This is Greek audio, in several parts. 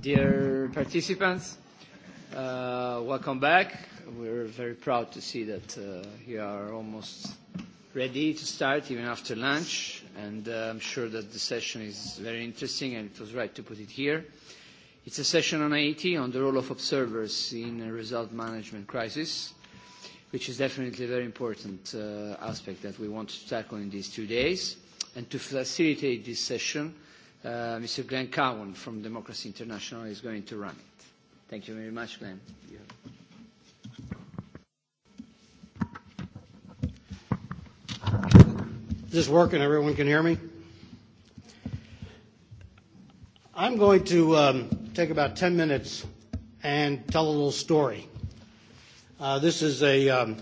Dear participants, welcome back. We're very proud to see that you are almost ready to start, even after lunch, and I'm sure that the session is very interesting, and it was right to put it here. It's a session on Haiti, on the role of observers in a result management crisis, which is definitely a very important aspect that we want to tackle in these two days. And to facilitate this session, Mr. Glenn Cowan from Democracy International is going to run it. Thank you very much, Glenn. Is this working? Everyone can hear me? I'm going to take about 10 minutes and tell a little story. This is a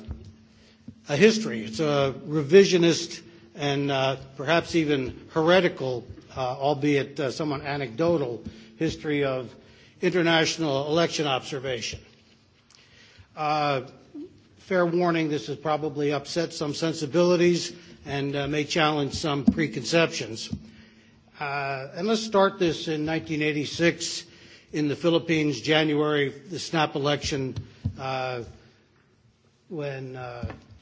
history. It's a revisionist and perhaps even heretical albeit somewhat anecdotal, history of international election observation. Fair warning, this has probably upset some sensibilities and may challenge some preconceptions. And let's start this in 1986 in the Philippines, January, the snap election when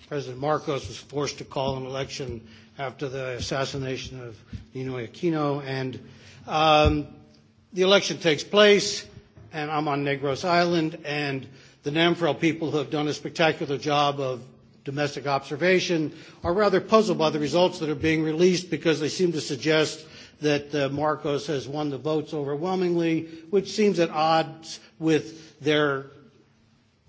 President Marcos was forced to call an election after the assassination of Ninoy Aquino. And the election takes place, and I'm on Negros Island, and the NAMFREL people who have done a spectacular job of domestic observation are rather puzzled by the results that are being released because they seem to suggest that Marcos has won the votes overwhelmingly, which seems at odds with their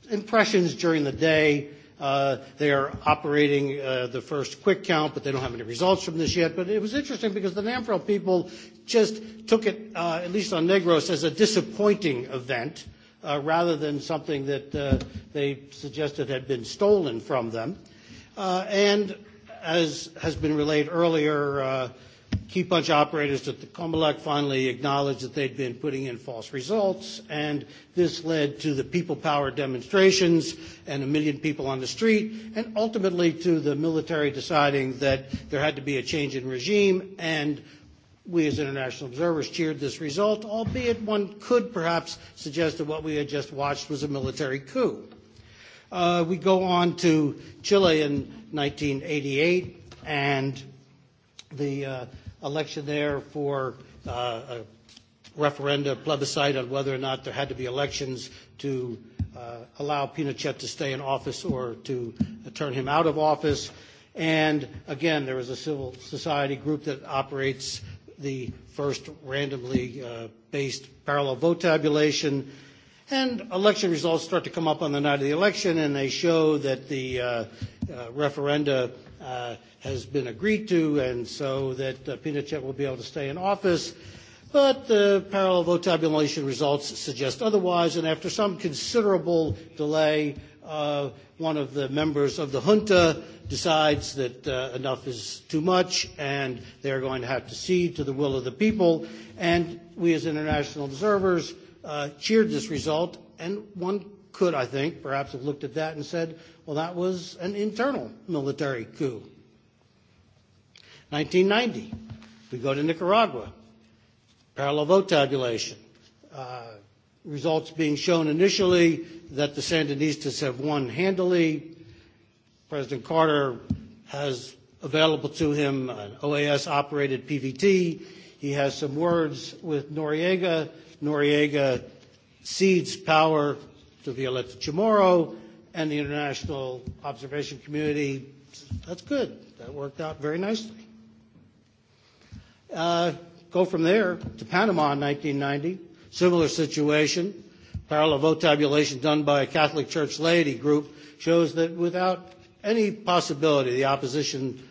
impressions during the day They are operating the first quick count, but they don't have any results from this yet. But it was interesting because the NAMPRO people just took it, at least on Negros, as a disappointing event rather than something that they suggested had been stolen from them. And as has been relayed earlier, key punch operators at the Comelec finally acknowledged that they'd been putting in false results, and this led to the people power demonstrations and a million people on the street, and ultimately to the military deciding that there had to be a change in regime, and we as international observers cheered this result, albeit one could perhaps suggest that what we had just watched was a military coup. We go on to Chile in 1988, and the election there for a referenda plebiscite on whether or not there had to be elections to allow Pinochet to stay in office or to turn him out of office. And again, there is a civil society group that operates the first randomly based parallel vote tabulation. And election results start to come up on the night of the election, and they show that the referenda has been agreed to, and so that Pinochet will be able to stay in office. But the parallel vote tabulation results suggest otherwise, and after some considerable delay, one of the members of the junta decides that enough is too much and they are going to have to cede to the will of the people. And we as international observers cheered this result, and one could, I think, perhaps have looked at that and said, Well, that was an internal military coup. 1990, we go to Nicaragua. Parallel vote tabulation. Results being shown initially that the Sandinistas have won handily. President Carter has available to him an OAS-operated PVT. He has some words with Noriega. Noriega cedes power to Violeta Chamorro and the international observation community. That's good. That worked out very nicely. Go from there to Panama in 1990. Similar situation. Parallel vote tabulation done by a Catholic Church laity group shows that without any possibility, the opposition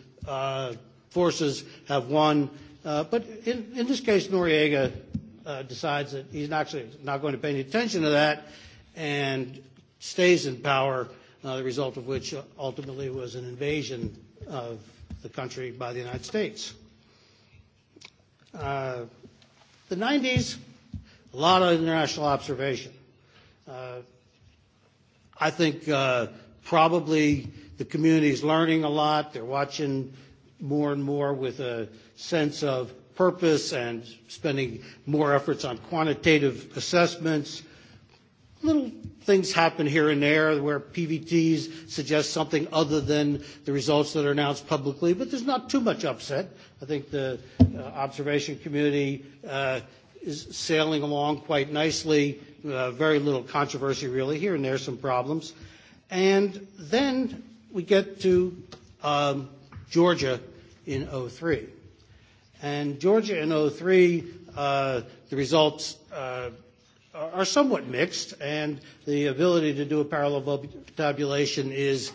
forces have won. But in this case, Noriega decides that he's actually not going to pay any attention to that and stays in power, the result of which ultimately was an invasion of the country by the United States. The 90s, a lot of international observation. I think probably the community is learning a lot. They're watching more and more with a sense of purpose and spending more efforts on quantitative assessments little things happen here and there where PVTs suggest something other than the results that are announced publicly, but there's not too much upset. I think the observation community is sailing along quite nicely, very little controversy really. Here and there some problems. And then we get to Georgia in 03. And Georgia in 03, the results are somewhat mixed, and the ability to do a parallel tabulation is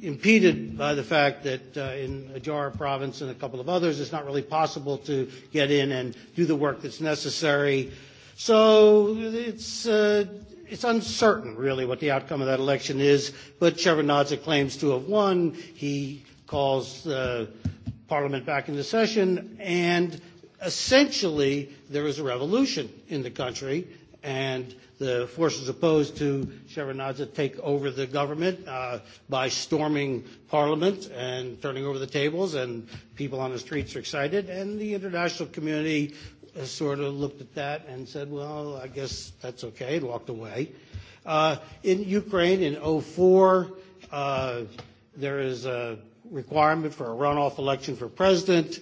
impeded by the fact that in Ajara province and a couple of others, it's not really possible to get in and do the work that's necessary. So it's it's uncertain, really, what the outcome of that election is. But Shevardnadze claims to have won. He calls the Parliament back into session, and essentially there is a revolution in the country and the forces opposed to Shevardnadze take over the government by storming parliament and turning over the tables and people on the streets are excited and the international community sort of looked at that and said, well, I guess that's okay, and walked away. In Ukraine in 04, there is a requirement for a runoff election for president.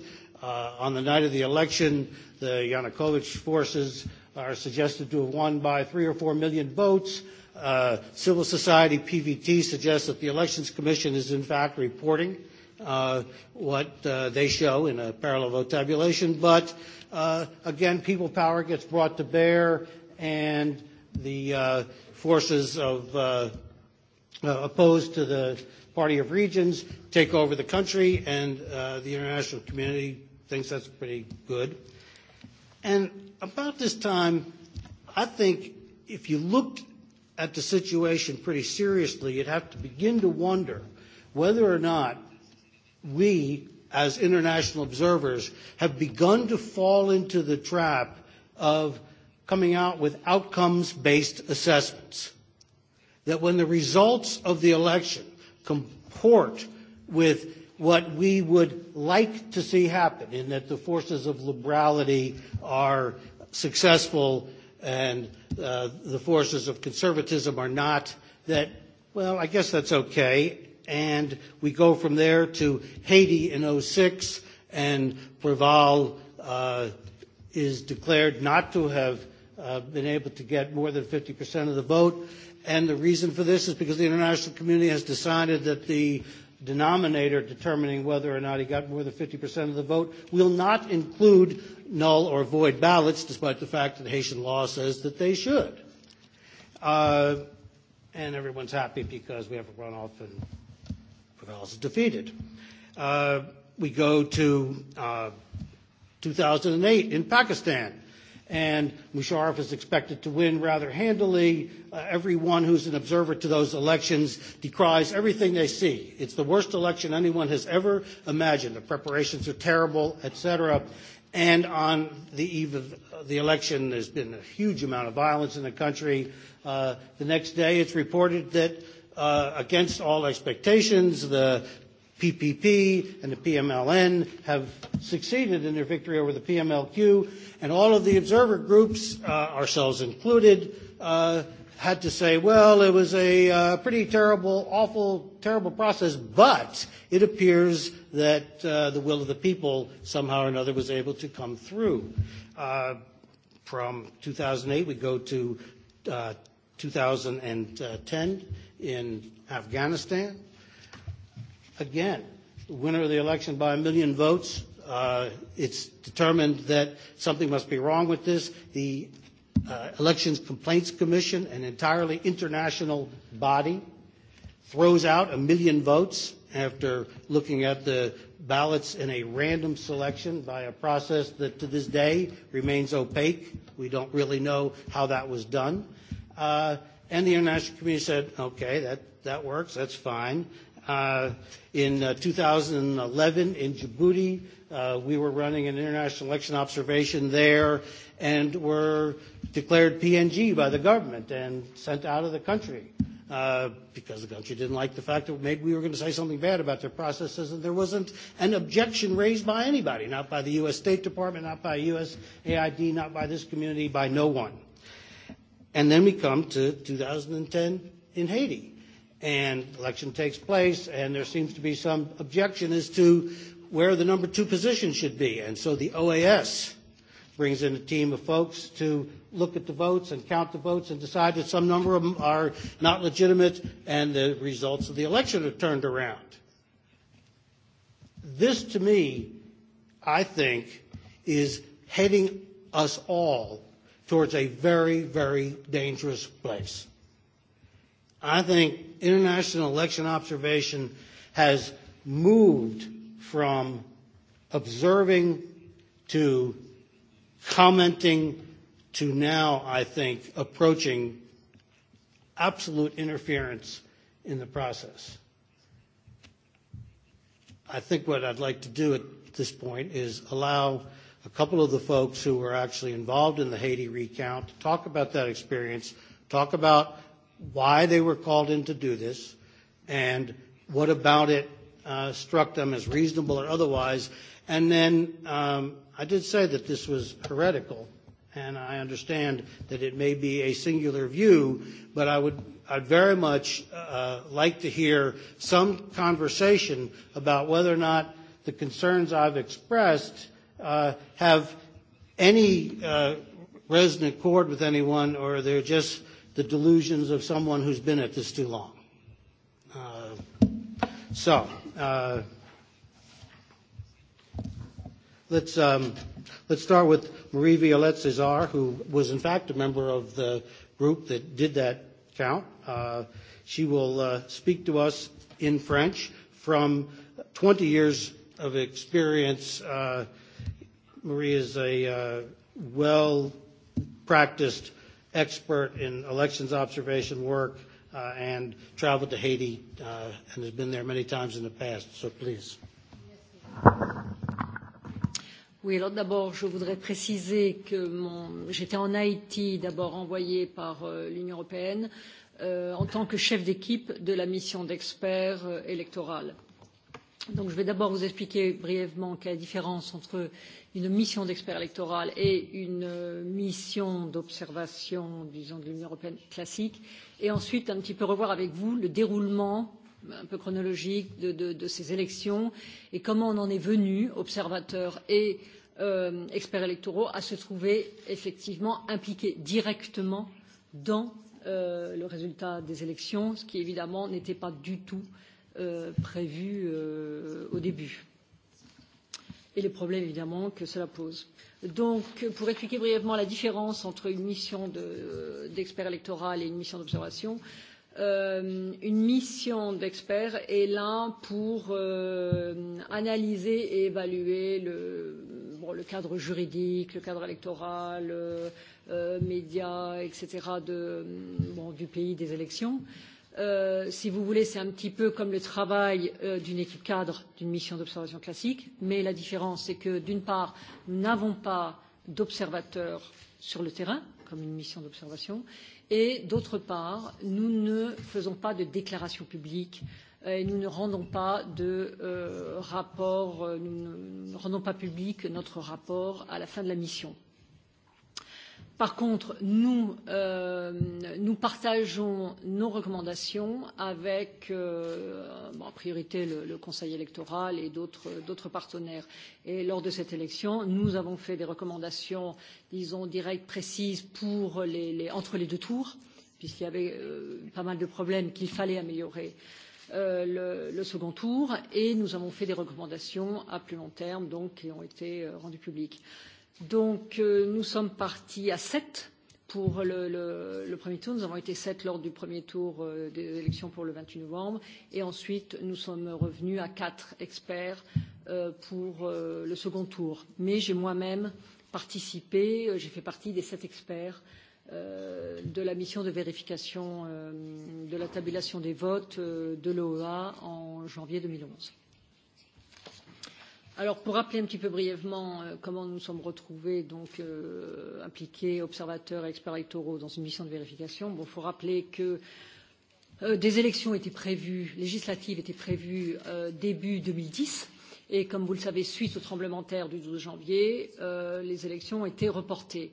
On the night of the election, the Yanukovych forces are suggested to have won by three or four million votes. Civil society PVT suggests that the Elections Commission is in fact reporting what they show in a parallel vote tabulation. But again, people power gets brought to bear and the forces of opposed to the Party of Regions take over the country and the international community thinks that's pretty good. And about this time, I think if you looked at the situation pretty seriously, you'd have to begin to wonder whether or not we, as international observers, have begun to fall into the trap of coming out with outcomes-based assessments. That when the results of the election comport with what we would like to see happen, in that the forces of liberality are successful and the forces of conservatism are not, that, well, I guess that's okay. And we go from there to Haiti in 06, and Preval is declared not to have been able to get more than 50% of the vote. And the reason for this is because the international community has decided that the denominator determining whether or not he got more than 50% of the vote will not include null or void ballots, despite the fact that Haitian law says that they should. And everyone's happy because we have a runoff and is defeated. We go to 2008 in Pakistan and Musharraf is expected to win rather handily. Everyone who's an observer to those elections decries everything they see. It's the worst election anyone has ever imagined. The preparations are terrible, etc. And on the eve of the election, there's been a huge amount of violence in the country. The next day, it's reported that against all expectations, the PPP and the PMLN have succeeded in their victory over the PMLQ, and all of the observer groups, ourselves included, had to say, well, it was a pretty terrible, awful, terrible process, but it appears that the will of the people somehow or another was able to come through. From 2008, we go to 2010 in Afghanistan again, the winner of the election by a million votes. It's determined that something must be wrong with this. The Elections Complaints Commission, an entirely international body, throws out a million votes after looking at the ballots in a random selection by a process that to this day remains opaque. We don't really know how that was done. And the international community said, okay, that works, that's fine. In 2011 in Djibouti, we were running an international election observation there and were declared PNG by the government and sent out of the country because the country didn't like the fact that maybe we were going to say something bad about their processes, and there wasn't an objection raised by anybody, not by the U.S. State Department, not by U.S. AID, not by this community, by no one. And then we come to 2010 in Haiti and election takes place, and there seems to be some objection as to where the number two position should be. And so the OAS brings in a team of folks to look at the votes and count the votes and decide that some number of them are not legitimate and the results of the election are turned around. This, to me, I think, is heading us all towards a very, very dangerous place. I think international election observation has moved from observing to commenting to now, I think, approaching absolute interference in the process. I think what I'd like to do at this point is allow a couple of the folks who were actually involved in the Haiti recount to talk about that experience, talk about why they were called in to do this, and what about it struck them as reasonable or otherwise. And then I did say that this was heretical, and I understand that it may be a singular view, but I would I'd very much like to hear some conversation about whether or not the concerns I've expressed have any resonant chord with anyone or they're just the delusions of someone who's been at this too long. So let's let's start with Marie Violette Cesar, who was in fact a member of the group that did that count. She will speak to us in French from 20 years of experience. Marie is a well-practiced expert in elections observation work and traveled to Haiti and has been there many times in the past. So please. Oui, alors d'abord, je voudrais préciser que mon j'étais en Haïti, d'abord envoyé par l'Union européenne, en tant que chef d'équipe de la mission d'experts électorale je vais d'abord vous expliquer brièvement quelle est la différence entre une mission d'experts électoraux et une mission d'observation, disons, de l'Union européenne classique, et ensuite un petit peu revoir avec vous le déroulement un peu chronologique de ces élections et comment on en est venu, observateurs et experts électoraux, à se trouver effectivement impliqués directement dans le résultat des élections, ce qui évidemment n'était pas du tout prévue au début et les problèmes évidemment que cela pose. Donc, pour expliquer brièvement la différence entre une mission d'expert électoral et une mission d'observation, une mission d'experts est là pour analyser et évaluer le cadre juridique, le cadre électoral, médias, etc. du pays des élections si vous voulez, c'est un petit peu comme le travail d'une équipe cadre d'une mission d'observation classique, mais la différence, c'est que, d'une part, nous n'avons pas d'observateurs sur le terrain, comme une mission d'observation, et, d'autre part, nous ne faisons pas de déclaration publique, et nous ne rendons pas de rapport, nous ne rendons pas public notre rapport à la fin de la mission Par contre, nous partageons nos recommandations avec, en priorité, le Conseil électoral et d'autres partenaires. Et lors de cette élection, nous avons fait des recommandations, disons, directes, précises, entre les deux tours, puisqu'il y avait pas mal de problèmes qu'il fallait améliorer le second tour. Et nous avons fait des recommandations à plus long terme, donc, qui ont été rendues publiques. Donc nous sommes partis à 7 pour le premier tour. Nous avons été 7 lors du premier tour des élections pour le 28 novembre. Et ensuite, nous sommes revenus à 4 experts pour le second tour. Mais j'ai moi-même participé, j'ai fait partie des 7 experts de la mission de vérification de la tabulation des votes de l'OEA en janvier 2011. Alors, pour rappeler un petit peu brièvement comment nous nous sommes retrouvés, donc impliqués, observateurs, et experts électoraux, dans une mission de vérification, il faut rappeler que des élections étaient prévues, législatives étaient prévues début 2010. Et comme vous le savez, suite au tremblement de terre du 12 janvier, les élections ont été reportées.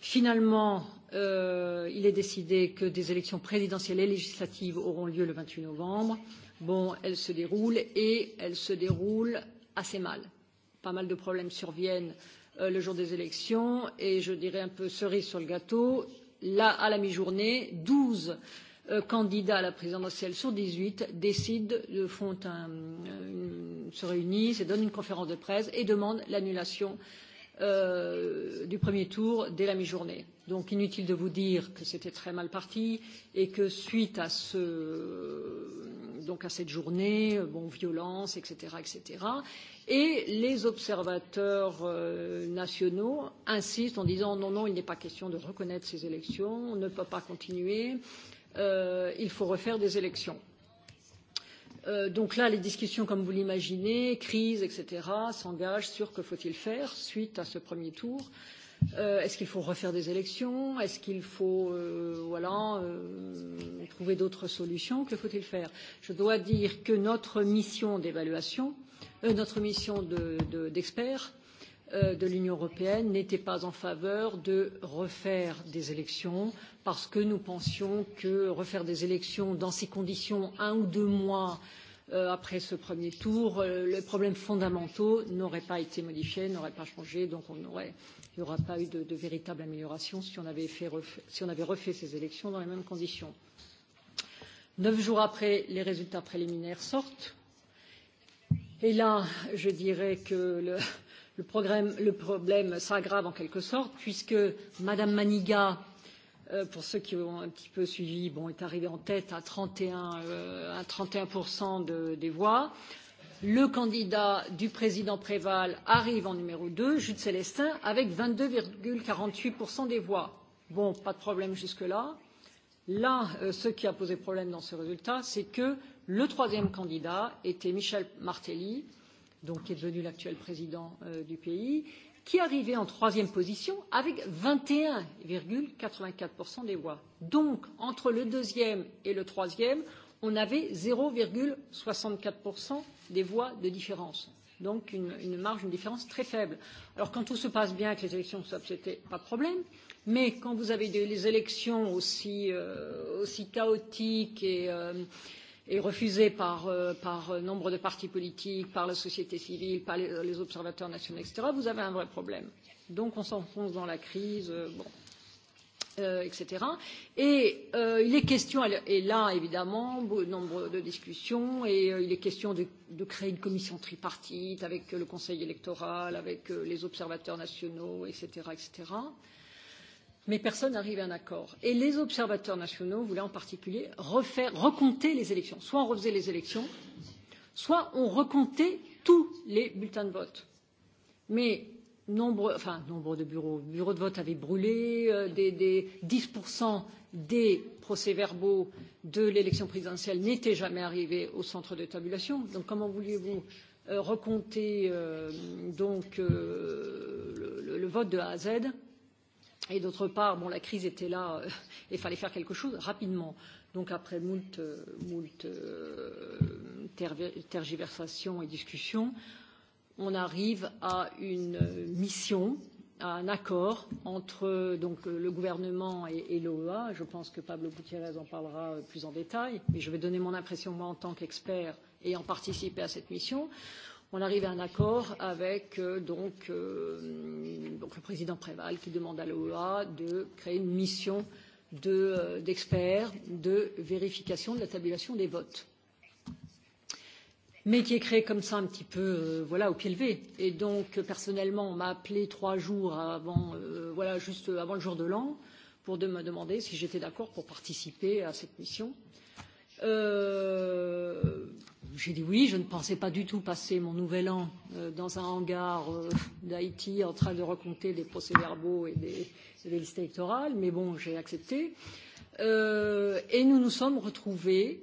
Finalement, il est décidé que des élections présidentielles et législatives auront lieu le 28 novembre. Bon, elles se déroulent et elles se déroulent assez mal. Pas mal de problèmes surviennent le jour des élections et je dirais un peu cerise sur le gâteau, là, à la mi-journée, 12 candidats à la présidentielle sur 18 décident, font un, se réunissent et donnent une conférence de presse et demandent l'annulation du premier tour dès la mi-journée. Donc inutile de vous dire que c'était très mal parti et que suite à à cette journée, bon, violence, etc., etc., et les observateurs nationaux insistent en disant non, non, il n'est pas question de reconnaître ces élections, on ne peut pas continuer, il faut refaire des élections donc là, les discussions, comme vous l'imaginez, crise, etc., s'engagent sur que faut-il faire suite à ce premier tour. Est-ce qu'il faut refaire des élections Est-ce qu'il faut voilà, trouver d'autres solutions Que faut-il faire Je dois dire que notre mission d'évaluation, notre mission d'experts, de l'Union européenne n'était pas en faveur de refaire des élections parce que nous pensions que refaire des élections dans ces conditions un ou deux mois après ce premier tour, les problèmes fondamentaux n'auraient pas été modifiés, n'auraient pas changé, donc il n'y aurait pas eu de véritable amélioration si on avait refait ces élections dans les mêmes conditions. Neuf jours après, les résultats préliminaires sortent. Et là, je dirais que le problème s'aggrave en quelque sorte puisque Madame Maniga, pour ceux qui ont un petit peu suivi, est arrivée en tête à 31% des voix. Le candidat du président Préval arrive en numéro 2, Jude Célestin, avec 22,48% des voix. Bon, pas de problème jusque-là. Là, ce qui a posé problème dans ce résultat, c'est que le troisième candidat était Michel Martelly donc qui est devenu l'actuel président du pays, qui arrivait en troisième position avec 21,84% des voix. Donc, entre le deuxième et le troisième, on avait 0,64% des voix de différence. Donc, une marge, une différence très faible. Alors, quand tout se passe bien, que les élections soient, c'était pas de problème. Mais quand vous avez des élections aussi chaotiques et Et refusé par nombre de partis politiques, par la société civile, par les observateurs nationaux, etc., vous avez un vrai problème. Donc on s'enfonce dans la crise, etc. Et il est question, et là évidemment, nombre de discussions, et il est question de créer une commission tripartite avec le Conseil électoral, avec les observateurs nationaux, etc mais personne n'arrive à un accord. Et les observateurs nationaux voulaient en particulier refaire, recompter les élections. Soit on refaisait les élections, soit on recomptait tous les bulletins de vote. Mais nombre, enfin, nombre de bureaux, bureaux de vote avaient brûlé, des, des 10% des procès-verbaux de l'élection présidentielle n'étaient jamais arrivés au centre de tabulation. Donc comment vouliez-vous recompter donc, le, le vote de A à Z Et d'autre part, bon, la crise était là et il fallait faire quelque chose rapidement. Donc après moult, moult tergiversations et discussions, on arrive à une mission, à un accord entre donc, le gouvernement et, et l'OEA. Je pense que Pablo Gutiérrez en parlera plus en détail, mais je vais donner mon impression, moi, en tant qu'expert ayant participé à cette mission on arrive à un accord avec donc le président Préval qui demande à l'OEA de créer une mission d'experts de vérification de la tabulation des votes mais qui est créé comme ça un petit peu voilà au pied levé et donc personnellement on m'a appelé trois jours avant voilà juste avant le jour de l'an pour me demander si j'étais d'accord pour participer à cette mission J'ai dit oui, je ne pensais pas du tout passer mon nouvel an dans un hangar d'Haïti en train de raconter des procès-verbaux et des listes électorales, mais bon, j'ai accepté. Et nous nous sommes retrouvés,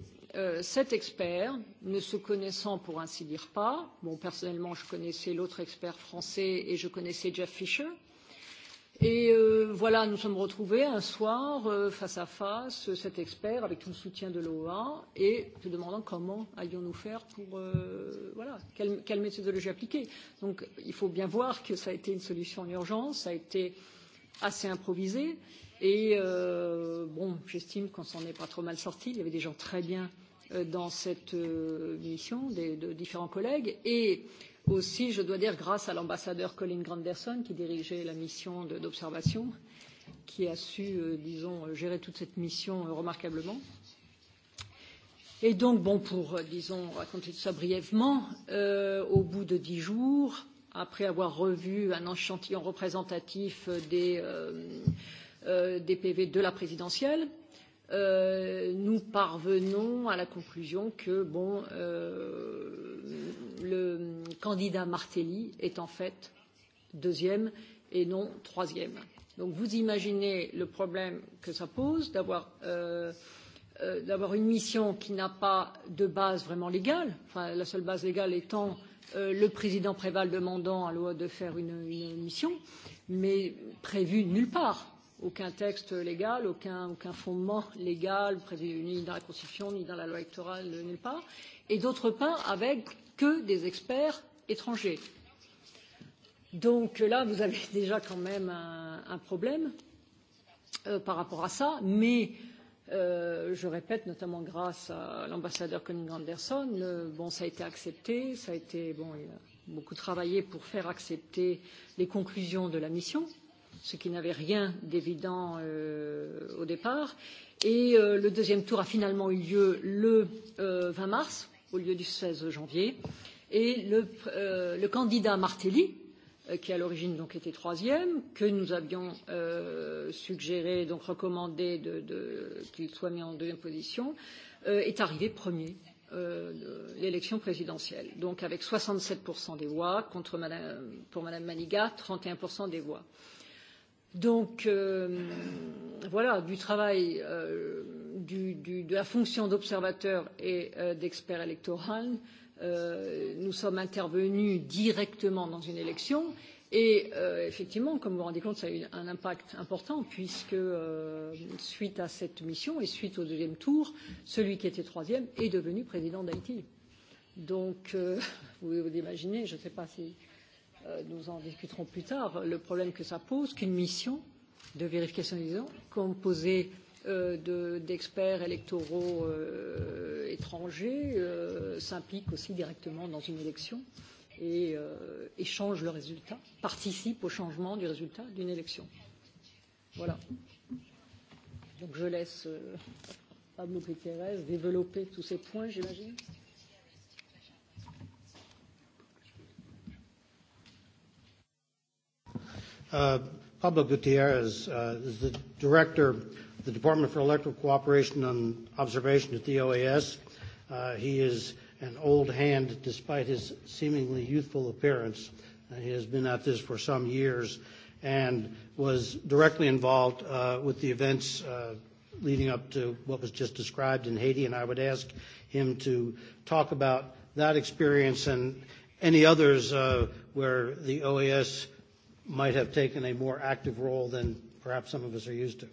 cet expert, ne se connaissant pour ainsi dire pas, bon, personnellement, je connaissais l'autre expert français et je connaissais Jeff Fisher, Et voilà, nous sommes retrouvés un soir, face à face, cet expert, avec tout le soutien de l'OA, et se demandant comment allions-nous faire pour, voilà, quelle méthodologie appliquer. Donc, il faut bien voir que ça a été une solution en urgence, ça a été assez improvisé, et bon, j'estime qu'on s'en est pas trop mal sorti. Il y avait des gens très bien dans cette mission, de différents collègues, et aussi, je dois dire, grâce à l'ambassadeur Colin Granderson, qui dirigeait la mission d'observation, qui a su, disons, gérer toute cette mission remarquablement. Et donc, bon, pour, disons, raconter tout ça brièvement, au bout de dix jours, après avoir revu un échantillon représentatif des PV de la présidentielle, nous parvenons à la conclusion que bon le candidat Martelly est en fait deuxième et non troisième. Donc vous imaginez le problème que ça pose d'avoir d'avoir une mission qui n'a pas de base vraiment légale, enfin la seule base légale étant le président Préval demandant à loi de faire une mission, mais prévue nulle part aucun texte légal, aucun, aucun fondement légal prévu ni dans la Constitution, ni dans la loi électorale, nulle part, et d'autre part avec que des experts étrangers. Donc là, vous avez déjà quand même un, un problème par rapport à ça, mais je répète, notamment grâce à l'ambassadeur Conning Anderson, bon, ça a été accepté, ça a été, bon, il a beaucoup travaillé pour faire accepter les conclusions de la mission, ce qui n'avait rien d'évident au départ. Et le deuxième tour a finalement eu lieu le 20 mars, au lieu du 16 janvier. Et le candidat Martelly, qui à l'origine donc était troisième, que nous avions suggéré, donc recommandé qu'il soit mis en deuxième position, est arrivé premier l'élection présidentielle. Donc avec 67% des voix contre Madame, pour Madame Maniga, 31% des voix. Donc voilà, du travail de la fonction d'observateur et d'expert électoral, nous sommes intervenus directement dans une élection et effectivement, comme vous vous rendez compte, ça a eu un impact important puisque suite à cette mission et suite au deuxième tour, celui qui était troisième est devenu président d'Haïti. Donc, vous pouvez vous imaginer, je ne sais pas si nous en discuterons plus tard, le problème que ça pose qu'une mission de vérification des ans composée d'experts électoraux étrangers s'implique aussi directement dans une élection et échange le résultat, participe au changement du résultat d'une élection. Voilà. Donc je laisse Pablo Pérez développer tous ces points, j'imagine. Pablo Gutierrez is the director of the Department for Electrical Cooperation and Observation at the OAS. He is an old hand despite his seemingly youthful appearance. He has been at this for some years and was directly involved with the events leading up to what was just described in Haiti, and I would ask him to talk about that experience and any others where the OAS might have taken a more active role than perhaps some of us are used to.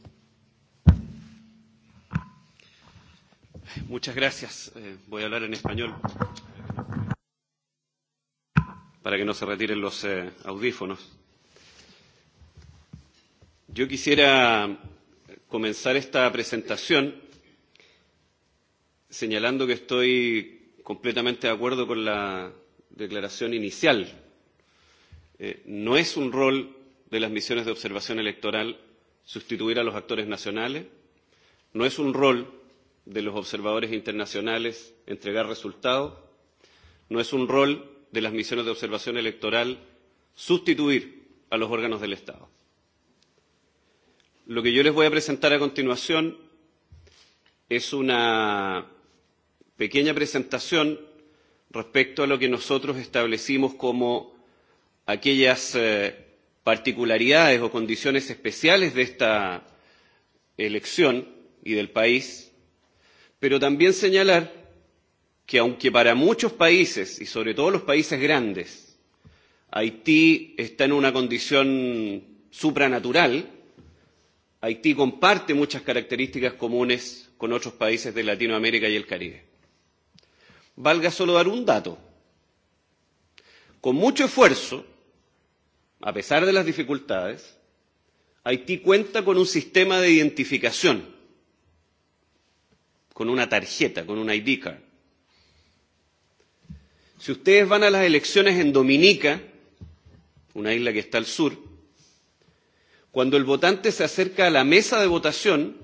Muchas gracias. Voy a hablar en español para que no se retiren los audífonos. Yo quisiera comenzar esta presentación señalando que estoy completamente de acuerdo con la declaración inicial no es un rol de las misiones de observación electoral sustituir a los actores nacionales, no es un rol de los observadores internacionales entregar resultados, no es un rol de las misiones de observación electoral sustituir a los órganos del Estado. Lo que yo les voy a presentar a continuación es una pequeña presentación respecto a lo que nosotros establecimos como aquellas particularidades o condiciones especiales de esta elección y del país, pero también señalar que aunque para muchos países, y sobre todo los países grandes, Haití está en una condición supranatural, Haití comparte muchas características comunes con otros países de Latinoamérica y el Caribe. Valga solo dar un dato. Con mucho esfuerzo, a pesar de las dificultades, Haití cuenta con un sistema de identificación, con una tarjeta, con un ID card. Si ustedes van a las elecciones en Dominica, una isla que está al sur, cuando el votante se acerca a la mesa de votación,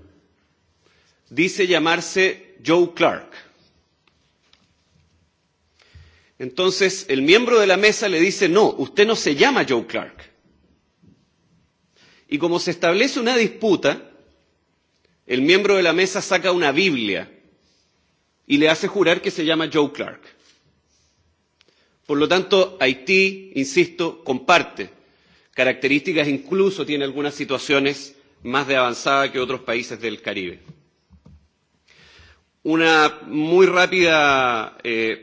dice llamarse Joe Clark Entonces, el miembro de la mesa le dice, no, usted no se llama Joe Clark. Y como se establece una disputa, el miembro de la mesa saca una Biblia y le hace jurar que se llama Joe Clark. Por lo tanto, Haití, insisto, comparte características, incluso tiene algunas situaciones más de avanzada que otros países del Caribe. Una muy rápida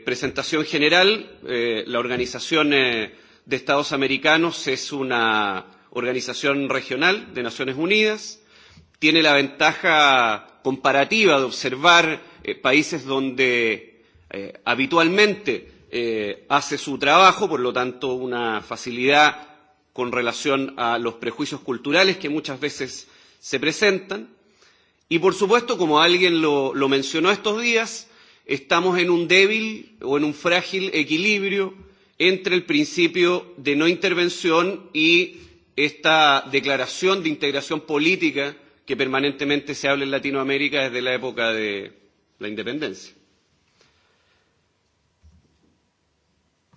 presentación general. La Organización de Estados Americanos es una organización regional de Naciones Unidas. Tiene la ventaja comparativa de observar países donde habitualmente hace su trabajo, por lo tanto una facilidad con relación a los prejuicios culturales que muchas veces se presentan Y por supuesto, como alguien lo, lo mencionó estos días, estamos en un débil o en un frágil equilibrio entre el principio de no intervención y esta declaración de integración política que permanentemente se habla en Latinoamérica desde la época de la independencia.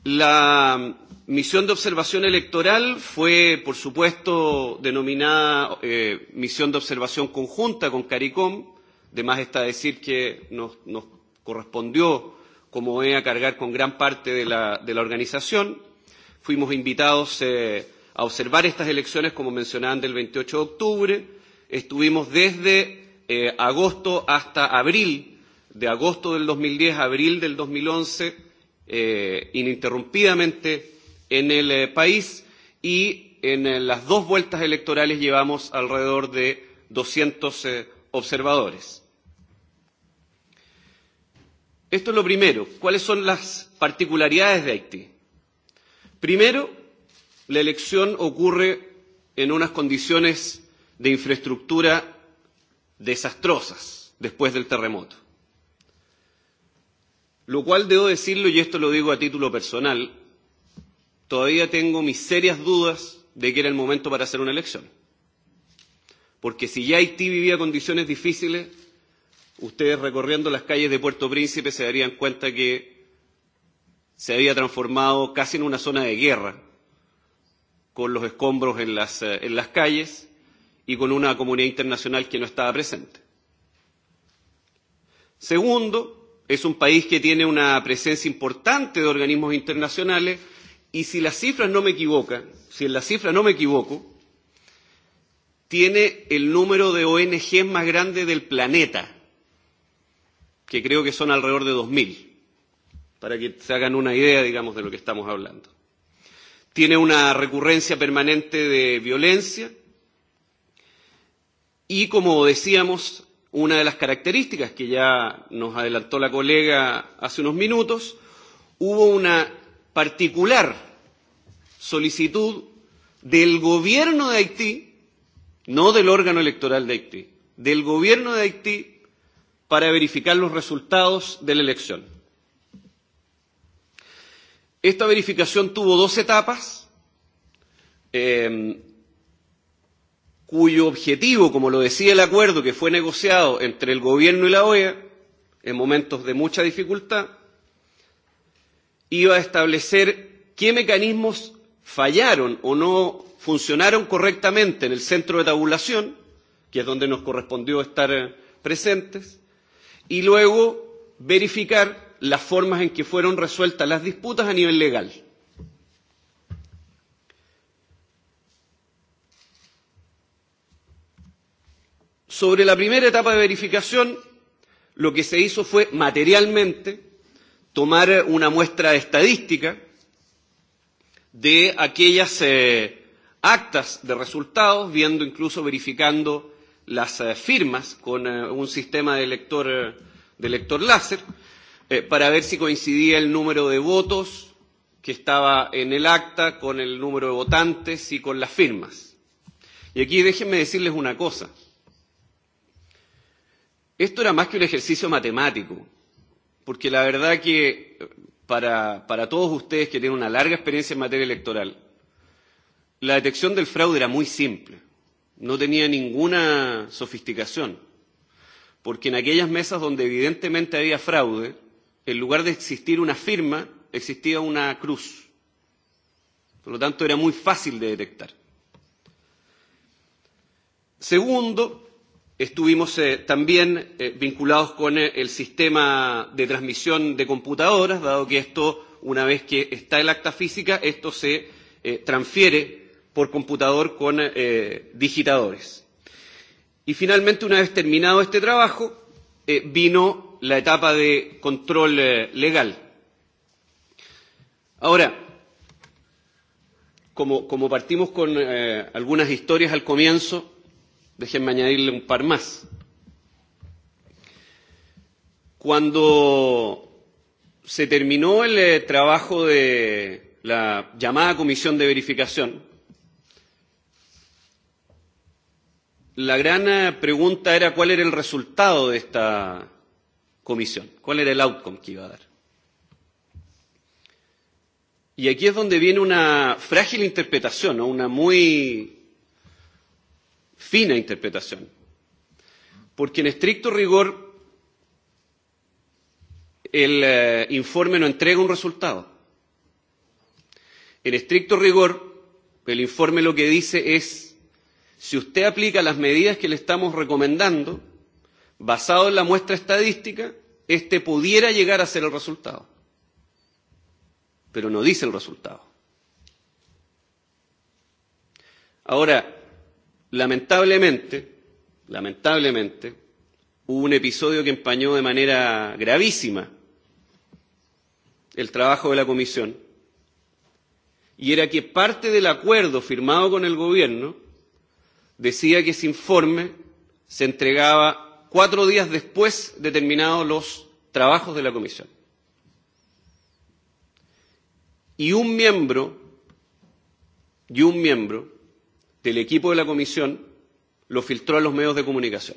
La Misión de observación electoral fue, por supuesto, denominada misión de observación conjunta con CARICOM. Además está decir que nos, nos correspondió como a cargar con gran parte de la, de la organización. Fuimos invitados a observar estas elecciones, como mencionaban, del 28 de octubre. Estuvimos desde agosto hasta abril, de agosto del 2010 a abril del 2011, ininterrumpidamente En el país y en las dos vueltas electorales llevamos alrededor de 200 observadores. Esto es lo primero. ¿Cuáles son las particularidades de Haití? Primero, la elección ocurre en unas condiciones de infraestructura desastrosas después del terremoto. Lo cual debo decirlo, y esto lo digo a título personal, todavía tengo mis serias dudas de que era el momento para hacer una elección. Porque si ya Haití vivía condiciones difíciles, ustedes recorriendo las calles de Puerto Príncipe se darían cuenta que se había transformado casi en una zona de guerra, con los escombros en las, en las calles y con una comunidad internacional que no estaba presente. Segundo, es un país que tiene una presencia importante de organismos internacionales Y si las cifras no me equivocan, si en las cifras no me equivoco, tiene el número de ONG más grande del planeta, que creo que son alrededor de 2.000, para que se hagan una idea, digamos, de lo que estamos hablando. Tiene una recurrencia permanente de violencia y, como decíamos, una de las características que ya nos adelantó la colega hace unos minutos, hubo una particular solicitud del gobierno de Haití, no del órgano electoral de Haití, del gobierno de Haití para verificar los resultados de la elección. Esta verificación tuvo dos etapas, cuyo objetivo, como lo decía el acuerdo que fue negociado entre el gobierno y la OEA, en momentos de mucha dificultad, iba a establecer qué mecanismos fallaron o no funcionaron correctamente en el centro de tabulación, que es donde nos correspondió estar presentes, y luego verificar las formas en que fueron resueltas las disputas a nivel legal. Sobre la primera etapa de verificación, lo que se hizo fue materialmente tomar una muestra estadística de aquellas actas de resultados, viendo incluso verificando las firmas con un sistema de lector, de lector láser, para ver si coincidía el número de votos que estaba en el acta con el número de votantes y con las firmas. Y aquí déjenme decirles una cosa. Esto era más que un ejercicio matemático porque la verdad que para, para todos ustedes que tienen una larga experiencia en materia electoral, la detección del fraude era muy simple, no tenía ninguna sofisticación, porque en aquellas mesas donde evidentemente había fraude, en lugar de existir una firma, existía una cruz. Por lo tanto, era muy fácil de detectar. Segundo, Estuvimos también vinculados con el sistema de transmisión de computadoras, dado que esto, una vez que está el acta física, esto se transfiere por computador con digitadores. Y finalmente, una vez terminado este trabajo, vino la etapa de control legal. Ahora, como partimos con algunas historias al comienzo, Déjenme añadirle un par más. Cuando se terminó el trabajo de la llamada comisión de verificación, la gran pregunta era cuál era el resultado de esta comisión, cuál era el outcome que iba a dar. Y aquí es donde viene una frágil interpretación, una muy fina interpretación. Porque en estricto rigor el informe no entrega un resultado. En estricto rigor, el informe lo que dice es, si usted aplica las medidas que le estamos recomendando, basado en la muestra estadística, este pudiera llegar a ser el resultado. Pero no dice el resultado. Ahora, lamentablemente, lamentablemente, hubo un episodio que empañó de manera gravísima el trabajo de la Comisión, y era que parte del acuerdo firmado con el Gobierno decía que ese informe se entregaba cuatro días después de terminados los trabajos de la Comisión. Y un miembro, y un miembro, del equipo de la Comisión lo filtró a los medios de comunicación.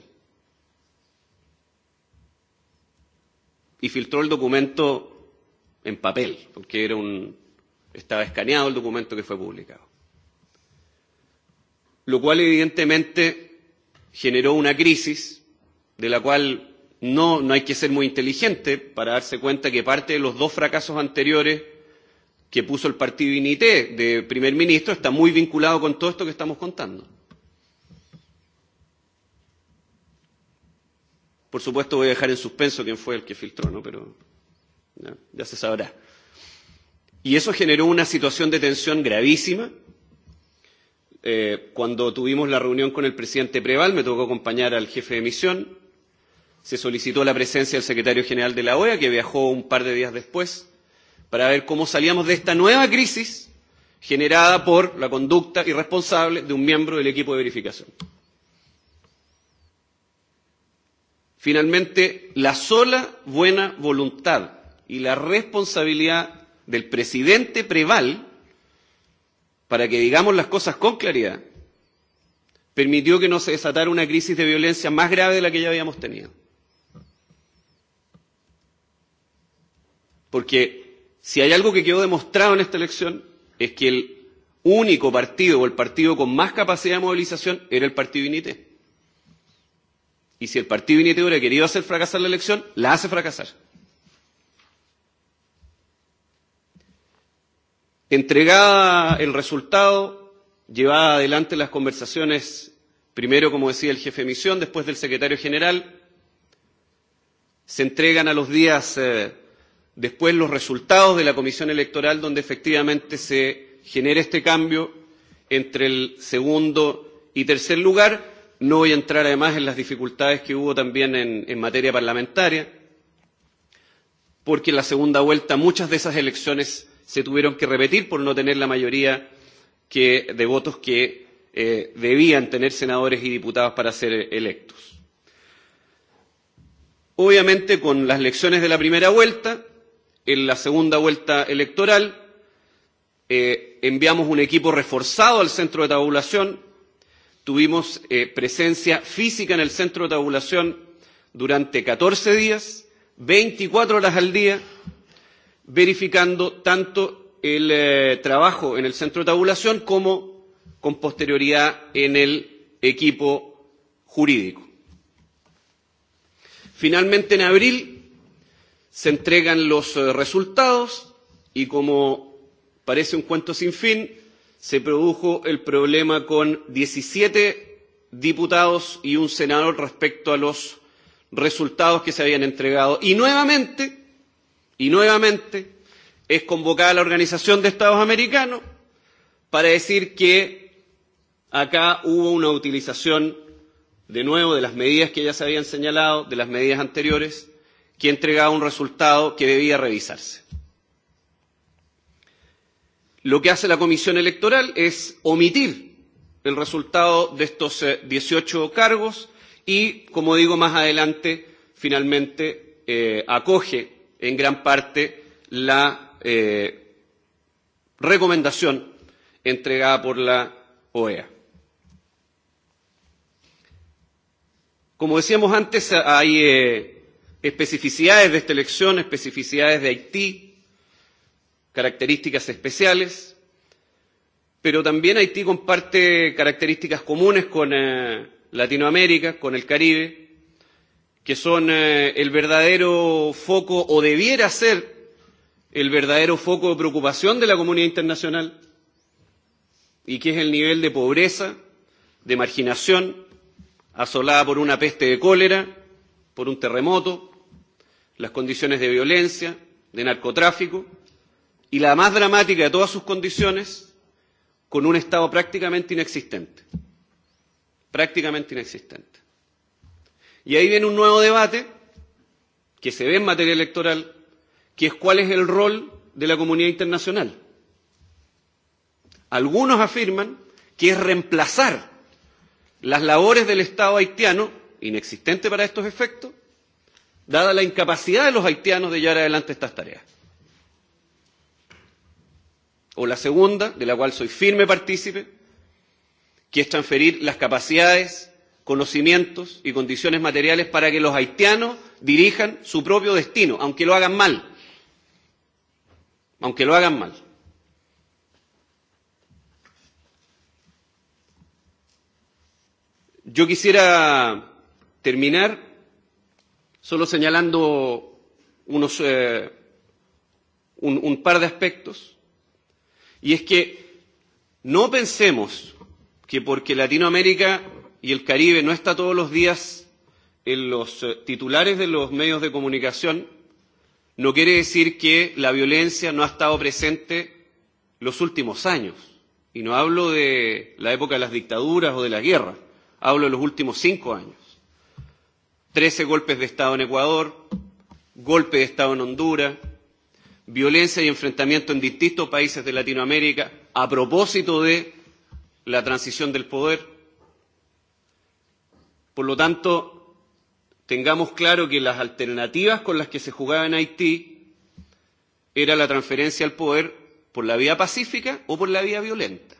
Y filtró el documento en papel, porque era un, estaba escaneado el documento que fue publicado. Lo cual evidentemente generó una crisis de la cual no, no hay que ser muy inteligente para darse cuenta que parte de los dos fracasos anteriores que puso el partido INITE de primer ministro está muy vinculado con todo esto que estamos contando. Por supuesto voy a dejar en suspenso quién fue el que filtró, ¿no? Pero ya, ya se sabrá. Y eso generó una situación de tensión gravísima. Eh, cuando tuvimos la reunión con el presidente Preval, me tocó acompañar al jefe de misión. Se solicitó la presencia del secretario general de la OEA, que viajó un par de días después para ver cómo salíamos de esta nueva crisis generada por la conducta irresponsable de un miembro del equipo de verificación. Finalmente, la sola buena voluntad y la responsabilidad del presidente Preval para que digamos las cosas con claridad permitió que no se desatara una crisis de violencia más grave de la que ya habíamos tenido. Porque si hay algo que quedó demostrado en esta elección es que el único partido o el partido con más capacidad de movilización era el partido INITE. Y si el partido INITE hubiera querido hacer fracasar la elección, la hace fracasar. Entregada el resultado, llevada adelante las conversaciones, primero, como decía el jefe de misión, después del secretario general, se entregan a los días después los resultados de la comisión electoral donde efectivamente se genera este cambio entre el segundo y tercer lugar. No voy a entrar además en las dificultades que hubo también en materia parlamentaria, porque en la segunda vuelta muchas de esas elecciones se tuvieron que repetir por no tener la mayoría de votos que debían tener senadores y diputados para ser electos. Obviamente, con las elecciones de la primera vuelta, en la segunda vuelta electoral. Enviamos un equipo reforzado al centro de tabulación. Tuvimos presencia física en el centro de tabulación durante 14 días, 24 horas al día, verificando tanto el trabajo en el centro de tabulación como con posterioridad en el equipo jurídico. Finalmente, en abril se entregan los resultados y como parece un cuento sin fin, se produjo el problema con 17 diputados y un senador respecto a los resultados que se habían entregado. Y nuevamente, y nuevamente, es convocada la Organización de Estados Americanos para decir que acá hubo una utilización, de nuevo, de las medidas que ya se habían señalado, de las medidas anteriores, que entregaba un resultado que debía revisarse. Lo que hace la Comisión Electoral es omitir el resultado de estos 18 cargos y, como digo más adelante, finalmente acoge en gran parte la recomendación entregada por la OEA. Como decíamos antes, hay especificidades de esta elección, especificidades de Haití, características especiales, pero también Haití comparte características comunes con Latinoamérica, con el Caribe, que son el verdadero foco, o debiera ser el verdadero foco de preocupación de la comunidad internacional, y que es el nivel de pobreza, de marginación, asolada por una peste de cólera, por un terremoto, las condiciones de violencia, de narcotráfico y la más dramática de todas sus condiciones, con un Estado prácticamente inexistente. Prácticamente inexistente. Y ahí viene un nuevo debate que se ve en materia electoral, que es cuál es el rol de la comunidad internacional. Algunos afirman que es reemplazar las labores del Estado haitiano, inexistente para estos efectos, dada la incapacidad de los haitianos de llevar adelante estas tareas. O la segunda, de la cual soy firme partícipe, que es transferir las capacidades, conocimientos y condiciones materiales para que los haitianos dirijan su propio destino, aunque lo hagan mal. Aunque lo hagan mal. Yo quisiera terminar solo señalando unos, un, un par de aspectos. Y es que no pensemos que porque Latinoamérica y el Caribe no está todos los días en los titulares de los medios de comunicación, no quiere decir que la violencia no ha estado presente los últimos años. Y no hablo de la época de las dictaduras o de la guerra, hablo de los últimos cinco años. 13 golpes de Estado en Ecuador, golpe de Estado en Honduras, violencia y enfrentamiento en distintos países de Latinoamérica a propósito de la transición del poder. Por lo tanto, tengamos claro que las alternativas con las que se jugaba en Haití era la transferencia al poder por la vía pacífica o por la vía violenta.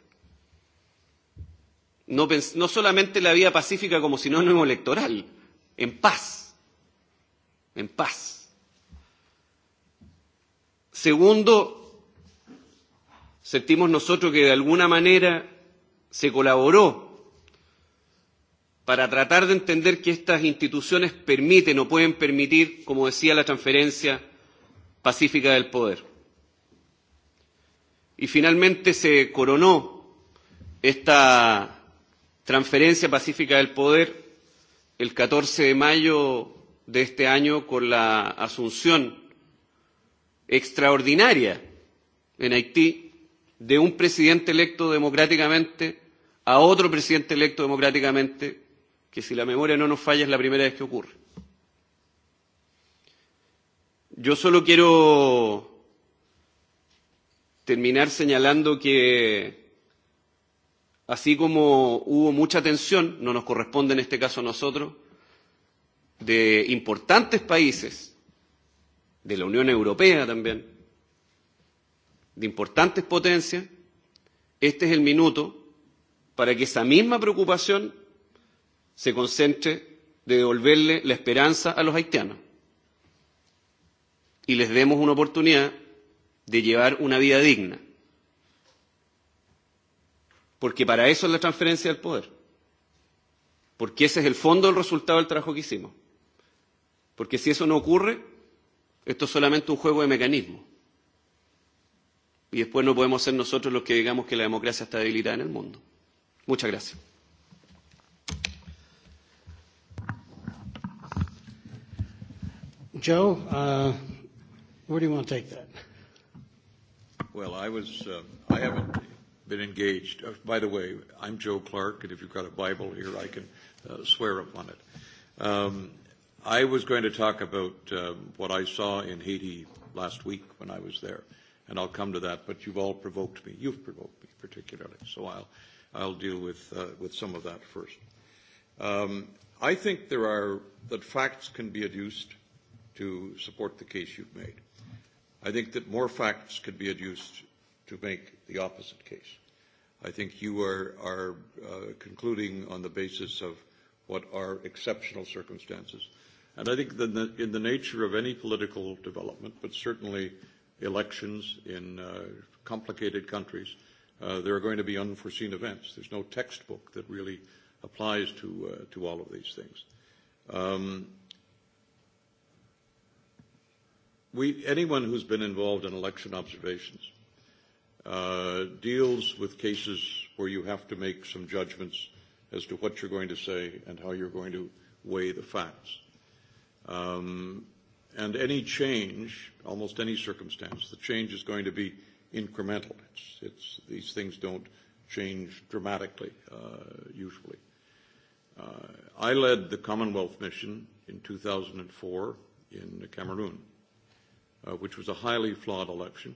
No solamente la vía pacífica como sinónimo electoral, en paz, en paz. Segundo, sentimos nosotros que de alguna manera se colaboró para tratar de entender que estas instituciones permiten o pueden permitir, como decía, la transferencia pacífica del poder. Y finalmente se coronó esta transferencia pacífica del poder el 14 de mayo de este año con la asunción extraordinaria en Haití de un presidente electo democráticamente a otro presidente electo democráticamente, que si la memoria no nos falla es la primera vez que ocurre. Yo solo quiero terminar señalando que así como hubo mucha tensión, no nos corresponde en este caso a nosotros, de importantes países, de la Unión Europea también, de importantes potencias, este es el minuto para que esa misma preocupación se concentre de devolverle la esperanza a los haitianos y les demos una oportunidad de llevar una vida digna porque para eso es la transferencia del poder, porque ese es el fondo del resultado del trabajo que hicimos, porque si eso no ocurre, esto es solamente un juego de mecanismos y después no podemos ser nosotros los que digamos que la democracia está debilitada en el mundo. Muchas gracias. Joe, uh, where you want to take that? Well, I was, uh, I haven't been engaged. By the way, I'm Joe Clark, and if you've got a Bible here, I can swear upon it. Um, I was going to talk about what I saw in Haiti last week when I was there, and I'll come to that. But you've all provoked me. You've provoked me particularly, so I'll I'll deal with with some of that first. Um, I think there are that facts can be adduced to support the case you've made. I think that more facts could be adduced to make the opposite case. I think you are, are concluding on the basis of what are exceptional circumstances. And I think that in the nature of any political development, but certainly elections in complicated countries, there are going to be unforeseen events. There's no textbook that really applies to, to all of these things. Um, we, anyone who's been involved in election observations deals with cases where you have to make some judgments as to what you're going to say and how you're going to weigh the facts. Um, and any change, almost any circumstance, the change is going to be incremental. It's, these things don't change dramatically, usually. I led the Commonwealth Mission in 2004 in Cameroon, which was a highly flawed election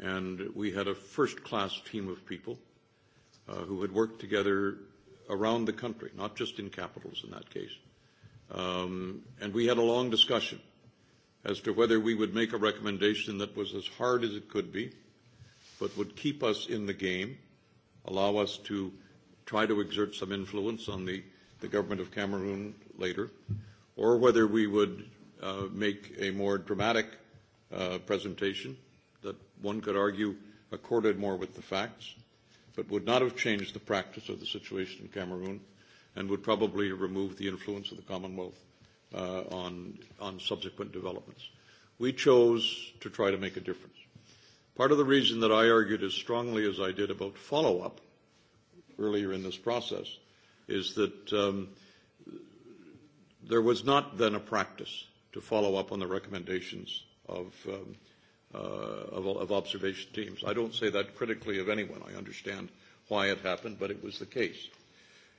and we had a first-class team of people who had worked together around the country, not just in capitals in that case. And we had a long discussion as to whether we would make a recommendation that was as hard as it could be, but would keep us in the game, allow us to try to exert some influence on the the government of Cameroon later, or whether we would make a more dramatic presentation that one could argue accorded more with the facts, but would not have changed the practice of the situation in Cameroon and would probably remove the influence of the Commonwealth on on subsequent developments. We chose to try to make a difference. Part of the reason that I argued as strongly as I did about follow-up earlier in this process is that there was not then a practice to follow up on the recommendations of of observation teams. I don't say that critically of anyone. I understand why it happened, but it was the case.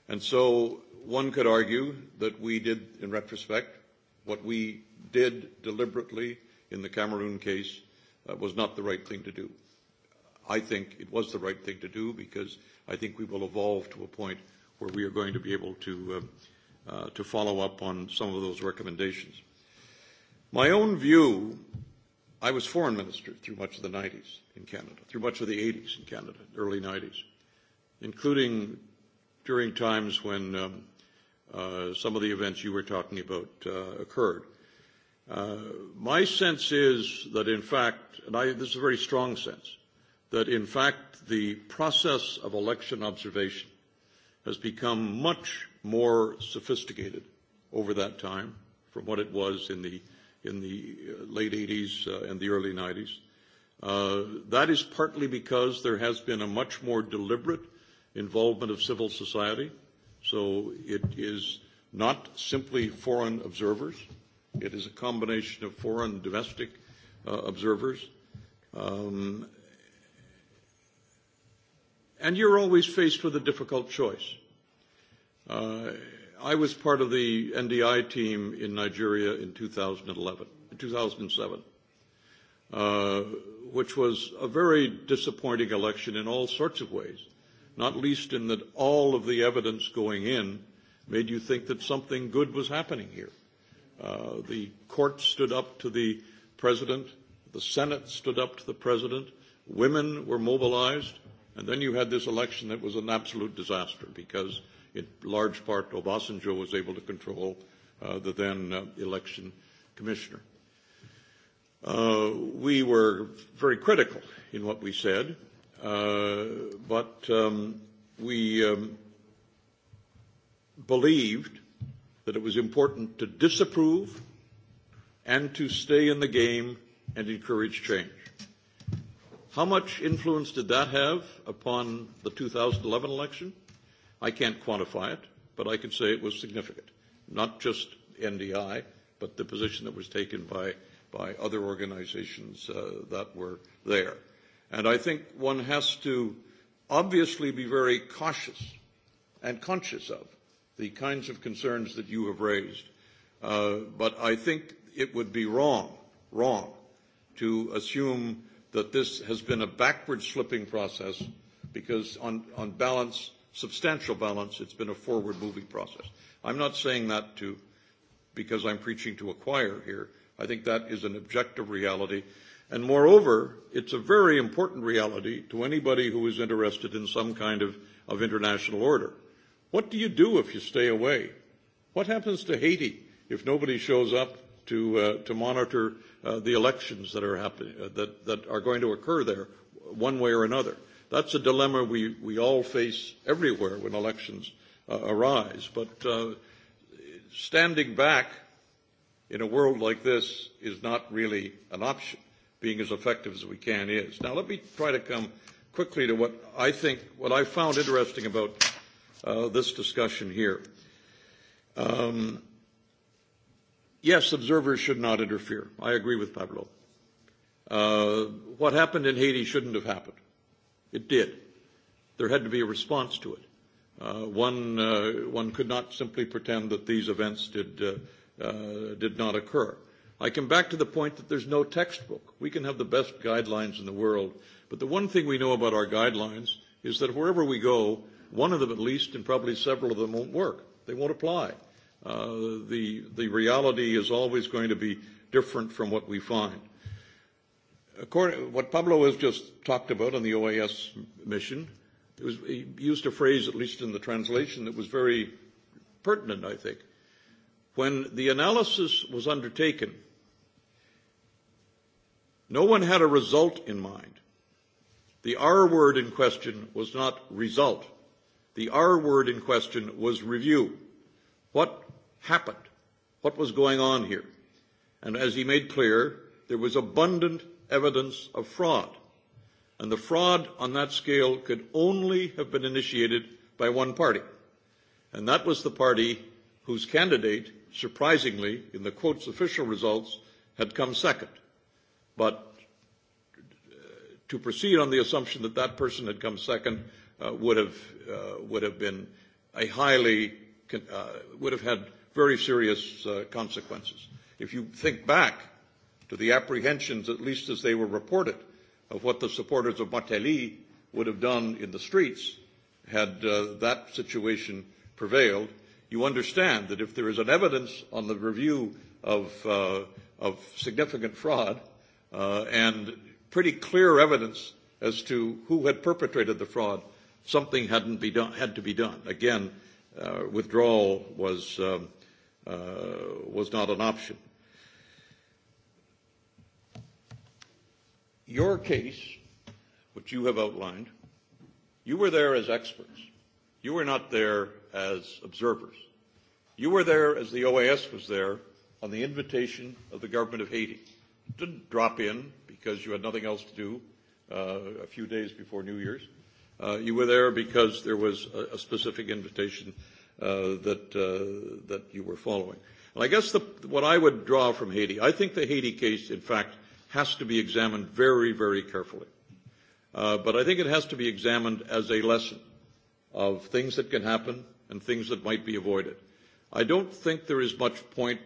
And so one could argue that we did, in retrospect, what we did deliberately in the Cameroon case was not the right thing to do. I think it was the right thing to do because I think we will evolve to a point where we are going to be able to to follow up on some of those recommendations. My own view I was foreign minister through much of the 90s in Canada, through much of the 80s in Canada, early 90s, including during times when some of the events you were talking about occurred. my sense is that, in fact, and I, this is a very strong sense, that in fact the process of election observation has become much more sophisticated over that time from what it was in the in the late 80s and the early 90s. That is partly because there has been a much more deliberate involvement of civil society. So it is not simply foreign observers. It is a combination of foreign domestic observers. And you're always faced with a difficult choice. I was part of the NDI team in Nigeria in 2011, 2007, which was a very disappointing election in all sorts of ways, not least in that all of the evidence going in made you think that something good was happening here. The court stood up to the president. The Senate stood up to the president. Women were mobilized. And then you had this election that was an absolute disaster because in large part Obasanjo was able to control the then election commissioner. We were very critical in what we said, but we believed that it was important to disapprove and to stay in the game and encourage change. How much influence did that have upon the 2011 election? I can't quantify it, but I can say it was significant, not just NDI, but the position that was taken by by other organizations that were there. And I think one has to obviously be very cautious and conscious of the kinds of concerns that you have raised. But I think it would be wrong, wrong, to assume that this has been a backward slipping process because on balance substantial balance. It's been a forward-moving process. I'm not saying that to because I'm preaching to a choir here. I think that is an objective reality. And moreover, it's a very important reality to anybody who is interested in some kind of, of international order. What do you do if you stay away? What happens to Haiti if nobody shows up to, to monitor the elections that are, that, that are going to occur there one way or another? That's a dilemma we, we all face everywhere when elections arise. But standing back in a world like this is not really an option. Being as effective as we can is. Now let me try to come quickly to what I think, what I found interesting about this discussion here. Yes, observers should not interfere. I agree with Pablo. What happened in Haiti shouldn't have happened. It did. There had to be a response to it. One one could not simply pretend that these events did did not occur. I come back to the point that there's no textbook. We can have the best guidelines in the world, but the one thing we know about our guidelines is that wherever we go, one of them at least, and probably several of them, won't work. They won't apply. The the reality is always going to be different from what we find. According What Pablo has just talked about on the OAS mission, it was, he used a phrase, at least in the translation, that was very pertinent, I think. When the analysis was undertaken, no one had a result in mind. The R word in question was not result. The R word in question was review. What happened? What was going on here? And as he made clear, there was abundant evidence of fraud, and the fraud on that scale could only have been initiated by one party, and that was the party whose candidate, surprisingly, in the quote's official results, had come second. But to proceed on the assumption that that person had come second would have would have been a highly would have had very serious consequences. If you think back to the apprehensions, at least as they were reported, of what the supporters of Martelly would have done in the streets had that situation prevailed. You understand that if there is an evidence on the review of significant fraud and pretty clear evidence as to who had perpetrated the fraud, something hadn't had to be done. Again, withdrawal was not an option. your case, which you have outlined, you were there as experts. You were not there as observers. You were there as the OAS was there on the invitation of the government of Haiti. Didn't drop in because you had nothing else to do a few days before New Year's. You were there because there was a specific invitation that that you were following. And I guess what I would draw from Haiti, I think the Haiti case, in fact, has to be examined very, very carefully. But I think it has to be examined as a lesson of things that can happen and things that might be avoided. I don't think there is much point,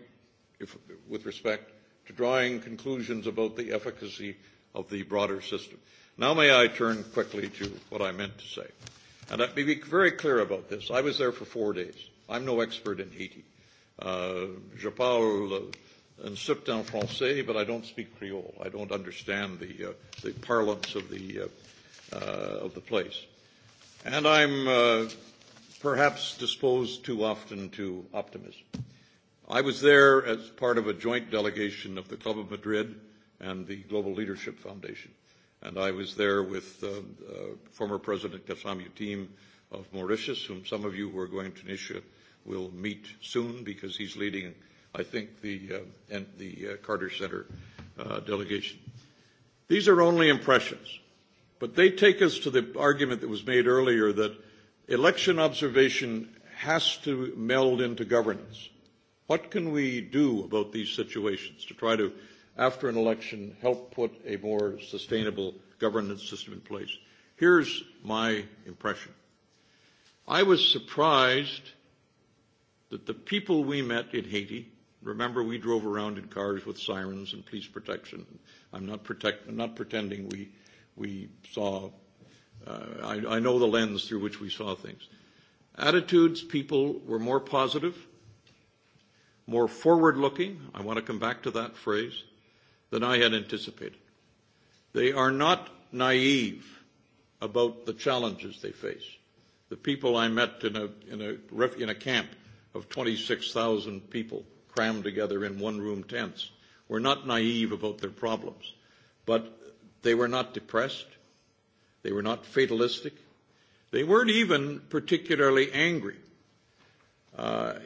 if with respect, to drawing conclusions about the efficacy of the broader system. Now may I turn quickly to what I meant to say. And let me be very clear about this. I was there for four days. I'm no expert in Haiti. Je parle and Francais, but I don't speak Creole. I don't understand the the parlance of the of the place. And I'm perhaps disposed too often to optimism. I was there as part of a joint delegation of the Club of Madrid and the Global Leadership Foundation. And I was there with former President Kassam team of Mauritius, whom some of you who are going to Tunisia will meet soon because he's leading I think, the and the Carter Center delegation. These are only impressions, but they take us to the argument that was made earlier that election observation has to meld into governance. What can we do about these situations to try to, after an election, help put a more sustainable governance system in place? Here's my impression. I was surprised that the people we met in Haiti Remember, we drove around in cars with sirens and police protection. I'm not, protect, I'm not pretending we, we saw, uh, I, I know the lens through which we saw things. Attitudes, people were more positive, more forward looking, I want to come back to that phrase, than I had anticipated. They are not naive about the challenges they face. The people I met in a, in a, in a camp of 26,000 people crammed together in one-room tents, were not naive about their problems, but they were not depressed. They were not fatalistic. They weren't even particularly angry.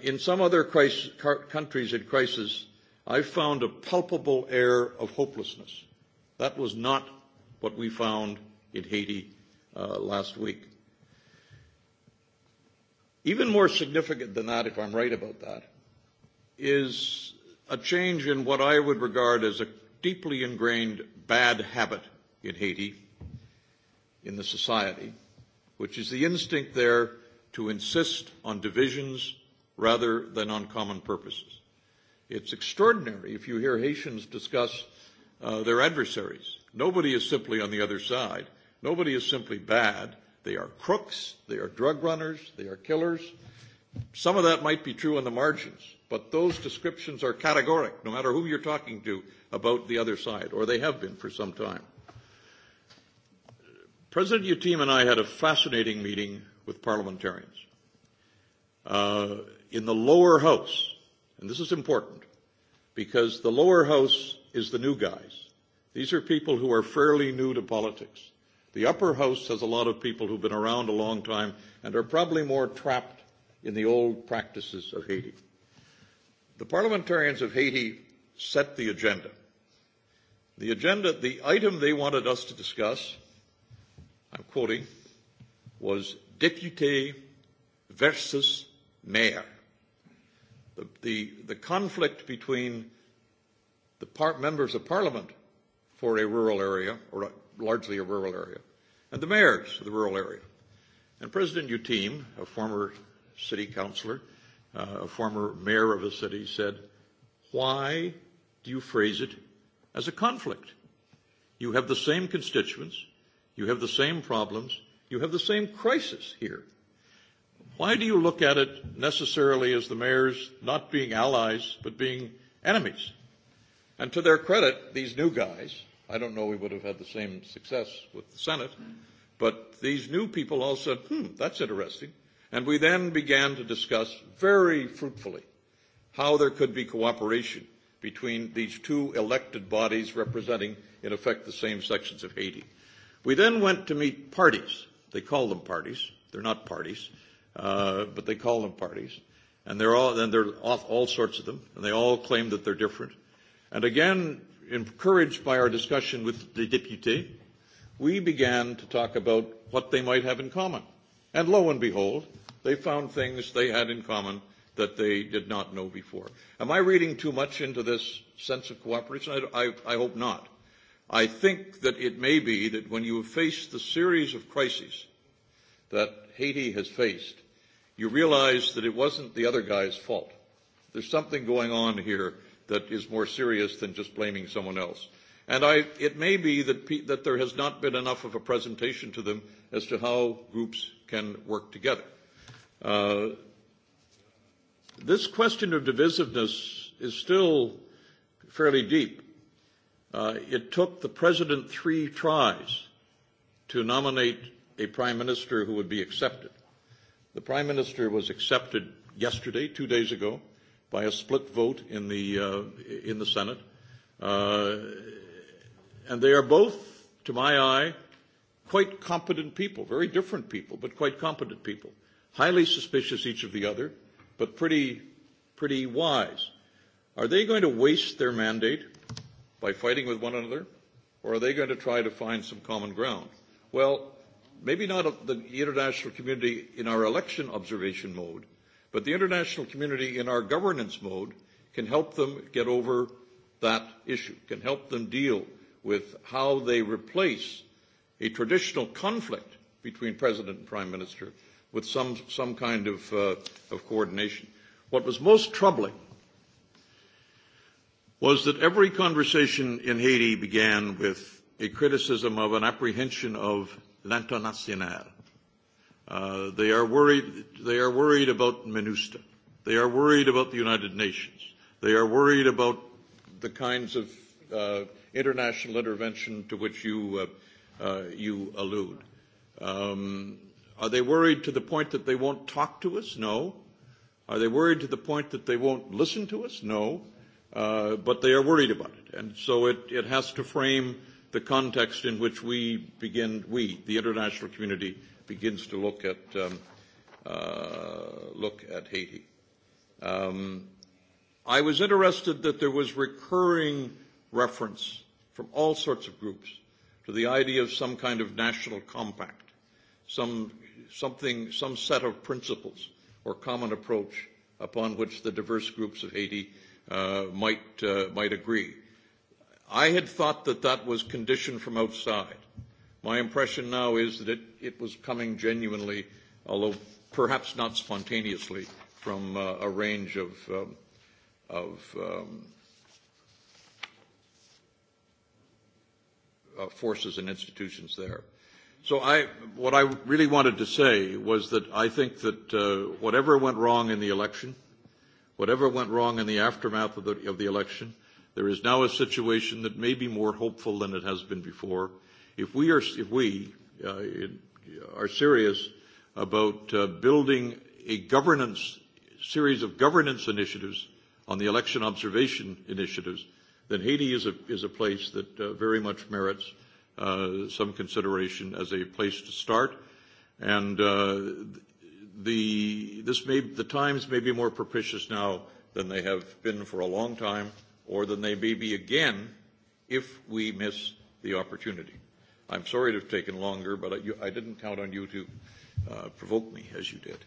In some other countries in crisis, I found a palpable air of hopelessness. That was not what we found in Haiti last week. Even more significant than that, if I'm right about that, is a change in what I would regard as a deeply ingrained bad habit in Haiti, in the society, which is the instinct there to insist on divisions rather than on common purposes. It's extraordinary if you hear Haitians discuss their adversaries. Nobody is simply on the other side. Nobody is simply bad. They are crooks. They are drug runners. They are killers. Some of that might be true on the margins. But those descriptions are categoric, no matter who you're talking to about the other side, or they have been for some time. President Yatim and I had a fascinating meeting with parliamentarians. Uh, in the lower house, and this is important, because the lower house is the new guys. These are people who are fairly new to politics. The upper house has a lot of people who've been around a long time and are probably more trapped in the old practices of Haiti. The parliamentarians of Haiti set the agenda. The agenda, the item they wanted us to discuss, I'm quoting, was député versus mayor. The, the, the conflict between the par- members of parliament for a rural area, or largely a rural area, and the mayors of the rural area. And President Uteam, a former city councillor, a former mayor of a city, said, why do you phrase it as a conflict? You have the same constituents, you have the same problems, you have the same crisis here. Why do you look at it necessarily as the mayors not being allies, but being enemies? And to their credit, these new guys, I don't know we would have had the same success with the Senate, but these new people all said, hmm, that's interesting. And we then began to discuss very fruitfully how there could be cooperation between these two elected bodies representing, in effect, the same sections of Haiti. We then went to meet parties. They call them parties. They're not parties, but they call them parties. And they're all, and they're all sorts of them, and they all claim that they're different. And again, encouraged by our discussion with the députés, we began to talk about what they might have in common. And lo and behold, they found things they had in common that they did not know before. Am I reading too much into this sense of cooperation? I, I, hope not. I think that it may be that when you have faced the series of crises that Haiti has faced, you realize that it wasn't the other guy's fault. There's something going on here that is more serious than just blaming someone else. And I, it may be that there has not been enough of a presentation to them as to how groups can work together. This question of divisiveness is still fairly deep. It took the president three tries to nominate a prime minister who would be accepted. The prime minister was accepted yesterday, two days ago, by a split vote in the in the Senate. And they are both, to my eye, quite competent people, very different people, but quite competent people. Highly suspicious each of the other, but pretty, pretty wise. Are they going to waste their mandate by fighting with one another, or are they going to try to find some common ground? Well, maybe not the international community in our election observation mode, but the international community in our governance mode can help them get over that issue, can help them deal with how they replace a traditional conflict between President and Prime Minister with some, some kind of, of coordination. What was most troubling was that every conversation in Haiti began with a criticism of an apprehension of l'international. Uh, they are worried. They are worried about MINUSTA. They are worried about the United Nations. They are worried about the kinds of uh, international intervention to which you you allude. Um Are they worried to the point that they won't talk to us? No. Are they worried to the point that they won't listen to us? No. Uh But they are worried about it. And so it it has to frame the context in which we begin, we, the international community, begins to look at uh look at Haiti. Um I was interested that there was recurring reference from all sorts of groups to the idea of some kind of national compact, some something some set of principles or common approach upon which the diverse groups of Haiti might might agree. I had thought that that was conditioned from outside. My impression now is that it it was coming genuinely, although perhaps not spontaneously, from a range of of forces and institutions there. So I, what I really wanted to say was that I think that whatever went wrong in the election, whatever went wrong in the aftermath of the, of the election, there is now a situation that may be more hopeful than it has been before. If we are, if we are serious about building a governance series of governance initiatives on the election observation initiatives then Haiti is a, is a place that very much merits some consideration as a place to start. And the, this may, the times may be more propitious now than they have been for a long time or than they may be again if we miss the opportunity. I'm sorry to have taken longer, but I, I didn't count on you to uh, provoke me as you did.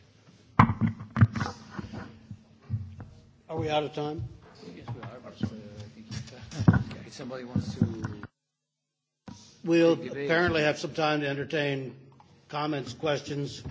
Are we out of time? If somebody wants to... We'll apparently have some time to entertain comments, questions.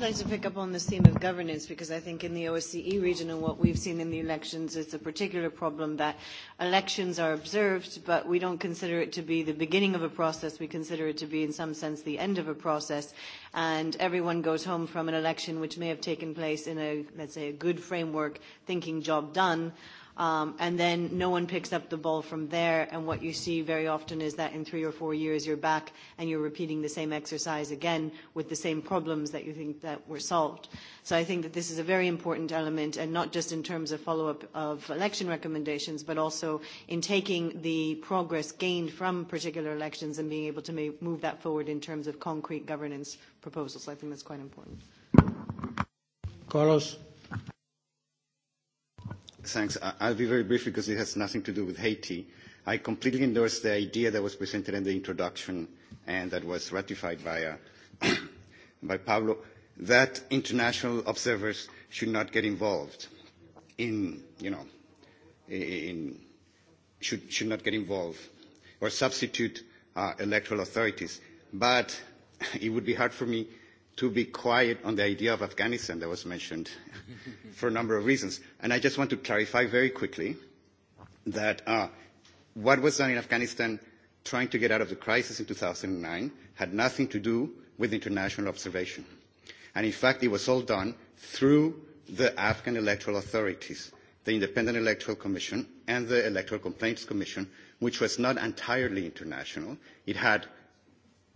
just like to pick up on this theme of governance because I think in the OSCE region and what we've seen in the elections, it's a particular problem that elections are observed, but we don't consider it to be the beginning of a process. We consider it to be, in some sense, the end of a process. And everyone goes home from an election which may have taken place in a, let's say, a good framework, thinking job done and then no one picks up the ball from there. And what you see very often is that in three or four years you're back and you're repeating the same exercise again with the same problems that you think that were solved. So I think that this is a very important element, and not just in terms of follow-up of election recommendations, but also in taking the progress gained from particular elections and being able to move that forward in terms of concrete governance proposals. I think that's quite important. Carlos. Thanks. I'll be very brief because it has nothing to do with Haiti. I completely endorse the idea that was presented in the introduction and that was ratified by Pablo, that international observers should not get involved in, you know, in should not get involved or substitute electoral authorities. But it would be hard for me to be quiet on the idea of Afghanistan that was mentioned for a number of reasons. And I just want to clarify very quickly that what was done in Afghanistan trying to get out of the crisis in 2009 had nothing to do with international observation. And in fact, it was all done through the Afghan electoral authorities, the Independent Electoral Commission and the Electoral Complaints Commission, which was not entirely international. It had,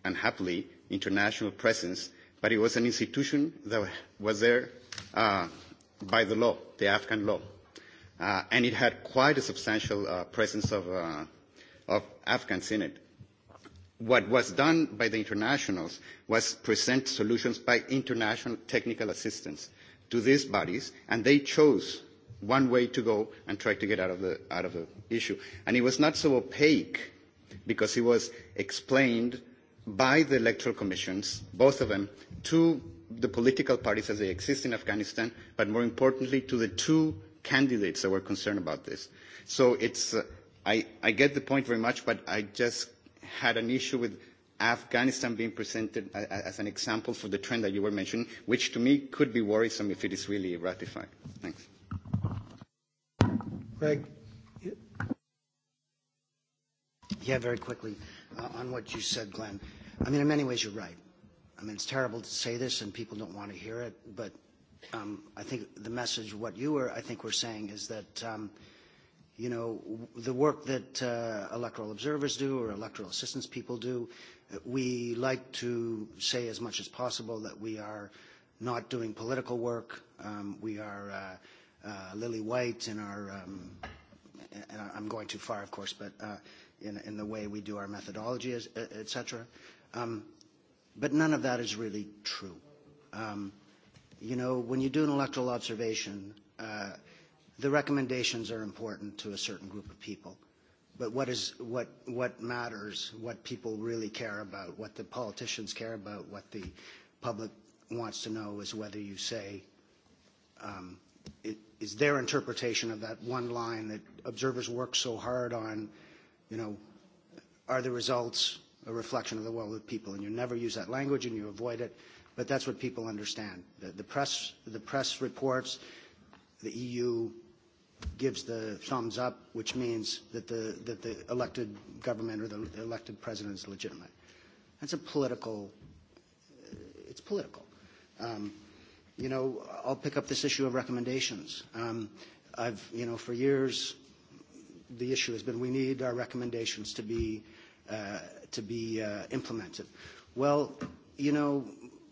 unhappily, international presence but it was an institution that was there by the law, the Afghan law. And it had quite a substantial presence of Afghans in it. What was done by the internationals was present solutions by international technical assistance to these bodies, and they chose one way to go and try to get out of the out of the issue. And it was not so opaque because it was explained by the electoral commissions, both of them, to the political parties as they exist in Afghanistan, but more importantly to the two candidates that were concerned about this. So it's, I, I get the point very much, but I just had an issue with Afghanistan being presented as an example for the trend that you were mentioning, which to me could be worrisome if it is really ratified. Thanks. Greg. Yeah, very quickly on what you said, Glenn. I mean, in many ways, you're right. I mean, it's terrible to say this, and people don't want to hear it, but I think the message, what you were, I think, were saying is that, you know, the work that electoral observers do or electoral assistance people do, we like to say as much as possible that we are not doing political work. We are Lily White in our, and I'm going too far, of course, but in in the way we do our methodology, etc. But none of that is really true. You know, when you do an electoral observation, the recommendations are important to a certain group of people. But what is what what matters, what people really care about, what the politicians care about, what the public wants to know is whether you say is their interpretation of that one line that observers work so hard on you know, are the results a reflection of the will of the people? And you never use that language and you avoid it, but that's what people understand. The press, the press reports, the EU gives the thumbs up, which means that the, that the elected government or the elected president is legitimate. That's a political, it's political. Um, you know, I'll pick up this issue of recommendations. Um, I've, you know, for years the issue has been we need our recommendations to be to be implemented. Well, you know,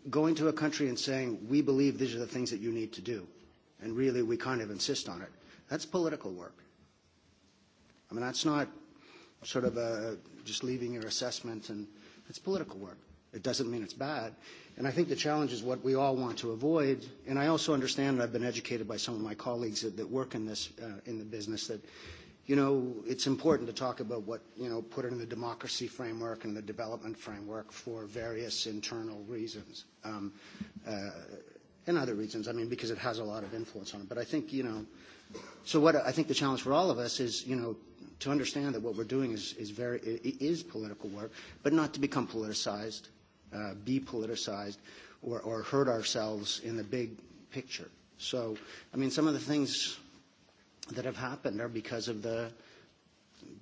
going to a country and saying we believe these are the things that you need to do, and really we kind of insist on it, that's political work. I mean, that's not sort of a, just leaving your assessment and it's political work. It doesn't mean it's bad. And I think the challenge is what we all want to avoid. And I also understand, and I've been educated by some of my colleagues that work in this in the business, that you know, it's important to talk about what, you know, put it in the democracy framework and the development framework for various internal reasons and other reasons. I mean, because it has a lot of influence on it. But I think, you know, so what I think the challenge for all of us is, you know, to understand that what we're doing is, is very, is political work, but not to become politicized, be politicized, or, or hurt ourselves in the big picture. So, I mean, some of the things that have happened are because of the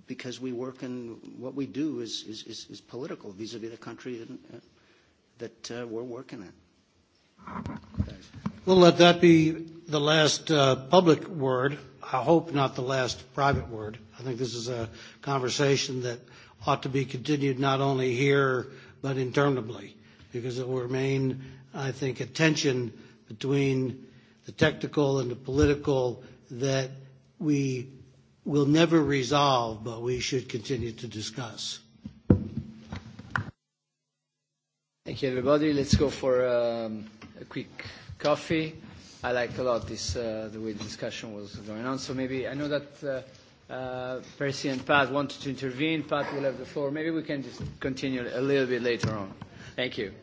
because we work and what we do is is is is political vis-a-vis the country that we're working in. We'll let that be the last public word. I hope not the last private word. I think this is a conversation that ought to be continued not only here but interminably because it will remain, I think, a tension between the technical and the political that we will never resolve, but we should continue to discuss. Thank you, everybody. Let's go for a quick coffee. I like a lot this the way the discussion was going on. So maybe I know that Percy and Pat wanted to intervene. Pat will have the floor. Maybe we can just continue a little bit later on. Thank you.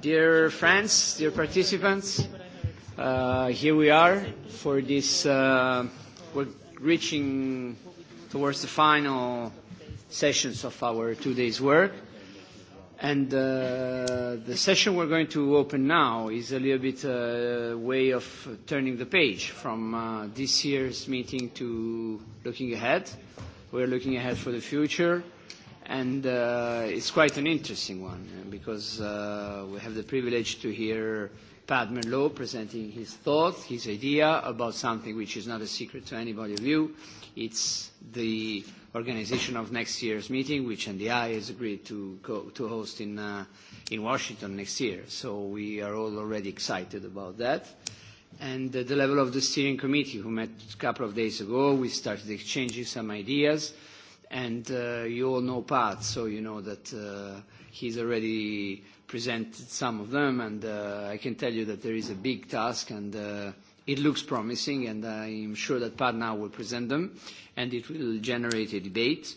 Dear friends, dear participants, here we are for this, we're reaching towards the final sessions of our two days work. And the session we're going to open now is a little bit a way of turning the page from this year's meeting to looking ahead. We're looking ahead for the future and it's quite an interesting one because we have the privilege to hear Pat Merlot presenting his thoughts, his idea about something which is not a secret to anybody of you. It's the organization of next year's meeting, which NDI has agreed to to host in in Washington next year. So we are all already excited about that. And at the level of the steering committee, who met a couple of days ago, we started exchanging some ideas and you all know Pat, so you know that he's already presented some of them, and I can tell you that there is a big task, and it looks promising, and I am sure that Pat now will present them, and it will generate a debate,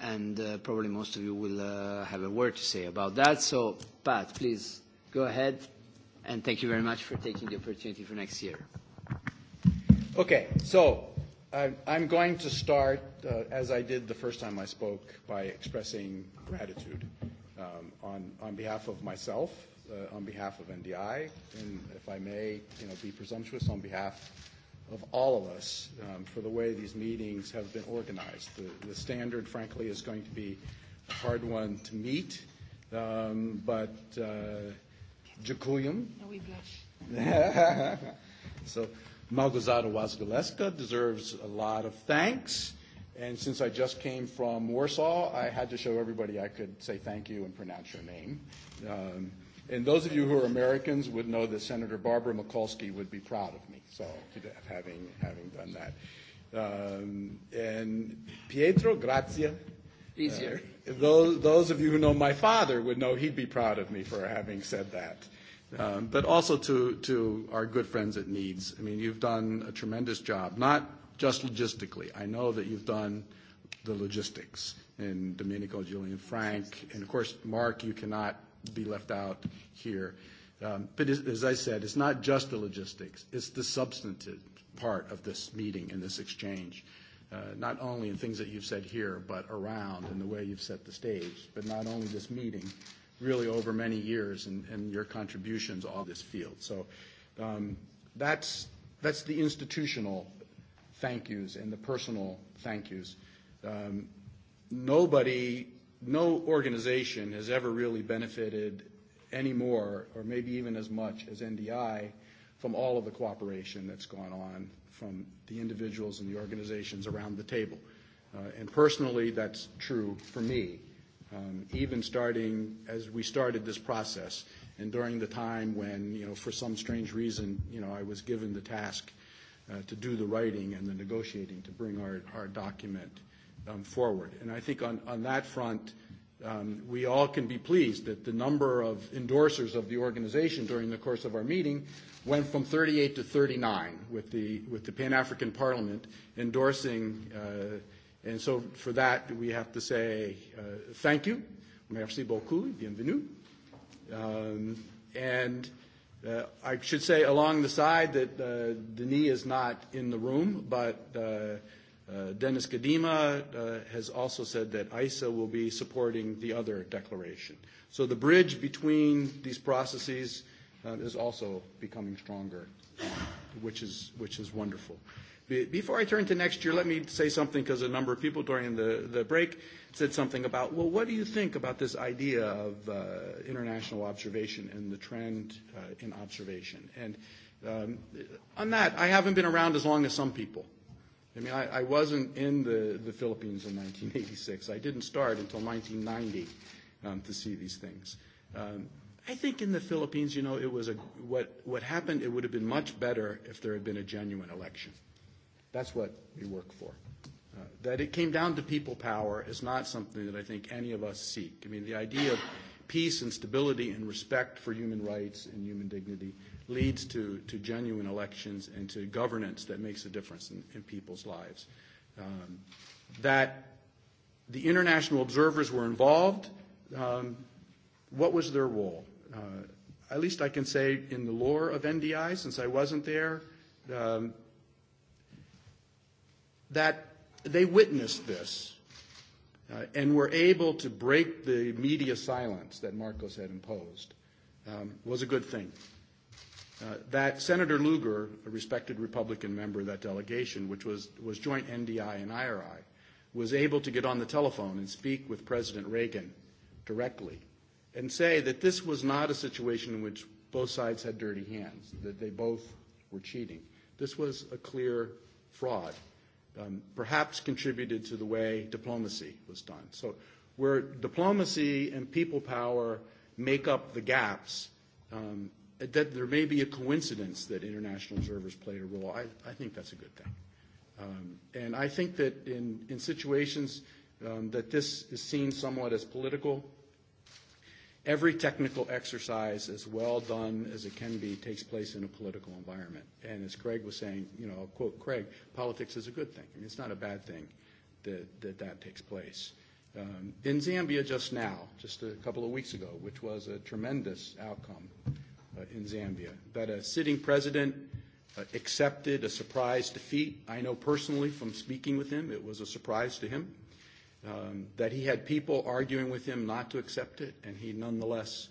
and probably most of you will have a word to say about that. So, Pat, please go ahead, and thank you very much for taking the opportunity for next year. Okay, so I'm going to start, as I did the first time I spoke, by expressing gratitude on on behalf of myself, on behalf of NDI, and if I may you know, be presumptuous, on behalf of all of us for the way these meetings have been organized. The the standard, frankly, is going to be a hard one to meet, but blush. So Malgozada Wasgaleska deserves a lot of thanks. And since I just came from Warsaw, I had to show everybody I could say thank you and pronounce your name. Um, and those of you who are Americans would know that Senator Barbara Mikulski would be proud of me, so having, having done that. Um, and Pietro, grazie. Easier. those, those of you who know my father would know he'd be proud of me for having said that but also to to our good friends at Needs. I mean, you've done a tremendous job, not just logistically. I know that you've done the logistics, in Domenico, Julian, Frank, and of course, Mark, you cannot be left out here. But as I said, it's not just the logistics. It's the substantive part of this meeting and this exchange, not only in things that you've said here, but around and the way you've set the stage, but not only this meeting, really over many years and, and your contributions all this field. So um, that's, that's the institutional thank yous and the personal thank yous. Um, nobody, no organization has ever really benefited any more or maybe even as much as NDI from all of the cooperation that's gone on from the individuals and the organizations around the table. Uh, and personally, that's true for me even starting as we started this process and during the time when, you know, for some strange reason, you know, I was given the task to do the writing and the negotiating to bring our, our document forward. And I think on, on that front, um, we all can be pleased that the number of endorsers of the organization during the course of our meeting went from 38 to 39, with the, with the Pan-African Parliament endorsing uh, And so for that, we have to say thank you. Merci beaucoup. Bienvenue. And I should say along the side that Denis is not in the room, but Dennis Kadima has also said that ISA will be supporting the other declaration. So the bridge between these processes is also becoming stronger, which is which is wonderful. Before I turn to next year, let me say something because a number of people during the, the break said something about, well, what do you think about this idea of international observation and the trend in observation? And on that, I haven't been around as long as some people. I mean, I, wasn't in the, the Philippines in 1986. I didn't start until 1990 to see these things. I think in the Philippines, you know, it was a, what, what happened, it would have been much better if there had been a genuine election. That's what we work for. That it came down to people power is not something that I think any of us seek. I mean, the idea of peace and stability and respect for human rights and human dignity leads to to genuine elections and to governance that makes a difference in people's lives. That the international observers were involved. What was their role? At least I can say in the lore of NDI, since I wasn't there, that they witnessed this and were able to break the media silence that Marcos had imposed was a good thing. That Senator Luger, a respected Republican member of that delegation, which was was joint NDI and IRI, was able to get on the telephone and speak with President Reagan directly and say that this was not a situation in which both sides had dirty hands, that they both were cheating. This was a clear fraud perhaps contributed to the way diplomacy was done. So where diplomacy and people power make up the gaps, that there may be a coincidence that international observers played a role. I, I think that's a good thing. Um, and I think that in, in situations that this is seen somewhat as political, every technical exercise, as well done as it can be, takes place in a political environment. And as Craig was saying, you know, I'll quote Craig, politics is a good thing. I mean, it's not a bad thing that that, that takes place. Um, in Zambia just now, just a couple of weeks ago, which was a tremendous outcome in Zambia, that a sitting president accepted a surprise defeat. I know personally from speaking with him, it was a surprise to him that he had people arguing with him not to accept it, and he nonetheless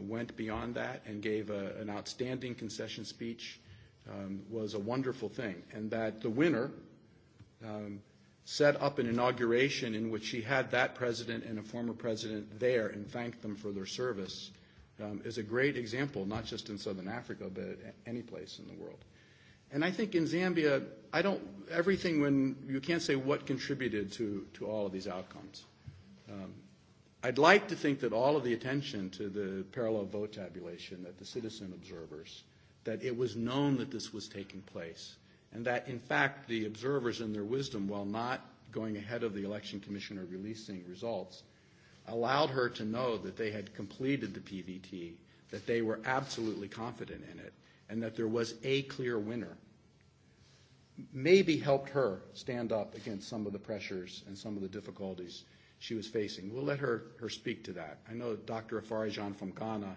went beyond that and gave an outstanding concession speech, was a wonderful thing, and that the winner set up an inauguration in which he had that president and a former president there and thanked them for their service is a great example, not just in southern Africa, but any place in the world. And I think in Zambia, I don't, everything when, you can't say what contributed to, to all of these outcomes. I'd like to think that all of the attention to the parallel vote tabulation, that the citizen observers, that it was known that this was taking place, and that in fact the observers in their wisdom, while not going ahead of the election commissioner releasing results, allowed her to know that they had completed the PVT, that they were absolutely confident in it, and that there was a clear winner maybe helped her stand up against some of the pressures and some of the difficulties she was facing. We'll let her, her speak to that. I know Dr. Afarijan from Ghana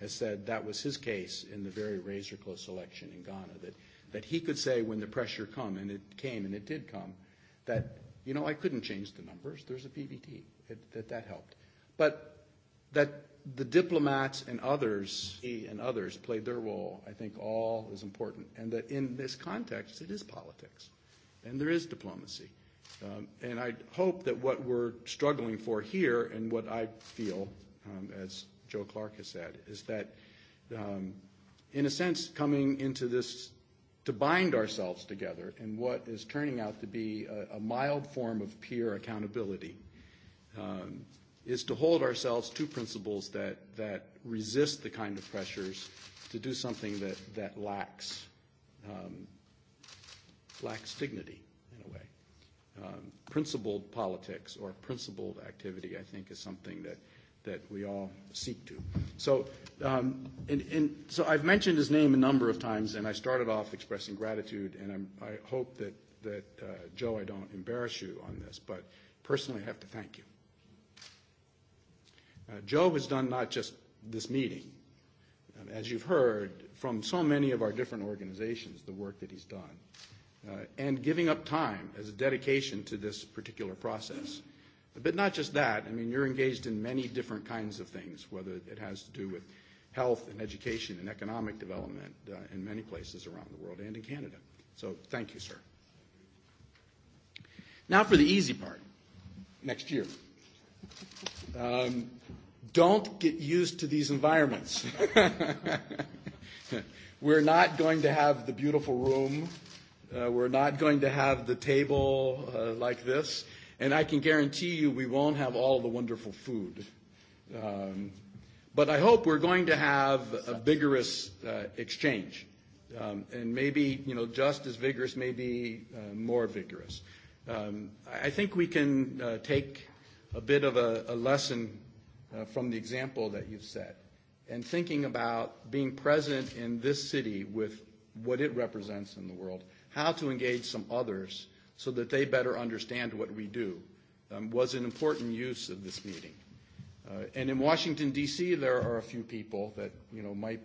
has said that was his case in the very razor-close election in Ghana, that, that he could say when the pressure come, and it came, and it did come, that, you know, I couldn't change the numbers. There's a PVT. that that helped. But that the diplomats and others and others played their role, I think all is important, and that in this context it is politics, and there is diplomacy, and I hope that what we're struggling for here and what I feel, as Joe Clark has said, is that, in a sense, coming into this to bind ourselves together in what is turning out to be a mild form of peer accountability is to hold ourselves to principles that that resist the kind of pressures to do something that that lacks um lacks dignity in a way. Um principled politics or principled activity I think is something that that we all seek to. So um and so I've mentioned his name a number of times and I started off expressing gratitude and I'm I hope that that Joe I don't embarrass you on this, but personally I have to thank you Joe has done not just this meeting, as you've heard from so many of our different organizations, the work that he's done, and giving up time as a dedication to this particular process. But not just that. I mean, you're engaged in many different kinds of things, whether it has to do with health and education and economic development in many places around the world and in Canada. So thank you, sir. Now for the easy part, next year. Um, don't get used to these environments. We're not going to have the beautiful room. we're not going to have the table uh, like this. And I can guarantee you we won't have all the wonderful food. Um, but I hope we're going to have a vigorous uh, exchange. Um, and maybe, you know, just as vigorous, maybe uh, more vigorous. Um, I think we can uh, take a bit of a lesson from the example that you've set and thinking about being present in this city with what it represents in the world, how to engage some others so that they better understand what we do was an important use of this meeting. And in Washington, D.C., there are a few people that, you know, might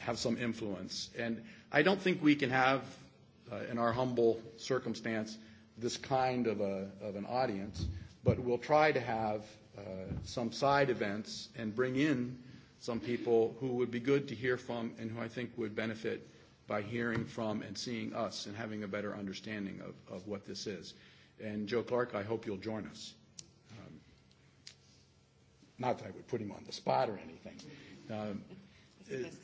have some influence. And I don't think we can have, in our humble circumstance, this kind of an audience but we'll try to have some side events and bring in some people who would be good to hear from and who I think would benefit by hearing from and seeing us and having a better understanding of, of what this is. And Joe Clark, I hope you'll join us. not that I would put him on the spot or anything.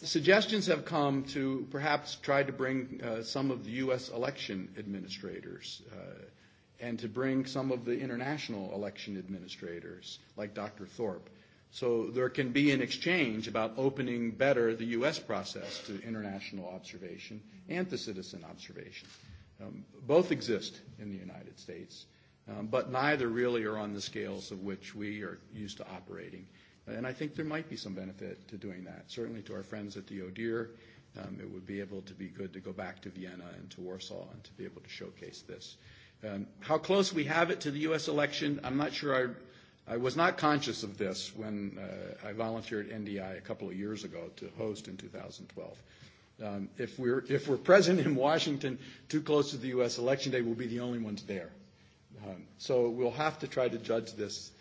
suggestions have come to perhaps try to bring some of the U.S. election administrators uh, and to bring some of the international election administrators, like Dr. Thorpe. So there can be an exchange about opening better the U.S. process to international observation and to citizen observation. Both exist in the United States, but neither really are on the scales of which we are used to operating. And I think there might be some benefit to doing that. Certainly to our friends at the ODIHR, it would be able to be good to go back to Vienna and to Warsaw and to be able to showcase this. How close we have it to the U.S. election, I'm not sure. I was not conscious of this when I volunteered at NDI a couple of years ago to host in 2012. If we're if we're present in Washington too close to the U.S. election day, we'll be the only ones there. So we'll have to try to judge this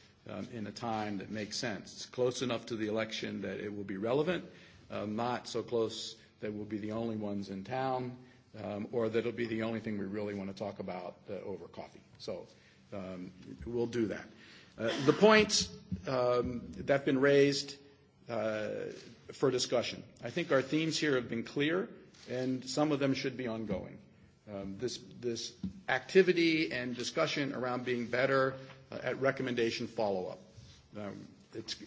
in a time that makes sense, It's close enough to the election that it will be relevant, not so close that we'll be the only ones in town um, or that it'll be the only thing we really want to talk about over coffee. So um, we'll do that. the points um, that have been raised uh, for discussion. I think our themes here have been clear, and some of them should be ongoing. Um, this, this activity and discussion around being better at recommendation follow-up. Um,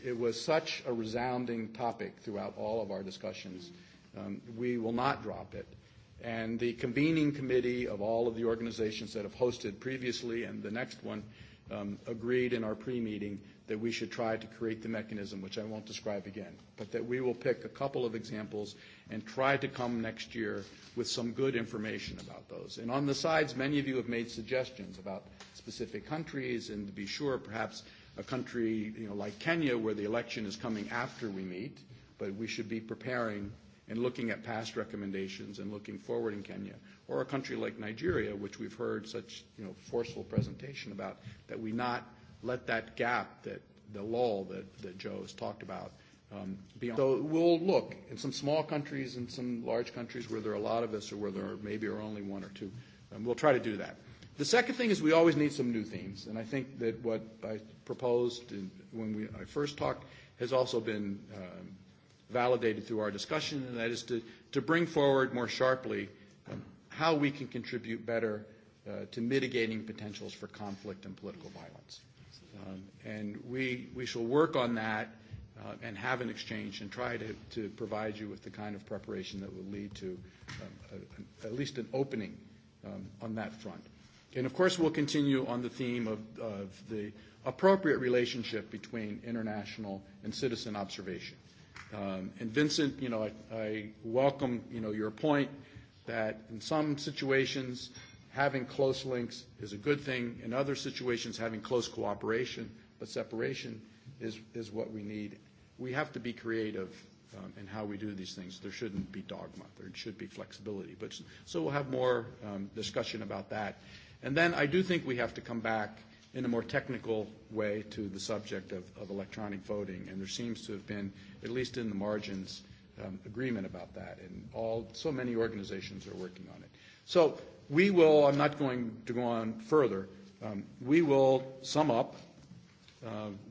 it was such a resounding topic throughout all of our discussions. Um, we will not drop it. And the convening committee of all of the organizations that have hosted previously and the next one agreed in our pre-meeting that we should try to create the mechanism, which I won't describe again, but that we will pick a couple of examples and try to come next year with some good information about those. And on the sides, many of you have made suggestions about specific countries, and to be sure, perhaps a country you know, like Kenya, where the election is coming after we meet, but we should be preparing and looking at past recommendations and looking forward in Kenya, or a country like Nigeria, which we've heard such you know, forceful presentation about, that we not let that gap, that the lull that, that Joe has talked about, um, be So we'll look in some small countries and some large countries where there are a lot of us or where there are maybe are only one or two. Um, we'll try to do that. The second thing is we always need some new themes, and I think that what I proposed when we, I first talked has also been validated through our discussion, and that is to, to bring forward more sharply how we can contribute better to mitigating potentials for conflict and political violence. Um, and we, we shall work on that and have an exchange and try to, to provide you with the kind of preparation that will lead to at least an opening um, on that front. And of course, we'll continue on the theme of, of the appropriate relationship between international and citizen observation. And Vincent, you know, I welcome, you know, your point that in some situations having close links is a good thing. In other situations, having close cooperation but separation is is what we need. We have to be creative in how we do these things. There shouldn't be dogma. There should be flexibility. But so we'll have more discussion about that. And then I do think we have to come back in a more technical way to the subject of electronic voting. And there seems to have been, at least in the margins, agreement about that. And all so many organizations are working on it. So we will, I'm not going to go on further, we will sum up.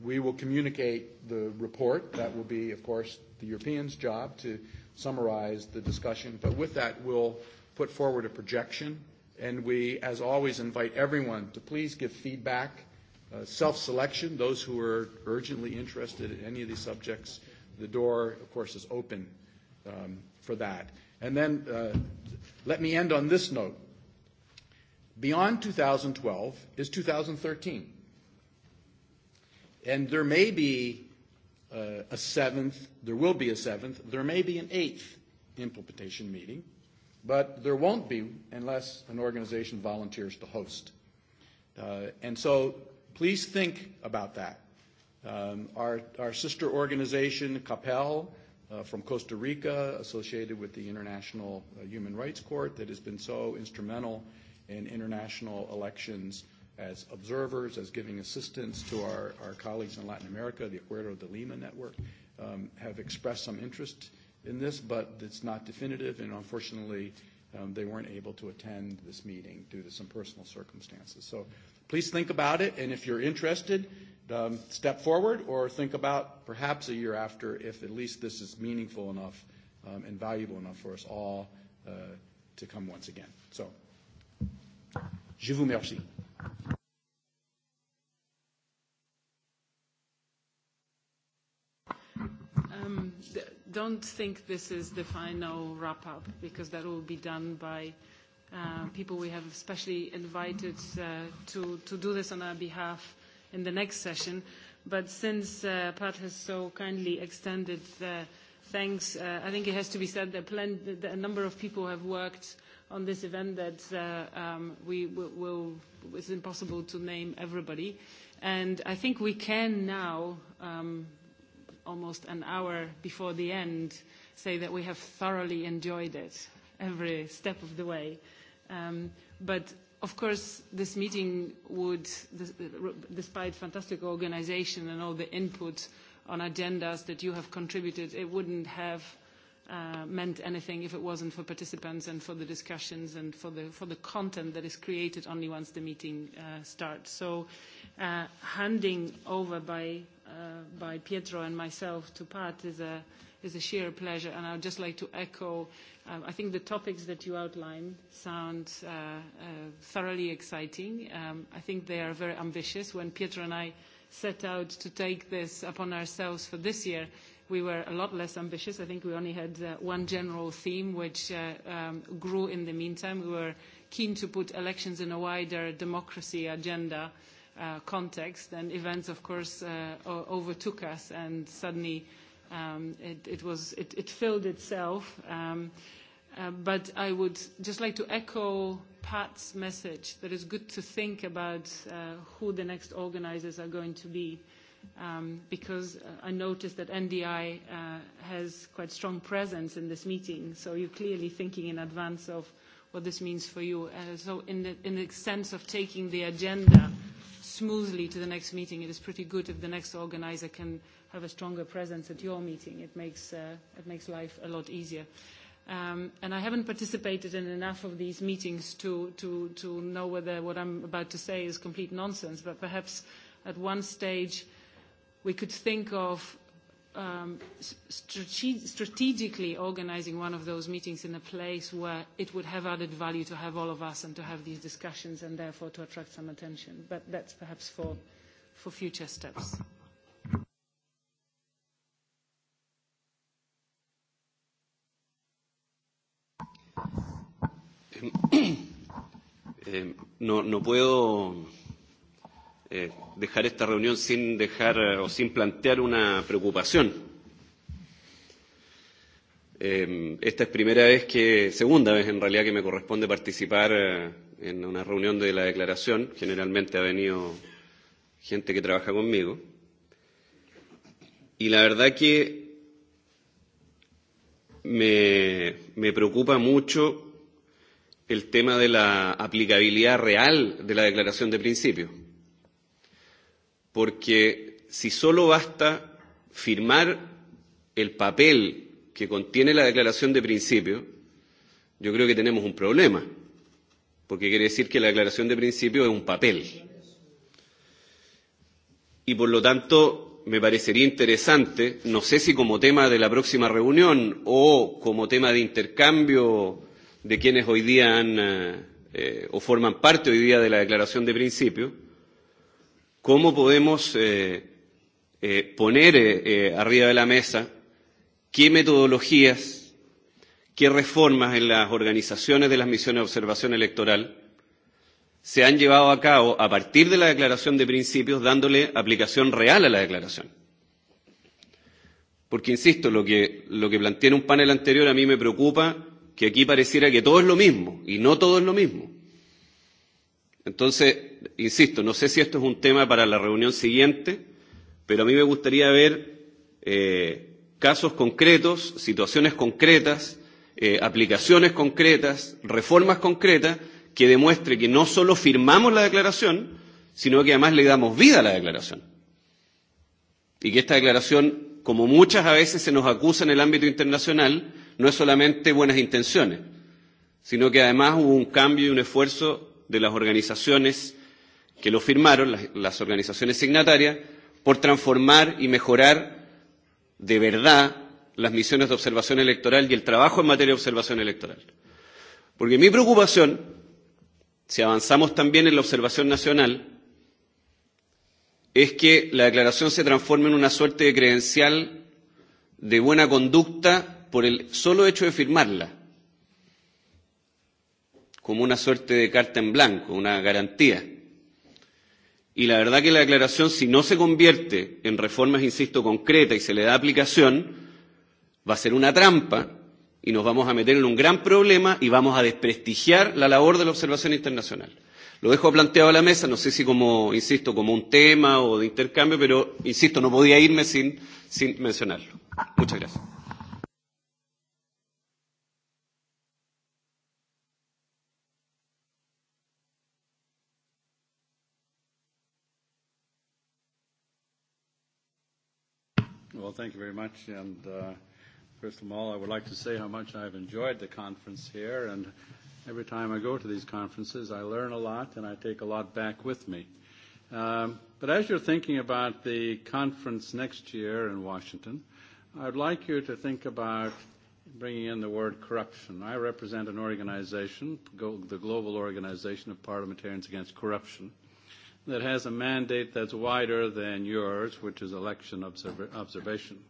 We will communicate the report. That will be, of course, the Europeans' job to summarize the discussion. But with that, we'll put forward a projection And we, as always, invite everyone to please give feedback, self-selection, those who are urgently interested in any of these subjects. The door, of course, is open for that. And then let me end on this note. Beyond 2012 is 2013. And there may be a seventh, there will be a seventh, there may be an eighth implementation meeting But there won't be unless an organization volunteers to host. And so please think about that. Our sister organization, CAPEL, from Costa Rica, associated with the International Human Rights Court, that has been so instrumental in international elections as observers, as giving assistance to our colleagues in Latin America, the Acuerdo de Lima Network, have expressed some interest in this, but it's not definitive, and unfortunately, they weren't able to attend this meeting due to some personal circumstances. So please think about it, and if you're interested, step forward or think about perhaps a year after if at least this is meaningful enough and valuable enough for us all to come once again. So, je vous remercie. Um, don't think this is the final wrap-up because that will be done by people we have especially invited to do this on our behalf in the next session. But since Pat has so kindly extended thanks, I think it has to be said that a number of people have worked on this event that we will it's impossible to name everybody. And I think we can now almost an hour before the end, say that we have thoroughly enjoyed it every step of the way. But of course, this meeting would, despite fantastic organization and all the input on agendas that you have contributed, it wouldn't have meant anything if it wasn't for participants and for the discussions and for the for the content that is created only once the meeting starts. So handing over by by Pietro and myself to part is a is a sheer pleasure. And I would just like to echo, I think the topics that you outlined sound thoroughly exciting. I think they are very ambitious. When Pietro and I set out to take this upon ourselves for this year, we were a lot less ambitious. I think we only had one general theme, which grew in the meantime. We were keen to put elections in a wider democracy agenda context, and events, of course, overtook us, and suddenly it filled itself. But I would just like to echo Pat's message that it's good to think about who the next organizers are going to be, because I noticed that NDI has quite strong presence in this meeting, so you're clearly thinking in advance of what this means for you. So in the sense of taking the agenda smoothly to the next meeting. It is pretty good if the next organizer can have a stronger presence at your meeting. It makes it makes life a lot easier. And I haven't participated in enough of these meetings to to to know whether what I'm about to say is complete nonsense. But perhaps at one stage we could think of strategically organizing one of those meetings in a place where it would have added value to have all of us and to have these discussions and therefore to attract some attention. But that's perhaps for future steps. No puedo dejar esta reunión sin dejar o sin plantear una preocupación. Esta es primera vez que, segunda vez en realidad que me corresponde participar en una reunión de la declaración. Generalmente ha venido gente que trabaja conmigo. Y la verdad que me, me preocupa mucho el tema de la aplicabilidad real de la declaración de principios porque si solo basta firmar el papel que contiene la declaración de principio, yo creo que tenemos un problema, porque quiere decir que la declaración de principio es un papel. Y por lo tanto, me parecería interesante, no sé si como tema de la próxima reunión o como tema de intercambio de quienes hoy día han, o forman parte hoy día de la declaración de principio, cómo podemos poner arriba de la mesa qué metodologías, qué reformas en las organizaciones de las misiones de observación electoral se han llevado a cabo a partir de la declaración de principios, dándole aplicación real a la declaración. Porque, insisto, lo que, lo que planteé en un panel anterior a mí me preocupa que aquí pareciera que todo es lo mismo, y no todo es lo mismo. Entonces, insisto, no sé si esto es un tema para la reunión siguiente, pero a mí me gustaría ver eh, casos concretos, situaciones concretas, eh, aplicaciones concretas, reformas concretas, que demuestre que no solo firmamos la declaración, sino que además le damos vida a la declaración. Y que esta declaración, como muchas a veces se nos acusa en el ámbito internacional, no es solamente buenas intenciones, sino que además hubo un cambio y un esfuerzo de las organizaciones que lo firmaron, las organizaciones signatarias, por transformar y mejorar de verdad las misiones de observación electoral y el trabajo en materia de observación electoral. Porque mi preocupación, si avanzamos también en la observación nacional, es que la declaración se transforme en una suerte de credencial de buena conducta por el solo hecho de firmarla como una suerte de carta en blanco, una garantía. Y la verdad que la declaración, si no se convierte en reformas, insisto, concretas y se le da aplicación, va a ser una trampa y nos vamos a meter en un gran problema y vamos a desprestigiar la labor de la observación internacional. Lo dejo planteado a la mesa, no sé si como, insisto, como un tema o de intercambio, pero, insisto, no podía irme sin, sin mencionarlo. Muchas gracias. Well, thank you very much. And first of all, I would like to say how much I've enjoyed the conference here. And every time I go to these conferences, I learn a lot and I take a lot back with me. Um But as you're thinking about the conference next year in Washington, I'd like you to think about bringing in the word corruption. I represent an organization, the Global Organization of Parliamentarians Against Corruption that has a mandate that's wider than yours, which is election observation.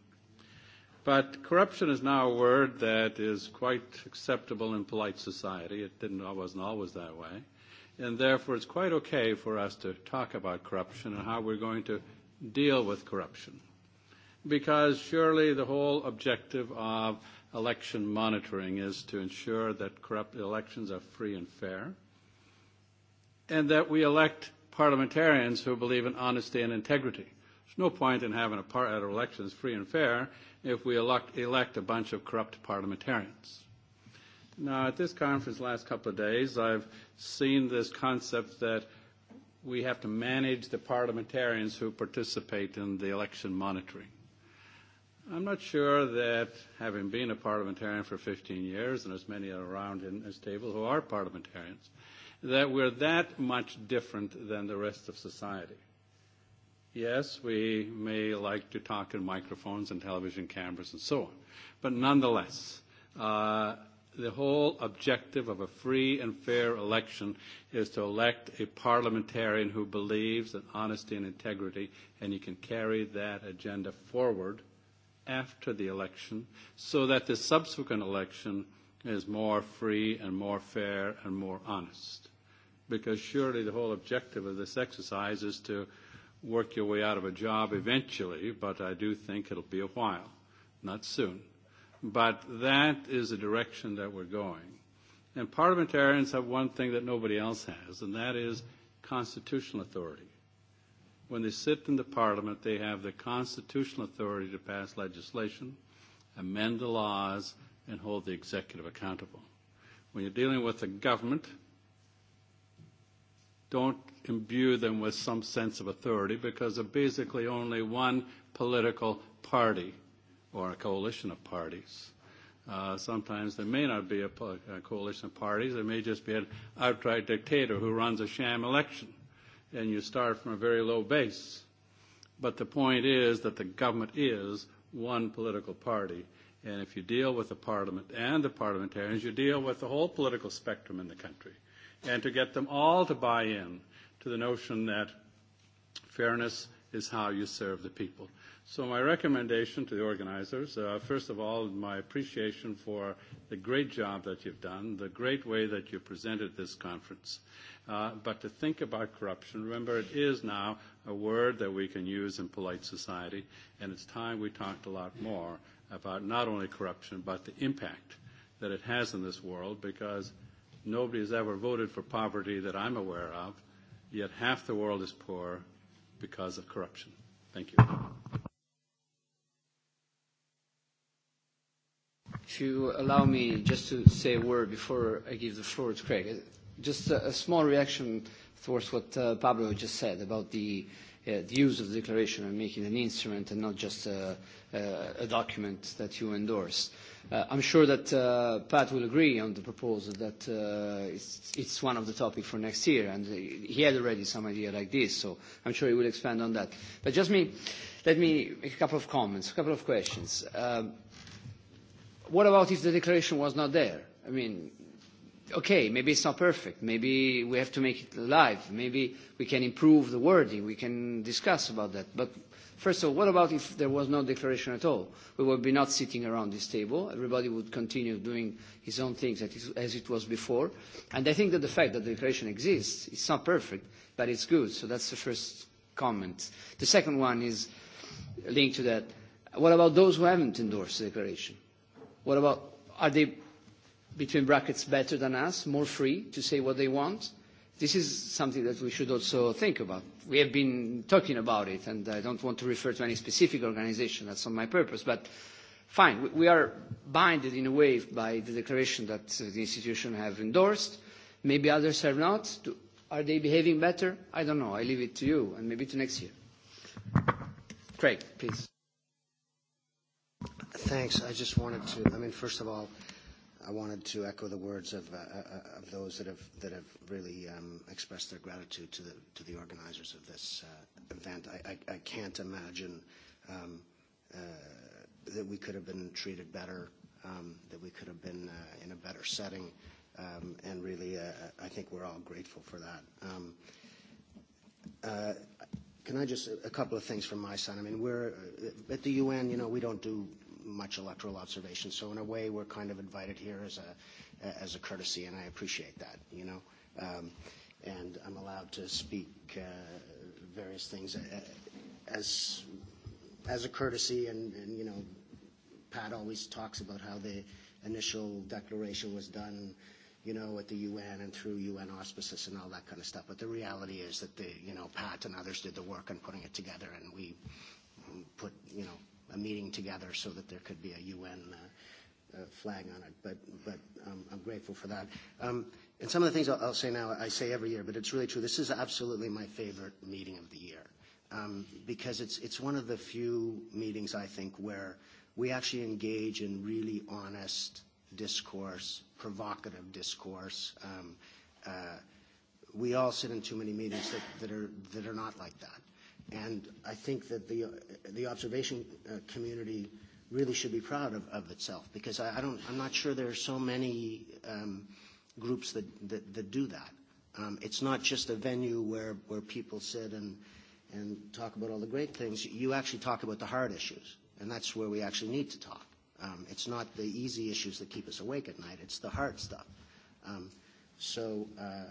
But corruption is now a word that is quite acceptable in polite society. It didn't, wasn't always that way. And therefore, it's quite okay for us to talk about corruption and how we're going to deal with corruption. Because surely the whole objective of election monitoring is to ensure that corrupt elections are free and fair, and that we elect parliamentarians who believe in honesty and integrity. There's no point in having a at elections free and fair if we elect, elect a bunch of corrupt parliamentarians. Now, at this conference the last couple of days, I've seen this concept that we have to manage the parliamentarians who participate in the election monitoring. I'm not sure that, having been a parliamentarian for 15 years, and as many around in this table who are parliamentarians, that we're that much different than the rest of society. Yes, we may like to talk in microphones and television cameras and so on, but nonetheless, the whole objective of a free and fair election is to elect a parliamentarian who believes in honesty and integrity, and you can carry that agenda forward after the election so that the subsequent election is more free and more fair and more honest because surely the whole objective of this exercise is to work your way out of a job eventually, but I do think it'll be a while, not soon. But that is the direction that we're going. And parliamentarians have one thing that nobody else has, and that is constitutional authority. When they sit in the parliament, they have the constitutional authority to pass legislation, amend the laws, and hold the executive accountable. When you're dealing with the government, Don't imbue them with some sense of authority because they're basically only one political party or a coalition of parties. Sometimes there may not be a coalition of parties. There may just be an outright dictator who runs a sham election, and you start from a very low base. But the point is that the government is one political party, and if you deal with the parliament and the parliamentarians, you deal with the whole political spectrum in the country and to get them all to buy in to the notion that fairness is how you serve the people. So my recommendation to the organizers, first of all, my appreciation for the great job that you've done, the great way that you presented this conference. But to think about corruption, remember it is now a word that we can use in polite society, and it's time we talked a lot more about not only corruption, but the impact that it has in this world, because Nobody has ever voted for poverty that I'm aware of, yet half the world is poor because of corruption. Thank you. If you allow me just to say a word before I give the floor to Craig. Just a small reaction towards what Pablo just said about the use of the declaration and making an instrument and not just a document that you endorse. I'm sure that Pat will agree on the proposal that it's one of the topics for next year, and he had already some idea like this, so I'm sure he will expand on that. But just me, let me make a couple of comments, a couple of questions. What about if the declaration was not there? I mean, okay, maybe it's not perfect, maybe we have to make it live, maybe we can improve the wording, we can discuss about that, but First of all, what about if there was no declaration at all? We would be not sitting around this table. Everybody would continue doing his own things as it was before. And I think that the fact that the declaration exists, is not perfect, but it's good. So that's the first comment. The second one is linked to that. What about those who haven't endorsed the declaration? What about, are they, between brackets, better than us, more free to say what they want? This is something that we should also think about. We have been talking about it, and I don't want to refer to any specific organization. That's not my purpose. But fine, we are binded in a way by the declaration that the institution have endorsed. Maybe others have not. Are they behaving better? I don't know. I leave it to you, and maybe to next year. Craig, please. Thanks. I just wanted to, I mean, first of all, I wanted to echo the words of of those that have that have really um expressed their gratitude to the to the organizers of this event. I I can't imagine um that we could have been treated better, um, that we could have been in a better setting, Um and really I think we're all grateful for that. Um uh Can I just a couple of things from my side? I mean, we're at the UN. You know, we don't do much electoral observation. So in a way, we're kind of invited here as a as a courtesy, and I appreciate that. You know, um, and I'm allowed to speak various things as as a courtesy, and, and you know, Pat always talks about how the initial declaration was done you know, at the UN and through UN auspices and all that kind of stuff. But the reality is that the, you know, Pat and others did the work on putting it together, and we put, you know, a meeting together so that there could be a UN flag on it. But but I'm grateful for that. And some of the things I'll say now, I say every year, but it's really true. This is absolutely my favorite meeting of the year because it's it's one of the few meetings I think where we actually engage in really honest discourse, provocative discourse. We all sit in too many meetings that that are that are not like that And I think that the the observation community really should be proud of, of itself because I, I don't I'm not sure there are so many um, groups that, that, that do that. Um, it's not just a venue where, where people sit and, and talk about all the great things. You actually talk about the hard issues, and that's where we actually need to talk. Um, it's not the easy issues that keep us awake at night. It's the hard stuff. Um, so, uh,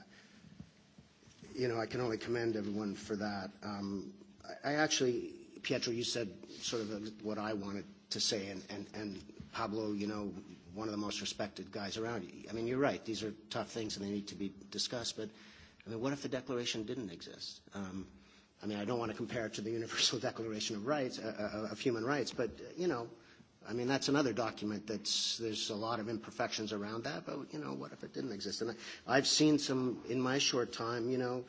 you know, I can only commend everyone for that. Um, I actually, Pietro, you said sort of what I wanted to say, and, and, and Pablo, you know, one of the most respected guys around. I mean, you're right. These are tough things and they need to be discussed. But, I mean, what if the Declaration didn't exist? I mean, I don't want to compare it to the Universal Declaration of Rights, of Human Rights, but, you know, I mean, that's another document that's, there's a lot of imperfections around that, but, you know, what if it didn't exist? And I've seen some, in my short time, you know,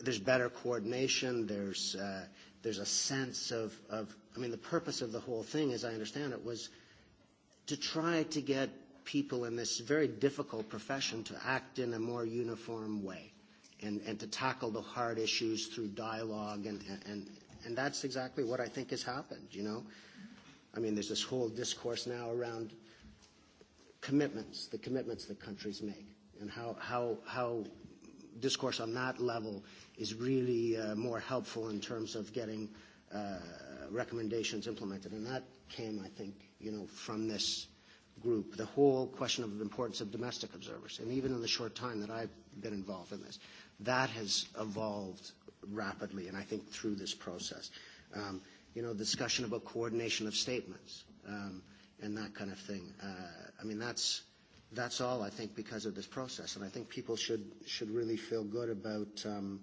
there's better coordination. There's there's a sense of of I mean the purpose of the whole thing, as I understand it, was to try to get people in this very difficult profession to act in a more uniform way, and and to tackle the hard issues through dialogue and and and that's exactly what I think has happened. You know, I mean there's this whole discourse now around commitments, the commitments that countries make, and how how how discourse on that level is really more helpful in terms of getting recommendations implemented. And that came, I think, you know, from this group, the whole question of the importance of domestic observers. And even in the short time that I've been involved in this, that has evolved rapidly, and I think through this process. Um, you know, discussion about coordination of statements um, and that kind of thing. Uh, I mean, that's, that's all, I think, because of this process. And I think people should, should really feel good about... Um,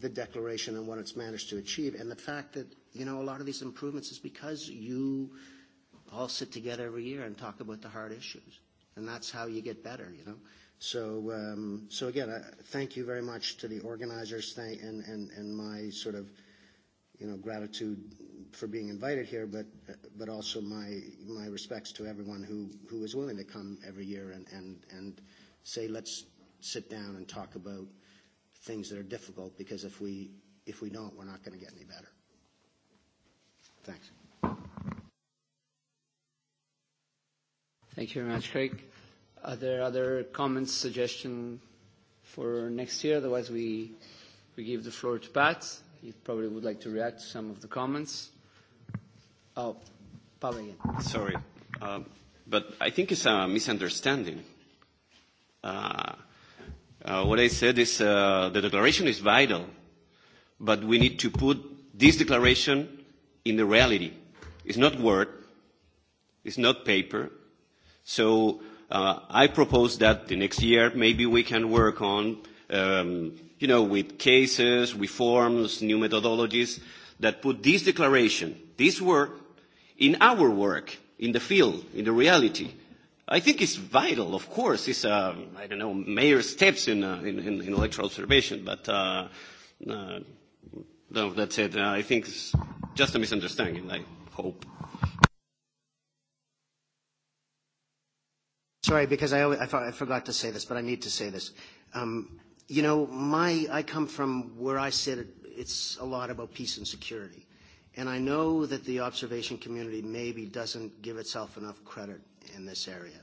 the declaration and what it's managed to achieve. And the fact that, you know, a lot of these improvements is because you all sit together every year and talk about the hard issues. And that's how you get better, you know. So, um, so again, thank you very much to the organizers and, and, and my sort of, you know, gratitude for being invited here, but, but also my, my respects to everyone who, who is willing to come every year and, and, and say, let's sit down and talk about things that are difficult because if we if we don't we're not going to get any better thanks thank you very much craig are there other comments suggestions for next year otherwise we we give the floor to pat He probably would like to react to some of the comments oh again. sorry but i think it's a misunderstanding uh What I said is the declaration is vital, but we need to put this declaration in the reality. It's not word, it's not paper. So I propose that the next year maybe we can work on, you know, with cases, reforms, new methodologies that put this declaration, this work, in our work, in the field, in the reality I think it's vital, of course. It's, I don't know, mayor steps in, uh, in, in, in electoral observation, but uh, uh, no, that's it. I think it's just a misunderstanding, I hope. Sorry, because I, always, I, I forgot to say this, but I need to say this. Um, you know, my, I come from where I sit, it's a lot about peace and security. And I know that the observation community maybe doesn't give itself enough credit in this area.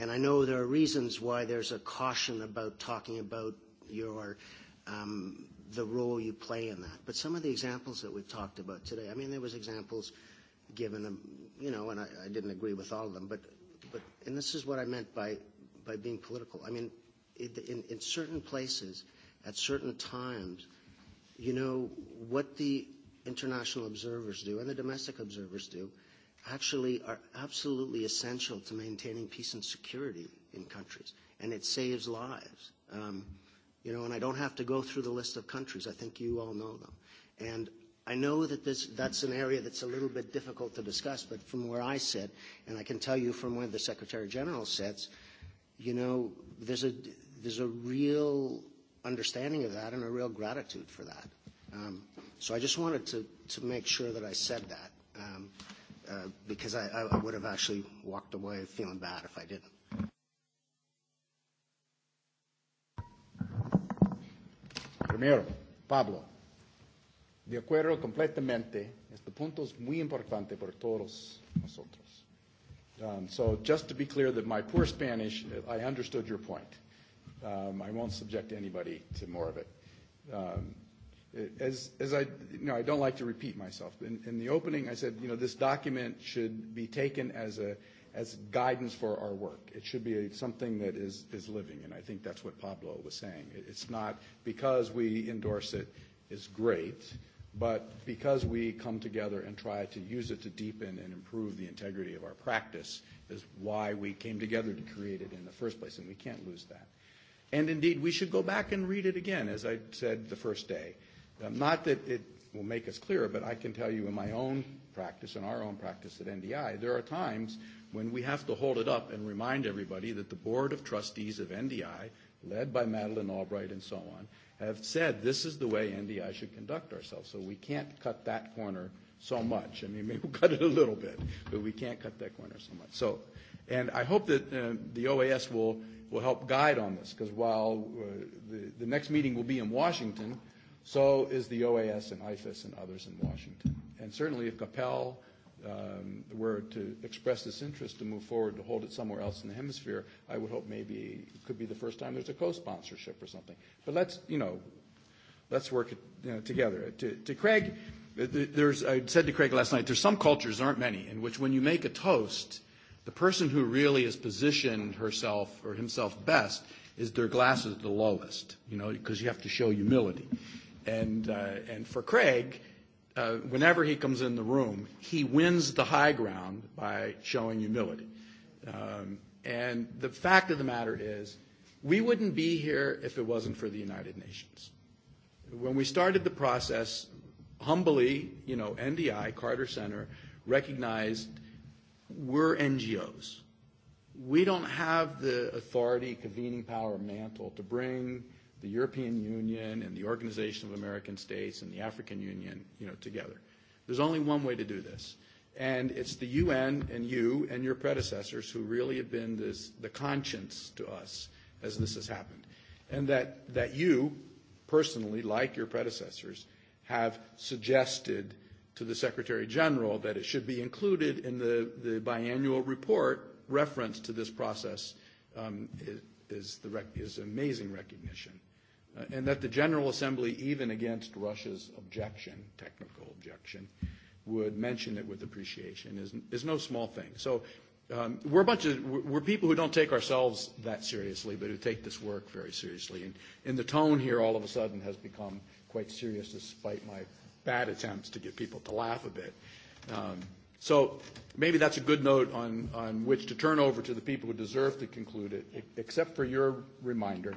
And I know there are reasons why there's a caution about talking about your the role you play in that. But some of the examples that we've talked about today, I mean, there was examples given, you know, and I, didn't agree with all of them, but, but, and this is what I meant by, by being political. I mean, in, in certain places, at certain times, you know, what the international observers do and the domestic observers do actually are absolutely essential to maintaining peace and security in countries, and it saves lives. Um, you know, and I don't have to go through the list of countries. I think you all know them. And I know that this, that's an area that's a little bit difficult to discuss, but from where I sit, and I can tell you from where the Secretary General sits, you know, there's a, there's a real understanding of that and a real gratitude for that. Um, so I just wanted to, to make sure that I said that. Um, because I, I would have actually walked away feeling bad if I didn't. Primero, Pablo, de acuerdo completamente, este punto es muy importante para todos nosotros. Um, so just to be clear that my poor Spanish, I understood your point. I won't subject anybody to more of it. Um, As as I you know I don't like to repeat myself. In in the opening I said, you know, this document should be taken as a as guidance for our work. It should be something that is is living and I think that's what Pablo was saying. It's not because we endorse it is great, but because we come together and try to use it to deepen and improve the integrity of our practice is why we came together to create it in the first place and we can't lose that. And indeed we should go back and read it again as I said the first day Not that it will make us clearer, but I can tell you in my own practice, in our own practice at NDI, there are times when we have to hold it up and remind everybody that the Board of Trustees of NDI, led by Madeleine Albright and so on, have said this is the way NDI should conduct ourselves. So we can't cut that corner so much. I mean, maybe we'll cut it a little bit, but we can't cut that corner so much. So, and I hope that the OAS will will help guide on this, because while the the next meeting will be in Washington, So is the OAS and IFAS and others in Washington. And certainly if Capel um, were to express this interest to move forward to hold it somewhere else in the hemisphere, I would hope maybe it could be the first time there's a co-sponsorship or something. But let's, you know, let's work it you know, together. To, to Craig, there's, I said to Craig last night, there's some cultures, aren't many, in which when you make a toast, the person who really has positioned herself or himself best is their glasses the lowest, you know, because you have to show humility. And, and for Craig, whenever he comes in the room, he wins the high ground by showing humility. Um, and the fact of the matter is, we wouldn't be here if it wasn't for the United Nations. When we started the process, humbly, you know, NDI, Carter Center, recognized we're NGOs. We don't have the authority, convening power, mantle to bring the European Union and the Organization of American States and the African Union, you know, together. There's only one way to do this. And it's the UN and you and your predecessors who really have been this, the conscience to us as this has happened. And that, that you, personally, like your predecessors, have suggested to the Secretary General that it should be included in the, the biannual report reference to this process um, is, is, the is amazing recognition and that the General Assembly, even against Russia's objection, technical objection, would mention it with appreciation is, is no small thing. So um, we're a bunch of, we're people who don't take ourselves that seriously, but who take this work very seriously. And, and the tone here all of a sudden has become quite serious despite my bad attempts to get people to laugh a bit. Um, so maybe that's a good note on, on which to turn over to the people who deserve to conclude it, except for your reminder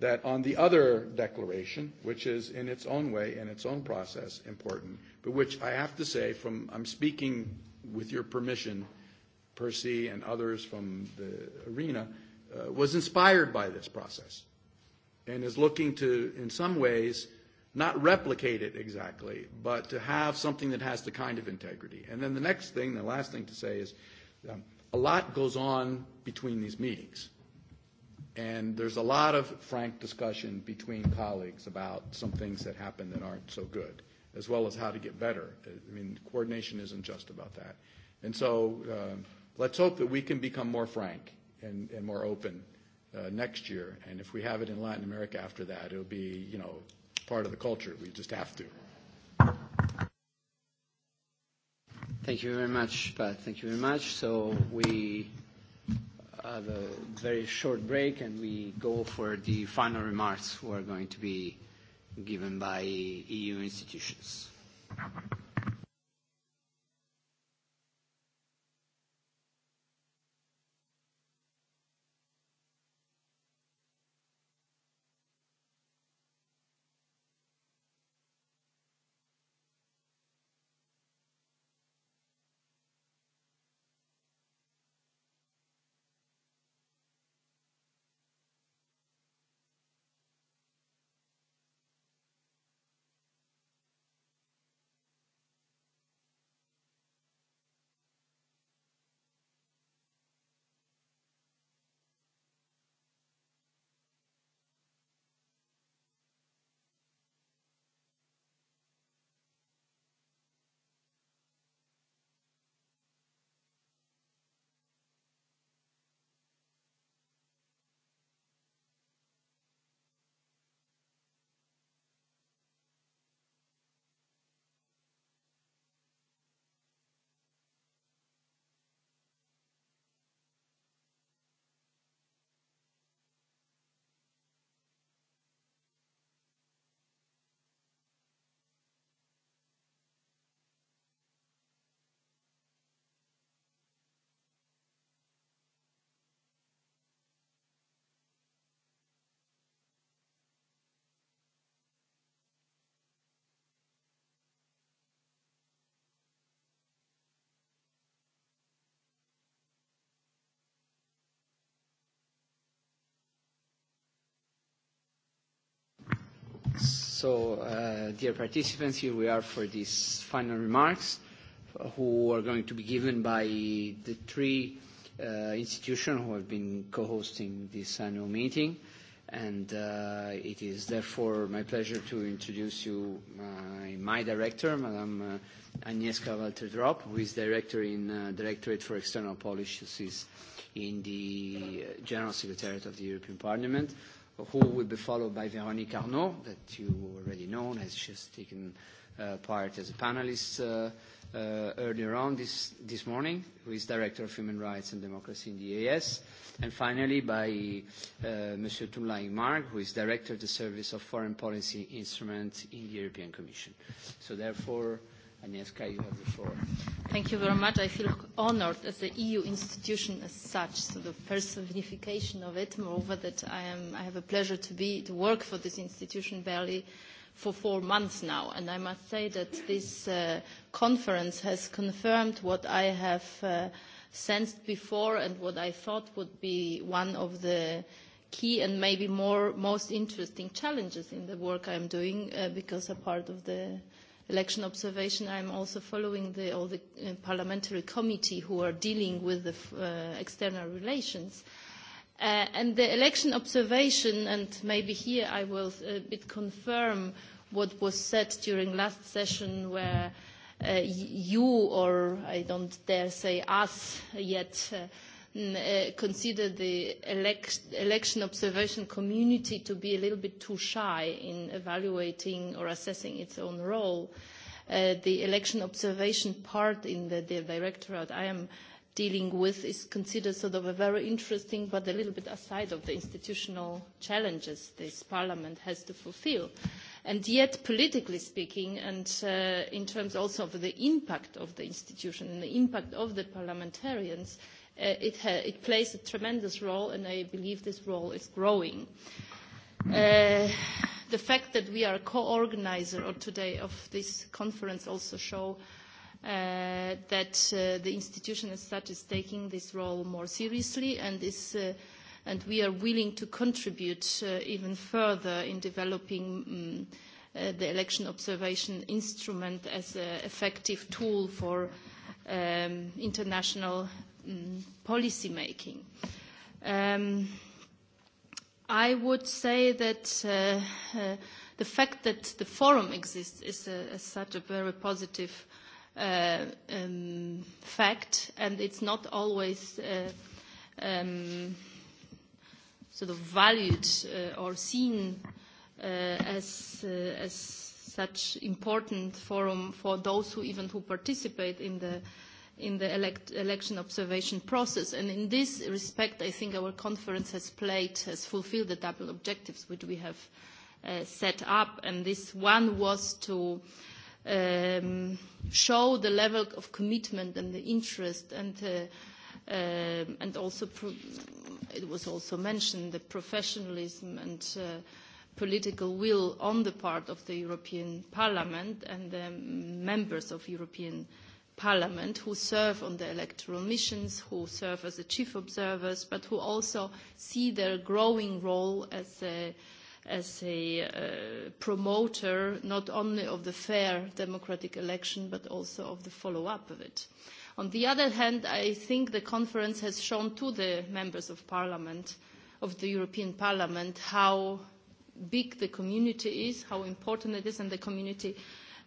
that on the other declaration, which is in its own way, in its own process, important, but which I have to say from, I'm speaking with your permission, Percy and others from the arena, was inspired by this process and is looking to, in some ways, not replicate it exactly, but to have something that has the kind of integrity. And then the next thing, the last thing to say is a lot goes on between these meetings. And there's a lot of frank discussion between colleagues about some things that happen that aren't so good, as well as how to get better. I mean, coordination isn't just about that. And so let's hope that we can become more frank and, and more open next year. And if we have it in Latin America after that, it'll be, you know, part of the culture. We just have to. Thank you very much, Pat. Thank you very much. So we have a very short break and we go for the final remarks who are going to be given by EU institutions. So, dear participants, here we are for these final remarks, who are going to be given by the three institutions who have been co-hosting this annual meeting. And it is therefore my pleasure to introduce you my director, Madame Agnieszka Walter-Drop, who is director in Directorate for External Policies in the General Secretariat of the European Parliament who will be followed by Véronique Arnault that you already know, as she has taken part as a panelist earlier on this morning, who is Director of Human Rights and Democracy in the EAS, and finally by Monsieur Toulai Marg, who is Director of the Service of Foreign Policy Instruments in the European Commission. So therefore, you Thank you very much. I feel honored as the EU institution as such, so the personification of it. Moreover, that I am, I have a pleasure to be to work for this institution barely for four months now, and I must say that this conference has confirmed what I have sensed before and what I thought would be one of the key and maybe more most interesting challenges in the work I am doing, because a part of the election observation, I am also following the all the parliamentary committee who are dealing with the external relations. And the election observation, and maybe here I will a bit confirm what was said during last session where you or I don't dare say us yet consider the election observation community to be a little bit too shy in evaluating or assessing its own role. The election observation part in the directorate I am dealing with is considered sort of a very interesting but a little bit aside of the institutional challenges this parliament has to fulfill. And yet, politically speaking, and in terms also of the impact of the institution and the impact of the parliamentarians, it plays a tremendous role, and I believe this role is growing. The fact that we are a co-organizer today of this conference also shows that the institution as such is taking this role more seriously and is and we are willing to contribute even further in developing the election observation instrument as an effective tool for international policy making. I would say that the fact that the forum exists is such a very positive fact, and it's not always sort of valued or seen as such important forum for those who even who participate in the in the election observation process. And in this respect, I think our conference has played, has fulfilled the double objectives which we have set up. And this one was to show the level of commitment and the interest and and also it was also mentioned the professionalism and political will on the part of the European Parliament and the members of European Parliament who serve on the electoral missions, who serve as the chief observers, but who also see their growing role as a as a promoter not only of the fair democratic election but also of the follow-up of it. On the other hand, I think the conference has shown to the members of parliament, of the European Parliament, how big the community is, how important it is, and the community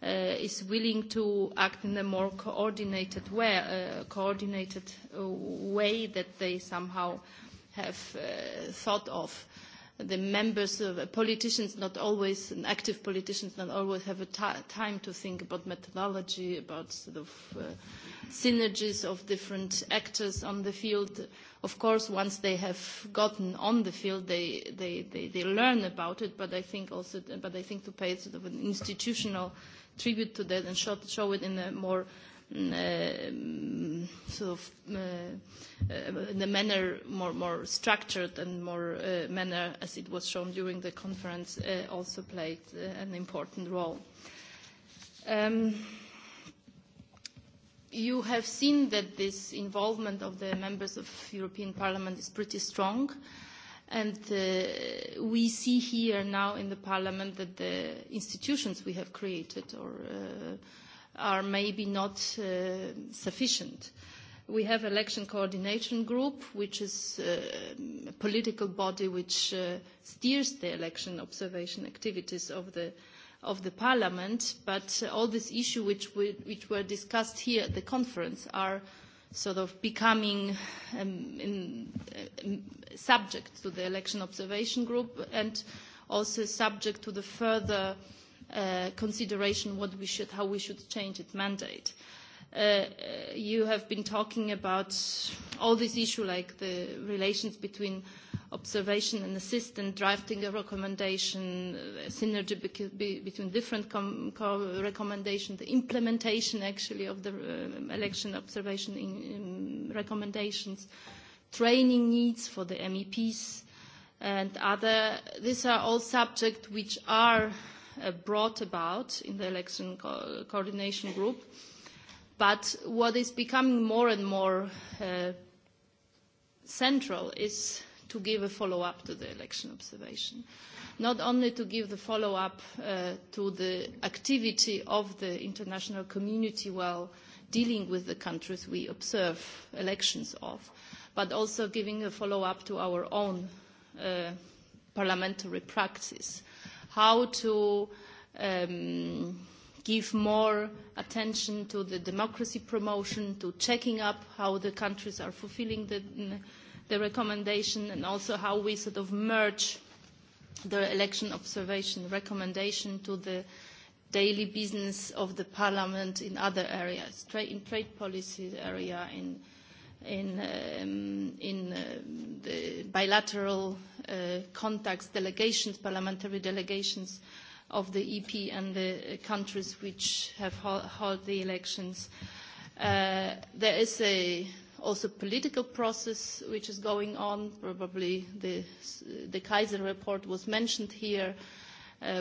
is willing to act in a more coordinated way coordinated way that they somehow have thought of. The members of politicians, not always, active politicians, not always have a time to think about methodology, about sort of synergies of different actors on the field. Of course, once they have gotten on the field, they they they learn about it. But I think also, but I think to pay sort of an institutional tribute to that and show it in a more sort of in a manner more more structured and more manner as it was shown during the conference also played an important role. You have seen that this involvement of the members of European Parliament is pretty strong And we see here now in the Parliament that the institutions we have created or are maybe not sufficient. We have election coordination group, which is a political body which steers the election observation activities of the of the Parliament, but all these issues which were discussed here at the conference are sort of becoming subject to the election observation group and also subject to the further consideration what we should how we should change its mandate you have been talking about all these issues like the relations between observation and assistance, drafting a recommendation, synergy between different recommendations, the implementation actually of the election observation recommendations, training needs for the MEPs and other. These are all subjects which are brought about in the election coordination group But what is becoming more and more central is to give a follow-up to the election observation, not only to give the follow-up to the activity of the international community while dealing with the countries we observe elections of, but also giving a follow-up to our own parliamentary practice, how to give more attention to the democracy promotion, to checking up how the countries are fulfilling the recommendation and also how we sort of merge the election observation recommendation to the daily business of the Parliament in other areas, in trade policy area, in in the bilateral contacts, delegations, parliamentary delegations of the EP and the countries which have held the elections. There is a also political process which is going on. Probably the Kaiser report was mentioned here,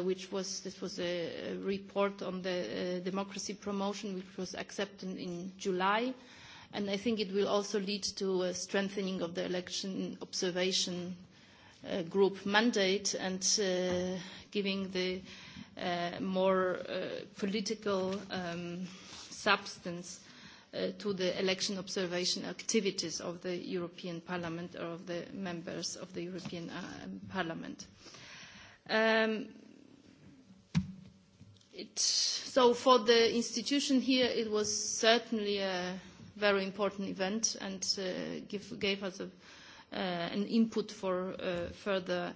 which was this was a report on the democracy promotion which was accepted in July, and I think it will also lead to a strengthening of the election observation group mandate and giving the more political substance to the election observation activities of the European Parliament or of the members of the European Parliament. So for the institution here, it was certainly a very important event and gave us an input for further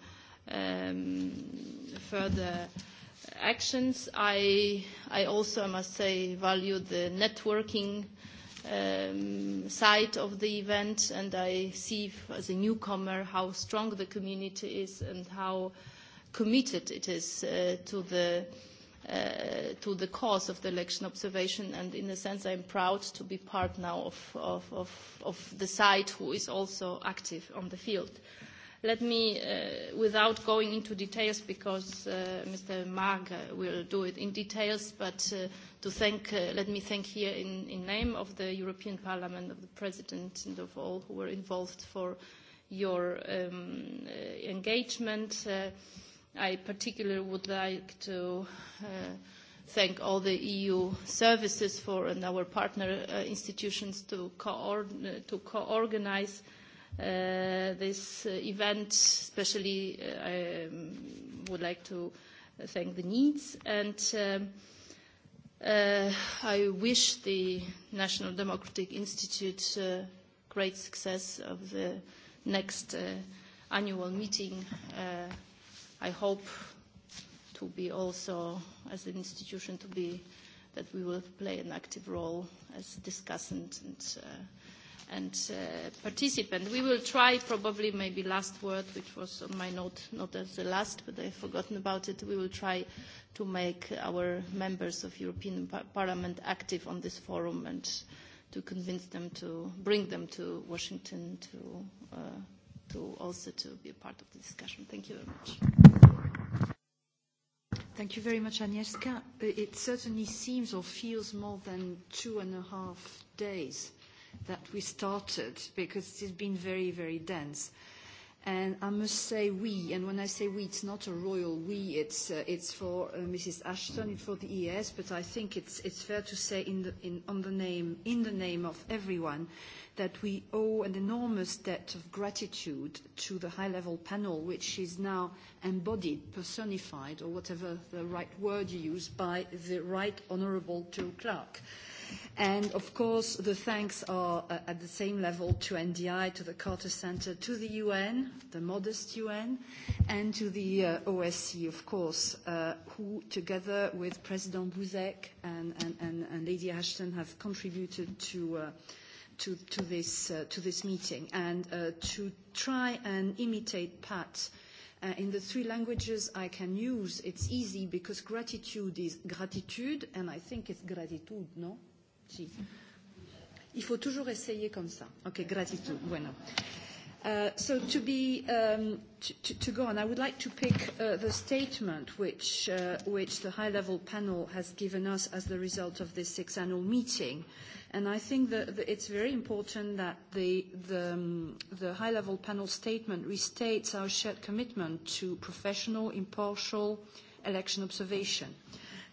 actions. I also, I must say, value the networking side of the event, and I see as a newcomer how strong the community is and how committed it is to the to the cause of the election observation and in a sense I am proud to be part now of the side who is also active on the field. Let me, without going into details, because Mr. Mag will do it in details, but to thank, let me thank here in name of the European Parliament, of the President, and of all who were involved for your engagement. I particularly would like to thank all the EU services for and our partner institutions to co-organize this event. Especially, I would like to thank the needs and I wish the National Democratic Institute great success of the next annual meeting. I hope to be also, as an institution, to be that we will play an active role as discussant and and participant. We will try probably maybe last word, which was on my note, not as the last, but I've forgotten about it. We will try to make our members of European Parliament active on this forum and to convince them to bring them to Washington to, to also to be a part of the discussion. Thank you very much. Thank you very much, Agnieszka. It certainly seems or feels more than two and a half days that we started because it has been very, very dense. And I must say we, and when I say we, it's not a royal we, it's, it's for Mrs. Ashton, it's for the ES, but I think it's, it's fair to say in the, in, on the name, in the name of everyone that we owe an enormous debt of gratitude to the high-level panel, which is now embodied, personified, or whatever the right word you use, by the Right Honourable Joe Clark And of course, the thanks are at the same level to NDI, to the Carter Center, to the UN, the modest UN, and to the OSCE, of course, who, together with President Buzek and Lady Ashton, have contributed to this meeting. And to try and imitate Pat in the three languages I can use, it's easy because gratitude is gratitude, and I think it's gratitude, no? Si. Il faut toujours essayer comme ça. Ok, gratitude. Bueno. So to be to go on, I would like to pick the statement which which the high-level panel has given us as the result of this six annual meeting, and I think that it's very important that the the high-level panel statement restates our shared commitment to professional, impartial election observation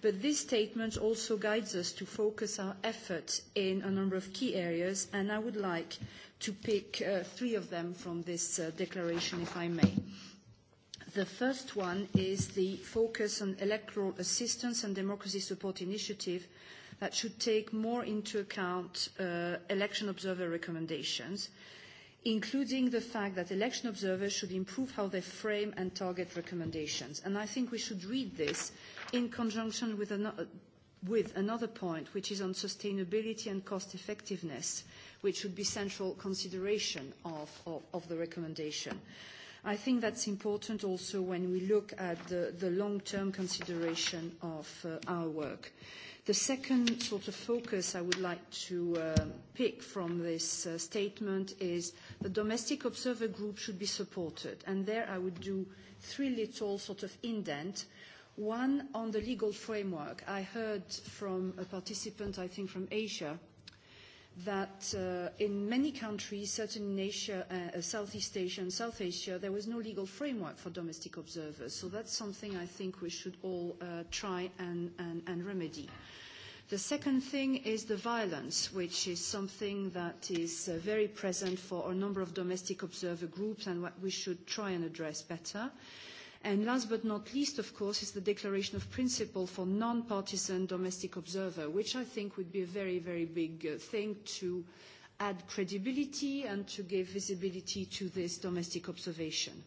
but this statement also guides us to focus our efforts in a number of key areas, and I would like to pick three of them from this declaration, if I may. The first one is the focus on electoral assistance and democracy support initiative that should take more into account election observer recommendations including the fact that election observers should improve how they frame and target recommendations. And I think we should read this in conjunction with another point, which is on sustainability and cost-effectiveness, which should be central consideration of the recommendation. I think that's important also when we look at the long-term consideration of our work. The second sort of focus I would like to pick from this statement is the domestic observer group should be supported. And there I would do three little sort of indent. One on the legal framework. I heard from a participant, I think from Asia, that in many countries, certain in Southeast Asia and South Asia, there was no legal framework for domestic observers. So that's something I think we should all try and remedy. The second thing is the violence, which is something that is very present for a number of domestic observer groups and what we should try and address better. And last but not least, of course, is the declaration of principle for non-partisan domestic observer, which I think would be a very, very big thing to add credibility and to give visibility to this domestic observation.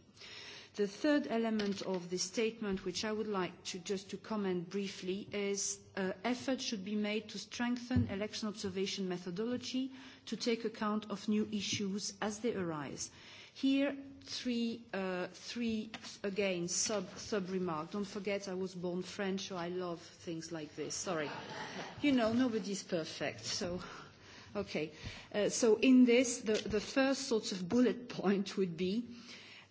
The third element of the statement, which I would like to just to comment briefly, is effort should be made to strengthen election observation methodology to take account of new issues as they arise. Here, three, three again, sub-remark. Don't forget I was born French, so I love things like this. Sorry. You know, nobody's perfect, so... Okay. So in this, the first sort of bullet point would be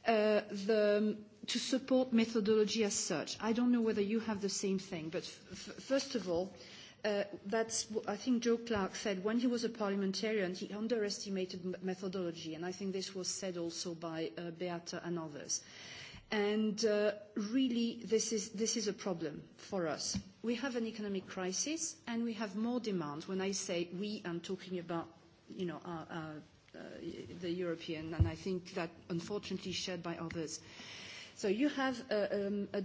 the to support methodology as such. I don't know whether you have the same thing, but first of all, that's, I think Joe Clark said, when he was a parliamentarian, he underestimated methodology, and I think this was said also by Beata and others. And really, this is a problem for us. We have an economic crisis, and we have more demand. When I say we, I'm talking about, you know, the European, and I think that, unfortunately, shared by others. So you have a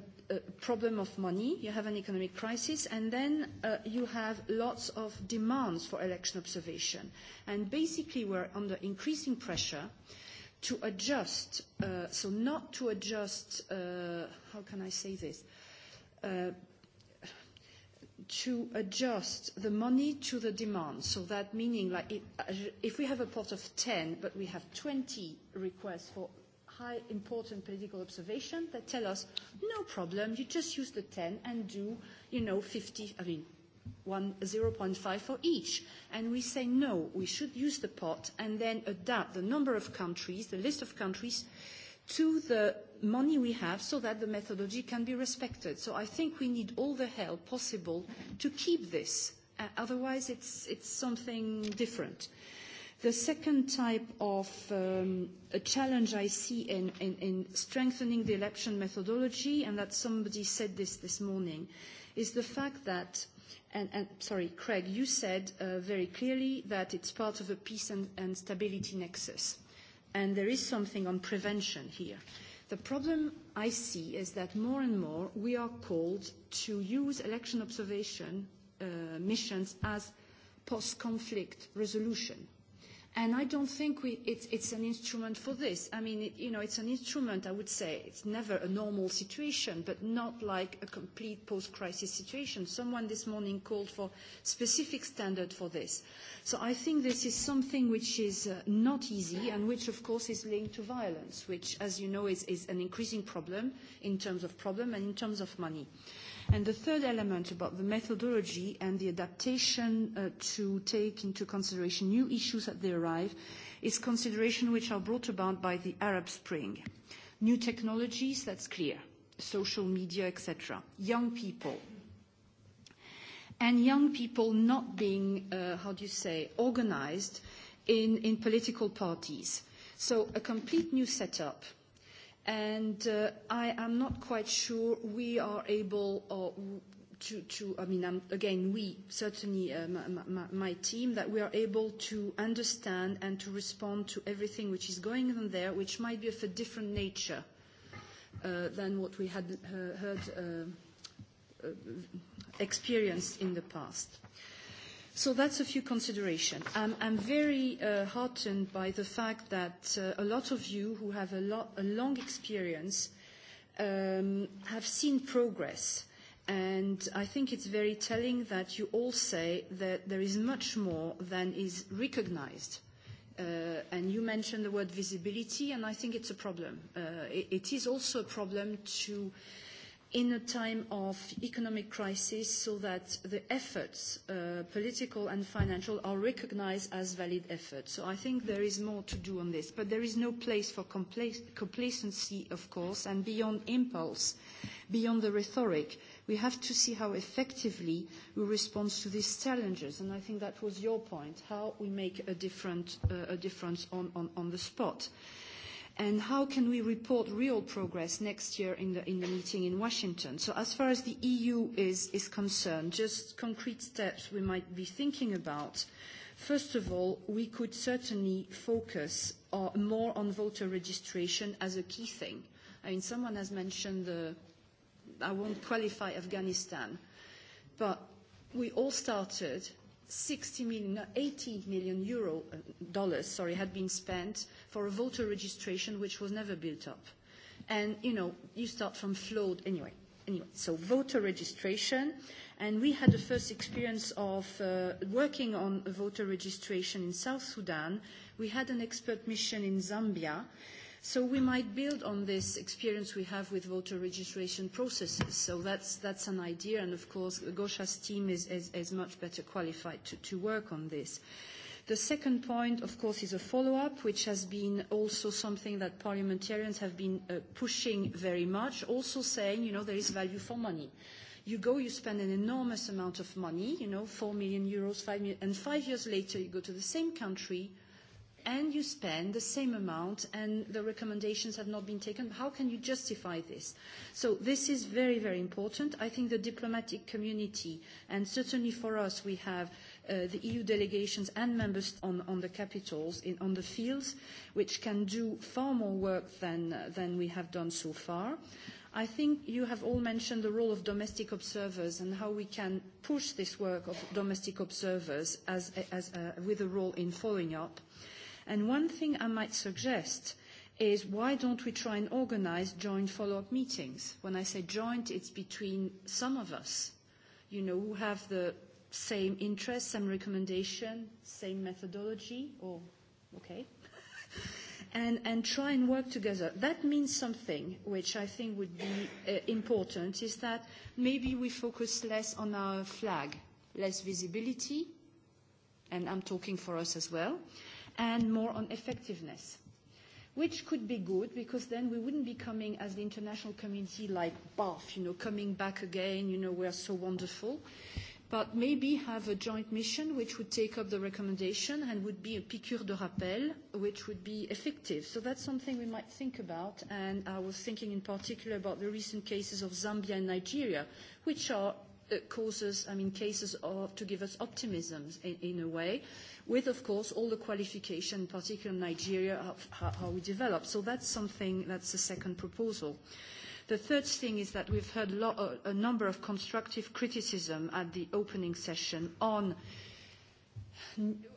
problem of money, you have an economic crisis, and then you have lots of demands for election observation. And basically we're under increasing pressure to adjust, so not to adjust, how can I say this, to adjust the money to the demand. So that meaning, like, if we have a pot of 10, but we have 20 requests for high important political observation that tell us, no problem, you just use the 10 and do, you know, 50, I mean, 0.5 for each. And we say, no, we should use the pot and then adapt the number of countries, the list of countries, to the money we have so that the methodology can be respected. So I think we need all the help possible to keep this. Otherwise, it's something different. The second type of challenge I see in strengthening the election methodology, and that somebody said this this morning, is the fact that, and sorry, Craig, you said very clearly that it's part of a peace and stability nexus. And there is something on prevention here. The problem I see is that more and more we are called to use election observation missions as post-conflict resolution And I don't think it's an instrument for this. I mean, you know, it's an instrument, I would say. It's never a normal situation, but not like a complete post-crisis situation. Someone this morning called for specific standard for this. So I think this is something which is not easy and which, of course, is linked to violence, which, as you know, is an increasing problem in terms of problem and in terms of money. And the third element about the methodology and the adaptation to take into consideration new issues that they arrive is consideration which are brought about by the Arab Spring. New technologies, that's clear, social media, etc. Young people. And young people not being, how do you say, organized in political parties. So a complete new setup and I am not quite sure we are able to, to I mean, again, we, certainly my team, that we are able to understand and to respond to everything which is going on there, which might be of a different nature than what we had heard experienced in the past. So that's a few considerations. I'm very heartened by the fact that a lot of you who have a long experience have seen progress. And I think it's very telling that you all say that there is much more than is recognized. And you mentioned the word visibility, and I think it's a problem. It is also a problem to in a time of economic crisis so that the efforts, political and financial, are recognized as valid efforts. So I think there is more to do on this. But there is no place for complacency, of course, and beyond impulse, beyond the rhetoric, we have to see how effectively we respond to these challenges. And I think that was your point, how we make a difference on the spot and how can we report real progress next year in the meeting in Washington. So as far as the EU is concerned, just concrete steps we might be thinking about. First of all, we could certainly focus more on voter registration as a key thing. I mean, someone has mentioned the, I won't qualify Afghanistan, but we all started 60 million, 80 million euro dollars, sorry, had been spent for a voter registration which was never built up. And, you know, you start from flawed anyway. Anyway, so voter registration, and we had the first experience of working on voter registration in South Sudan. We had an expert mission in Zambia So we might build on this experience we have with voter registration processes. So that's that's an idea, and of course Gosha's team is much better qualified to to work on this. The second point, of course, is a follow-up, which has been also something that parliamentarians have been pushing very much, also saying, you know, there is value for money. You go, you spend an enormous amount of money, you know, 4 million euros, 5 million, and five years later you go to the same country and you spend the same amount and the recommendations have not been taken. How can you justify this? So this is very, very important. I think the diplomatic community, and certainly for us, we have the EU delegations and members on the capitals, on the fields, which can do far more work than we have done so far. I think you have all mentioned the role of domestic observers and how we can push this work of domestic observers with a role in following up. And one thing I might suggest is why don't we try and organize joint follow-up meetings? When I say joint, it's between some of us, you know, who have the same interests, same recommendation, same methodology, or okay, and and try and work together. That means something which I think would be important is that maybe we focus less on our flag, less visibility, and I'm talking for us as well and more on effectiveness, which could be good because then we wouldn't be coming as the international community like BAF, you know, coming back again, you know, we are so wonderful, but maybe have a joint mission which would take up the recommendation and would be a piqûre de rappel, which would be effective. So that's something we might think about, and I was thinking in particular about the recent cases of Zambia and Nigeria, which are causes, I mean, cases to give us optimism in a way, with, of course, all the qualification, particularly Nigeria, how we develop. So that's something, that's the second proposal. The third thing is that we've heard a number of constructive criticism at the opening session on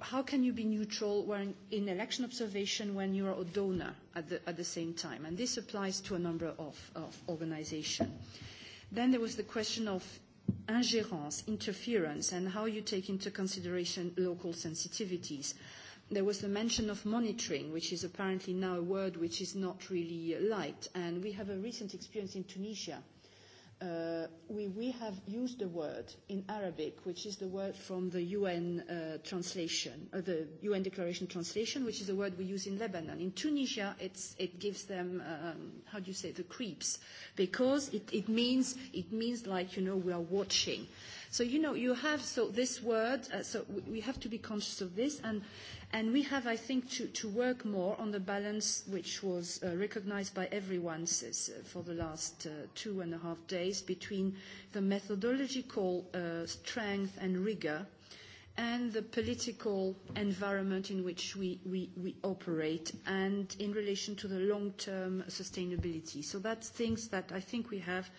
how can you be neutral when in election observation when you are a donor at the same time? And this applies to a number of organizations. Then there was the question of ingérence, interference, and how you take into consideration local sensitivities. There was the mention of monitoring, which is apparently now a word which is not really liked, and we have a recent experience in Tunisia we we have used the word in Arabic, which is the word from the UN translation, the UN Declaration translation, which is the word we use in Lebanon. In Tunisia, it's it gives them how do you say the creeps, because it it means it means like you know we are watching. So, you know, you have so this word, so we have to be conscious of this, and and we have, I think, to to work more on the balance which was recognized by everyone for the last two and a half days between the methodological strength and rigor and the political environment in which we we operate and in relation to the long term sustainability so that's things that i think we have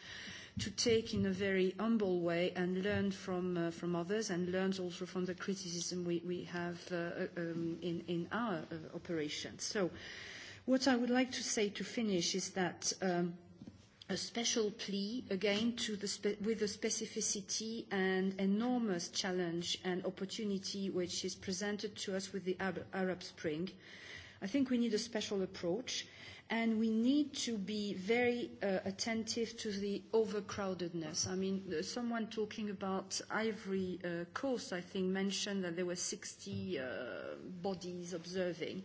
to take in a very humble way and learn from from others and learn also from the criticism we we have in in our operations. So what I would like to say to finish is that a special plea again to the with the specificity and enormous challenge and opportunity which is presented to us with the Arab Spring. I think we need a special approach and we need to be very attentive to the overcrowdedness. I mean, someone talking about Ivory Coast, I think, mentioned that there were 60 bodies observing.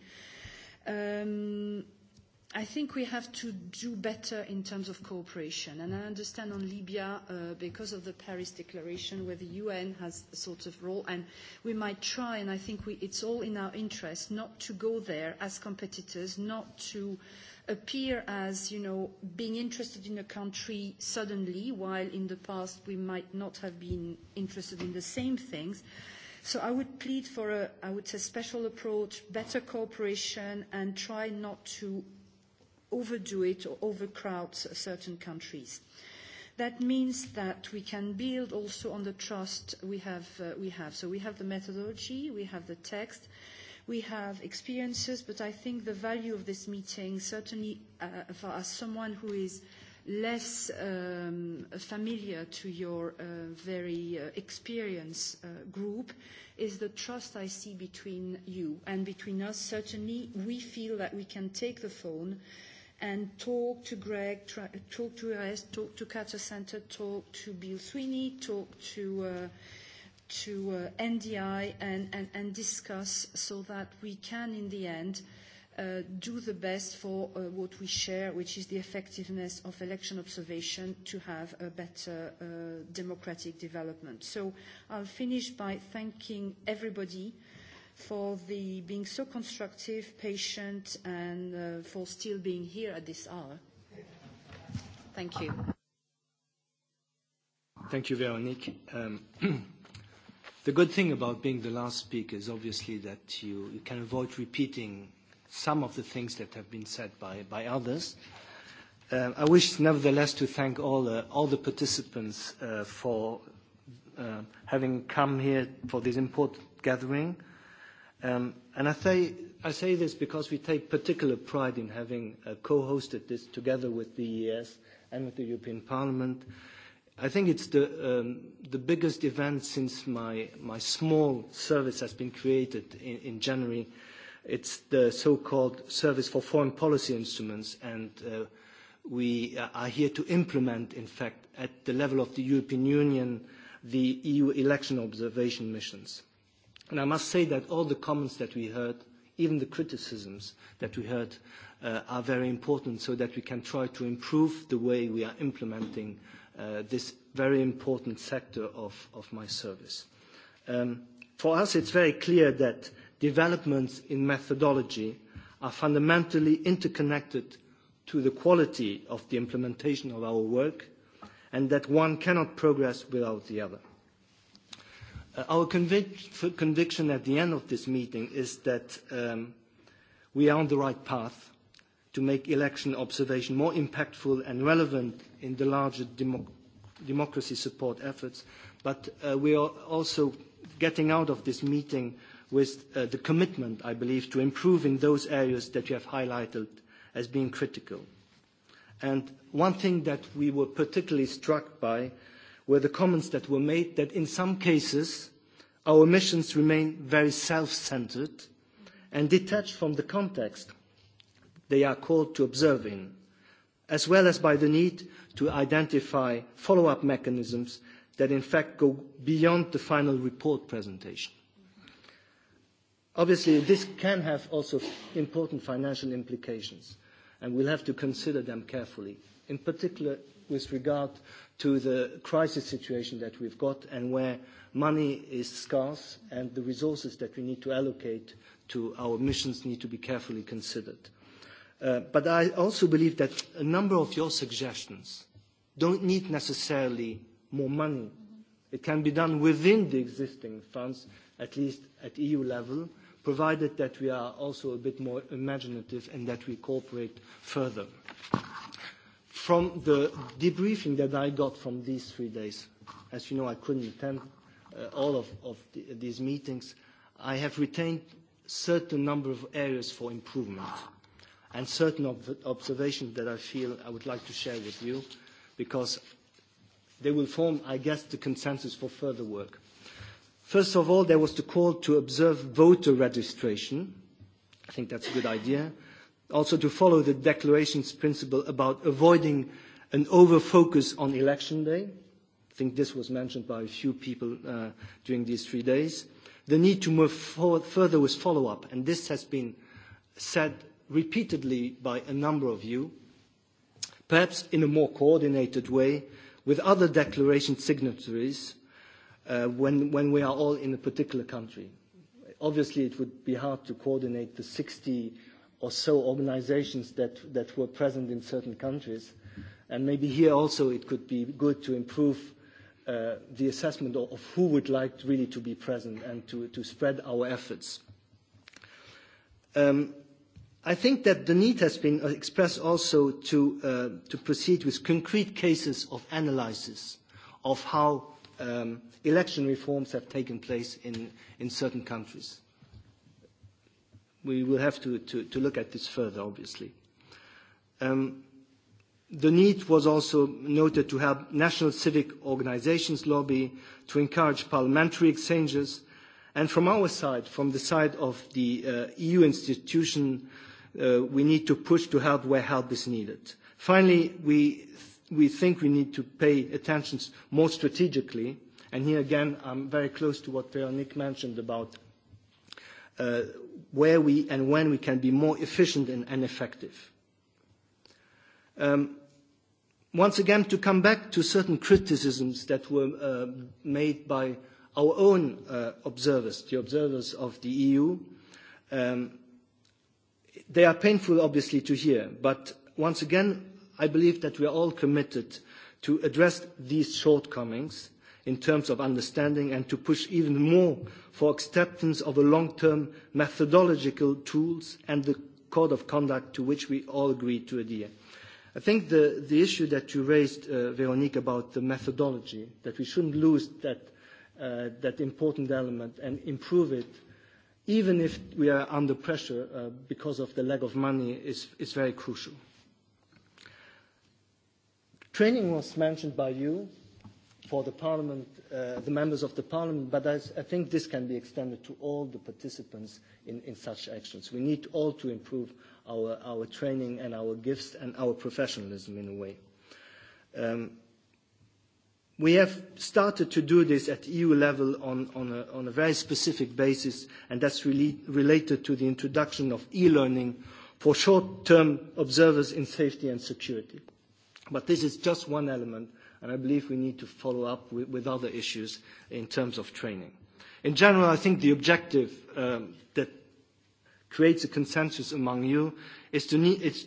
I think we have to do better in terms of cooperation. And I understand on Libya, because of the Paris Declaration, where the UN has a sort of role, and we might try, and I think it's all in our interest, not to go there as competitors, not to appear as, you know, being interested in a country suddenly, while in the past we might not have been interested in the same things. So I would plead for a, I would say, special approach, better cooperation, and try not to overdo it or overcrowd certain countries. That means that we can build also on the trust we have. So we have the methodology, we have the text, we have experiences, but I think the value of this meeting, certainly for someone who is less familiar to your very experienced group is the trust I see between you and between us. Certainly, we feel that we can take the phone and talk to Greg, talk to us, talk to Carter Center, talk to Bill Sweeney, talk to to NDI and and discuss so that we can in the end do the best for what we share, which is the effectiveness of election observation to have a better democratic development. So I'll finish by thanking everybody for the being so constructive, patient, and for still being here at this hour. Thank you. Thank you, Veronique. The good thing about being the last speaker is obviously that you can avoid repeating some of the things that have been said by by others. I wish, nevertheless, to thank all the participants for having come here for this important gathering. And I say this because we take particular pride in having co-hosted this together with the EES and with the European Parliament. I think it's the biggest event since my small service has been created in January. It's the so-called Service for Foreign Policy Instruments, and we are here to implement, in fact, at the level of the European Union, the EU election observation missions. And I must say that all the comments that we heard, even the criticisms that we heard, are very important so that we can try to improve the way we are implementing this very important sector of my service. For us, it's very clear that developments in methodology are fundamentally interconnected to the quality of the implementation of our work and that one cannot progress without the other. Our conviction at the end of this meeting is that we are on the right path to make election observation more impactful and relevant in the larger democracy support efforts, but we are also getting out of this meeting with the commitment, I believe, to improving those areas that you have highlighted as being critical. And one thing that we were particularly struck by were the comments that were made that in some cases our missions remain very self-centered and detached from the context they are called to observe in, as well as by the need to identify follow-up mechanisms that in fact go beyond the final report presentation. Obviously, this can have also important financial implications, and we'll have to consider them carefully, in particular with regard to the crisis situation that we've got and where money is scarce and the resources that we need to allocate to our missions need to be carefully considered. But I also believe that a number of your suggestions don't need necessarily more money. It can be done within the existing funds, at least at EU level, provided that we are also a bit more imaginative and that we cooperate further. From the debriefing that I got from these three days, as you know, I couldn't attend all of these meetings, I have retained certain number of areas for improvement and certain observations that I feel I would like to share with you because they will form, I guess, the consensus for further work. First of all, there was the call to observe voter registration. I think that's a good idea also to follow the declaration's principle about avoiding an over-focus on election day. I think this was mentioned by a few people during these three days. The need to move further with follow-up, and this has been said repeatedly by a number of you, perhaps in a more coordinated way with other declaration signatories when we are all in a particular country. Obviously, it would be hard to coordinate the 60 or so organizations that, that were present in certain countries. And maybe here also it could be good to improve the assessment of who would like really to be present and to, to spread our efforts. Um, I think that the need has been expressed also to, to proceed with concrete cases of analysis of how election reforms have taken place in, in certain countries we will have to to look at this further, obviously. The need was also noted to help national civic organisations lobby to encourage parliamentary exchanges, and from our side, from the side of the EU institution, we need to push to help where help is needed. Finally, we we think we need to pay attention more strategically, and here again, I'm very close to what Veronique mentioned about where we and when we can be more efficient and effective. Once again, to come back to certain criticisms that were made by our own observers, the observers of the EU, they are painful, obviously, to hear. But once again, I believe that we are all committed to address these shortcomings in terms of understanding and to push even more for acceptance of the long-term methodological tools and the code of conduct to which we all agree to adhere. I think the, the issue that you raised, Veronique, about the methodology, that we shouldn't lose that, that important element and improve it, even if we are under pressure because of the lack of money, is, is very crucial. Training was mentioned by you for the Parliament, the members of the Parliament, but I think this can be extended to all the participants in such actions. We need all to improve our training and our gifts and our professionalism in a way. We have started to do this at EU level on a very specific basis, and that's related to the introduction of e-learning for short-term observers in safety and security. But this is just one element and I believe we need to follow up with other issues in terms of training. In general, I think the objective that creates a consensus among you is the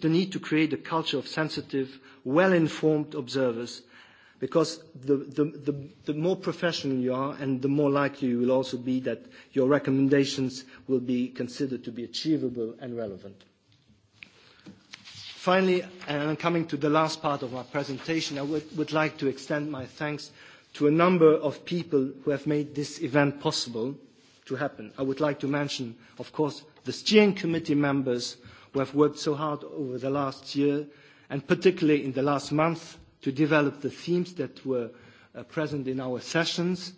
need to create a culture of sensitive, well-informed observers, because the more professional you are and the more likely you will also be that your recommendations will be considered to be achievable and relevant. Finally, and coming to the last part of my presentation, I would like to extend my thanks to a number of people who have made this event possible to happen. I would like to mention, of course, the steering committee members who have worked so hard over the last year and particularly in the last month to develop the themes that were present in our sessions.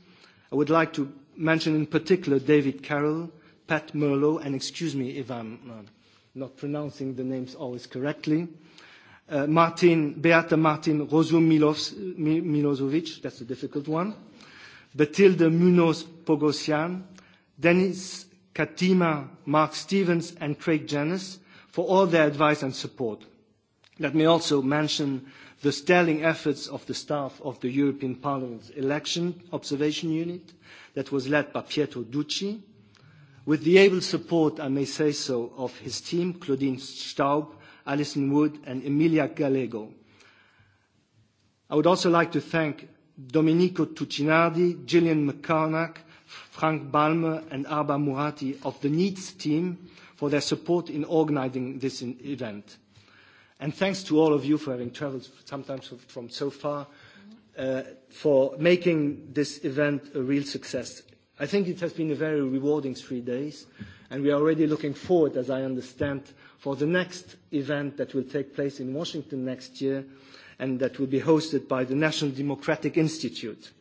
I would like to mention in particular David Carroll, Pat Merlot and excuse me if I'm not pronouncing the names always correctly. Martin, Beata Martin Rozum that's a difficult one. Batilde Munoz Pogosian, Denis Katima, Mark Stevens, and Craig Janis for all their advice and support. Let me also mention the sterling efforts of the staff of the European Parliament's Election Observation Unit that was led by Pietro Ducci, With the able support, I may say so, of his team, Claudine Staub, Alison Wood, and Emilia Gallego. I would also like to thank Domenico Tucinardi, Gillian McCarnack, Frank Balmer, and Arba Murati of the NEETs team for their support in organizing this event. And thanks to all of you for having traveled sometimes from so far for making this event a real success. I think it has been a very rewarding three days, and we are already looking forward, as I understand, for the next event that will take place in Washington next year and that will be hosted by the National Democratic Institute.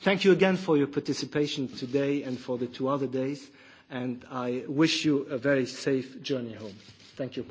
Thank you again for your participation today and for the two other days, and I wish you a very safe journey home. Thank you.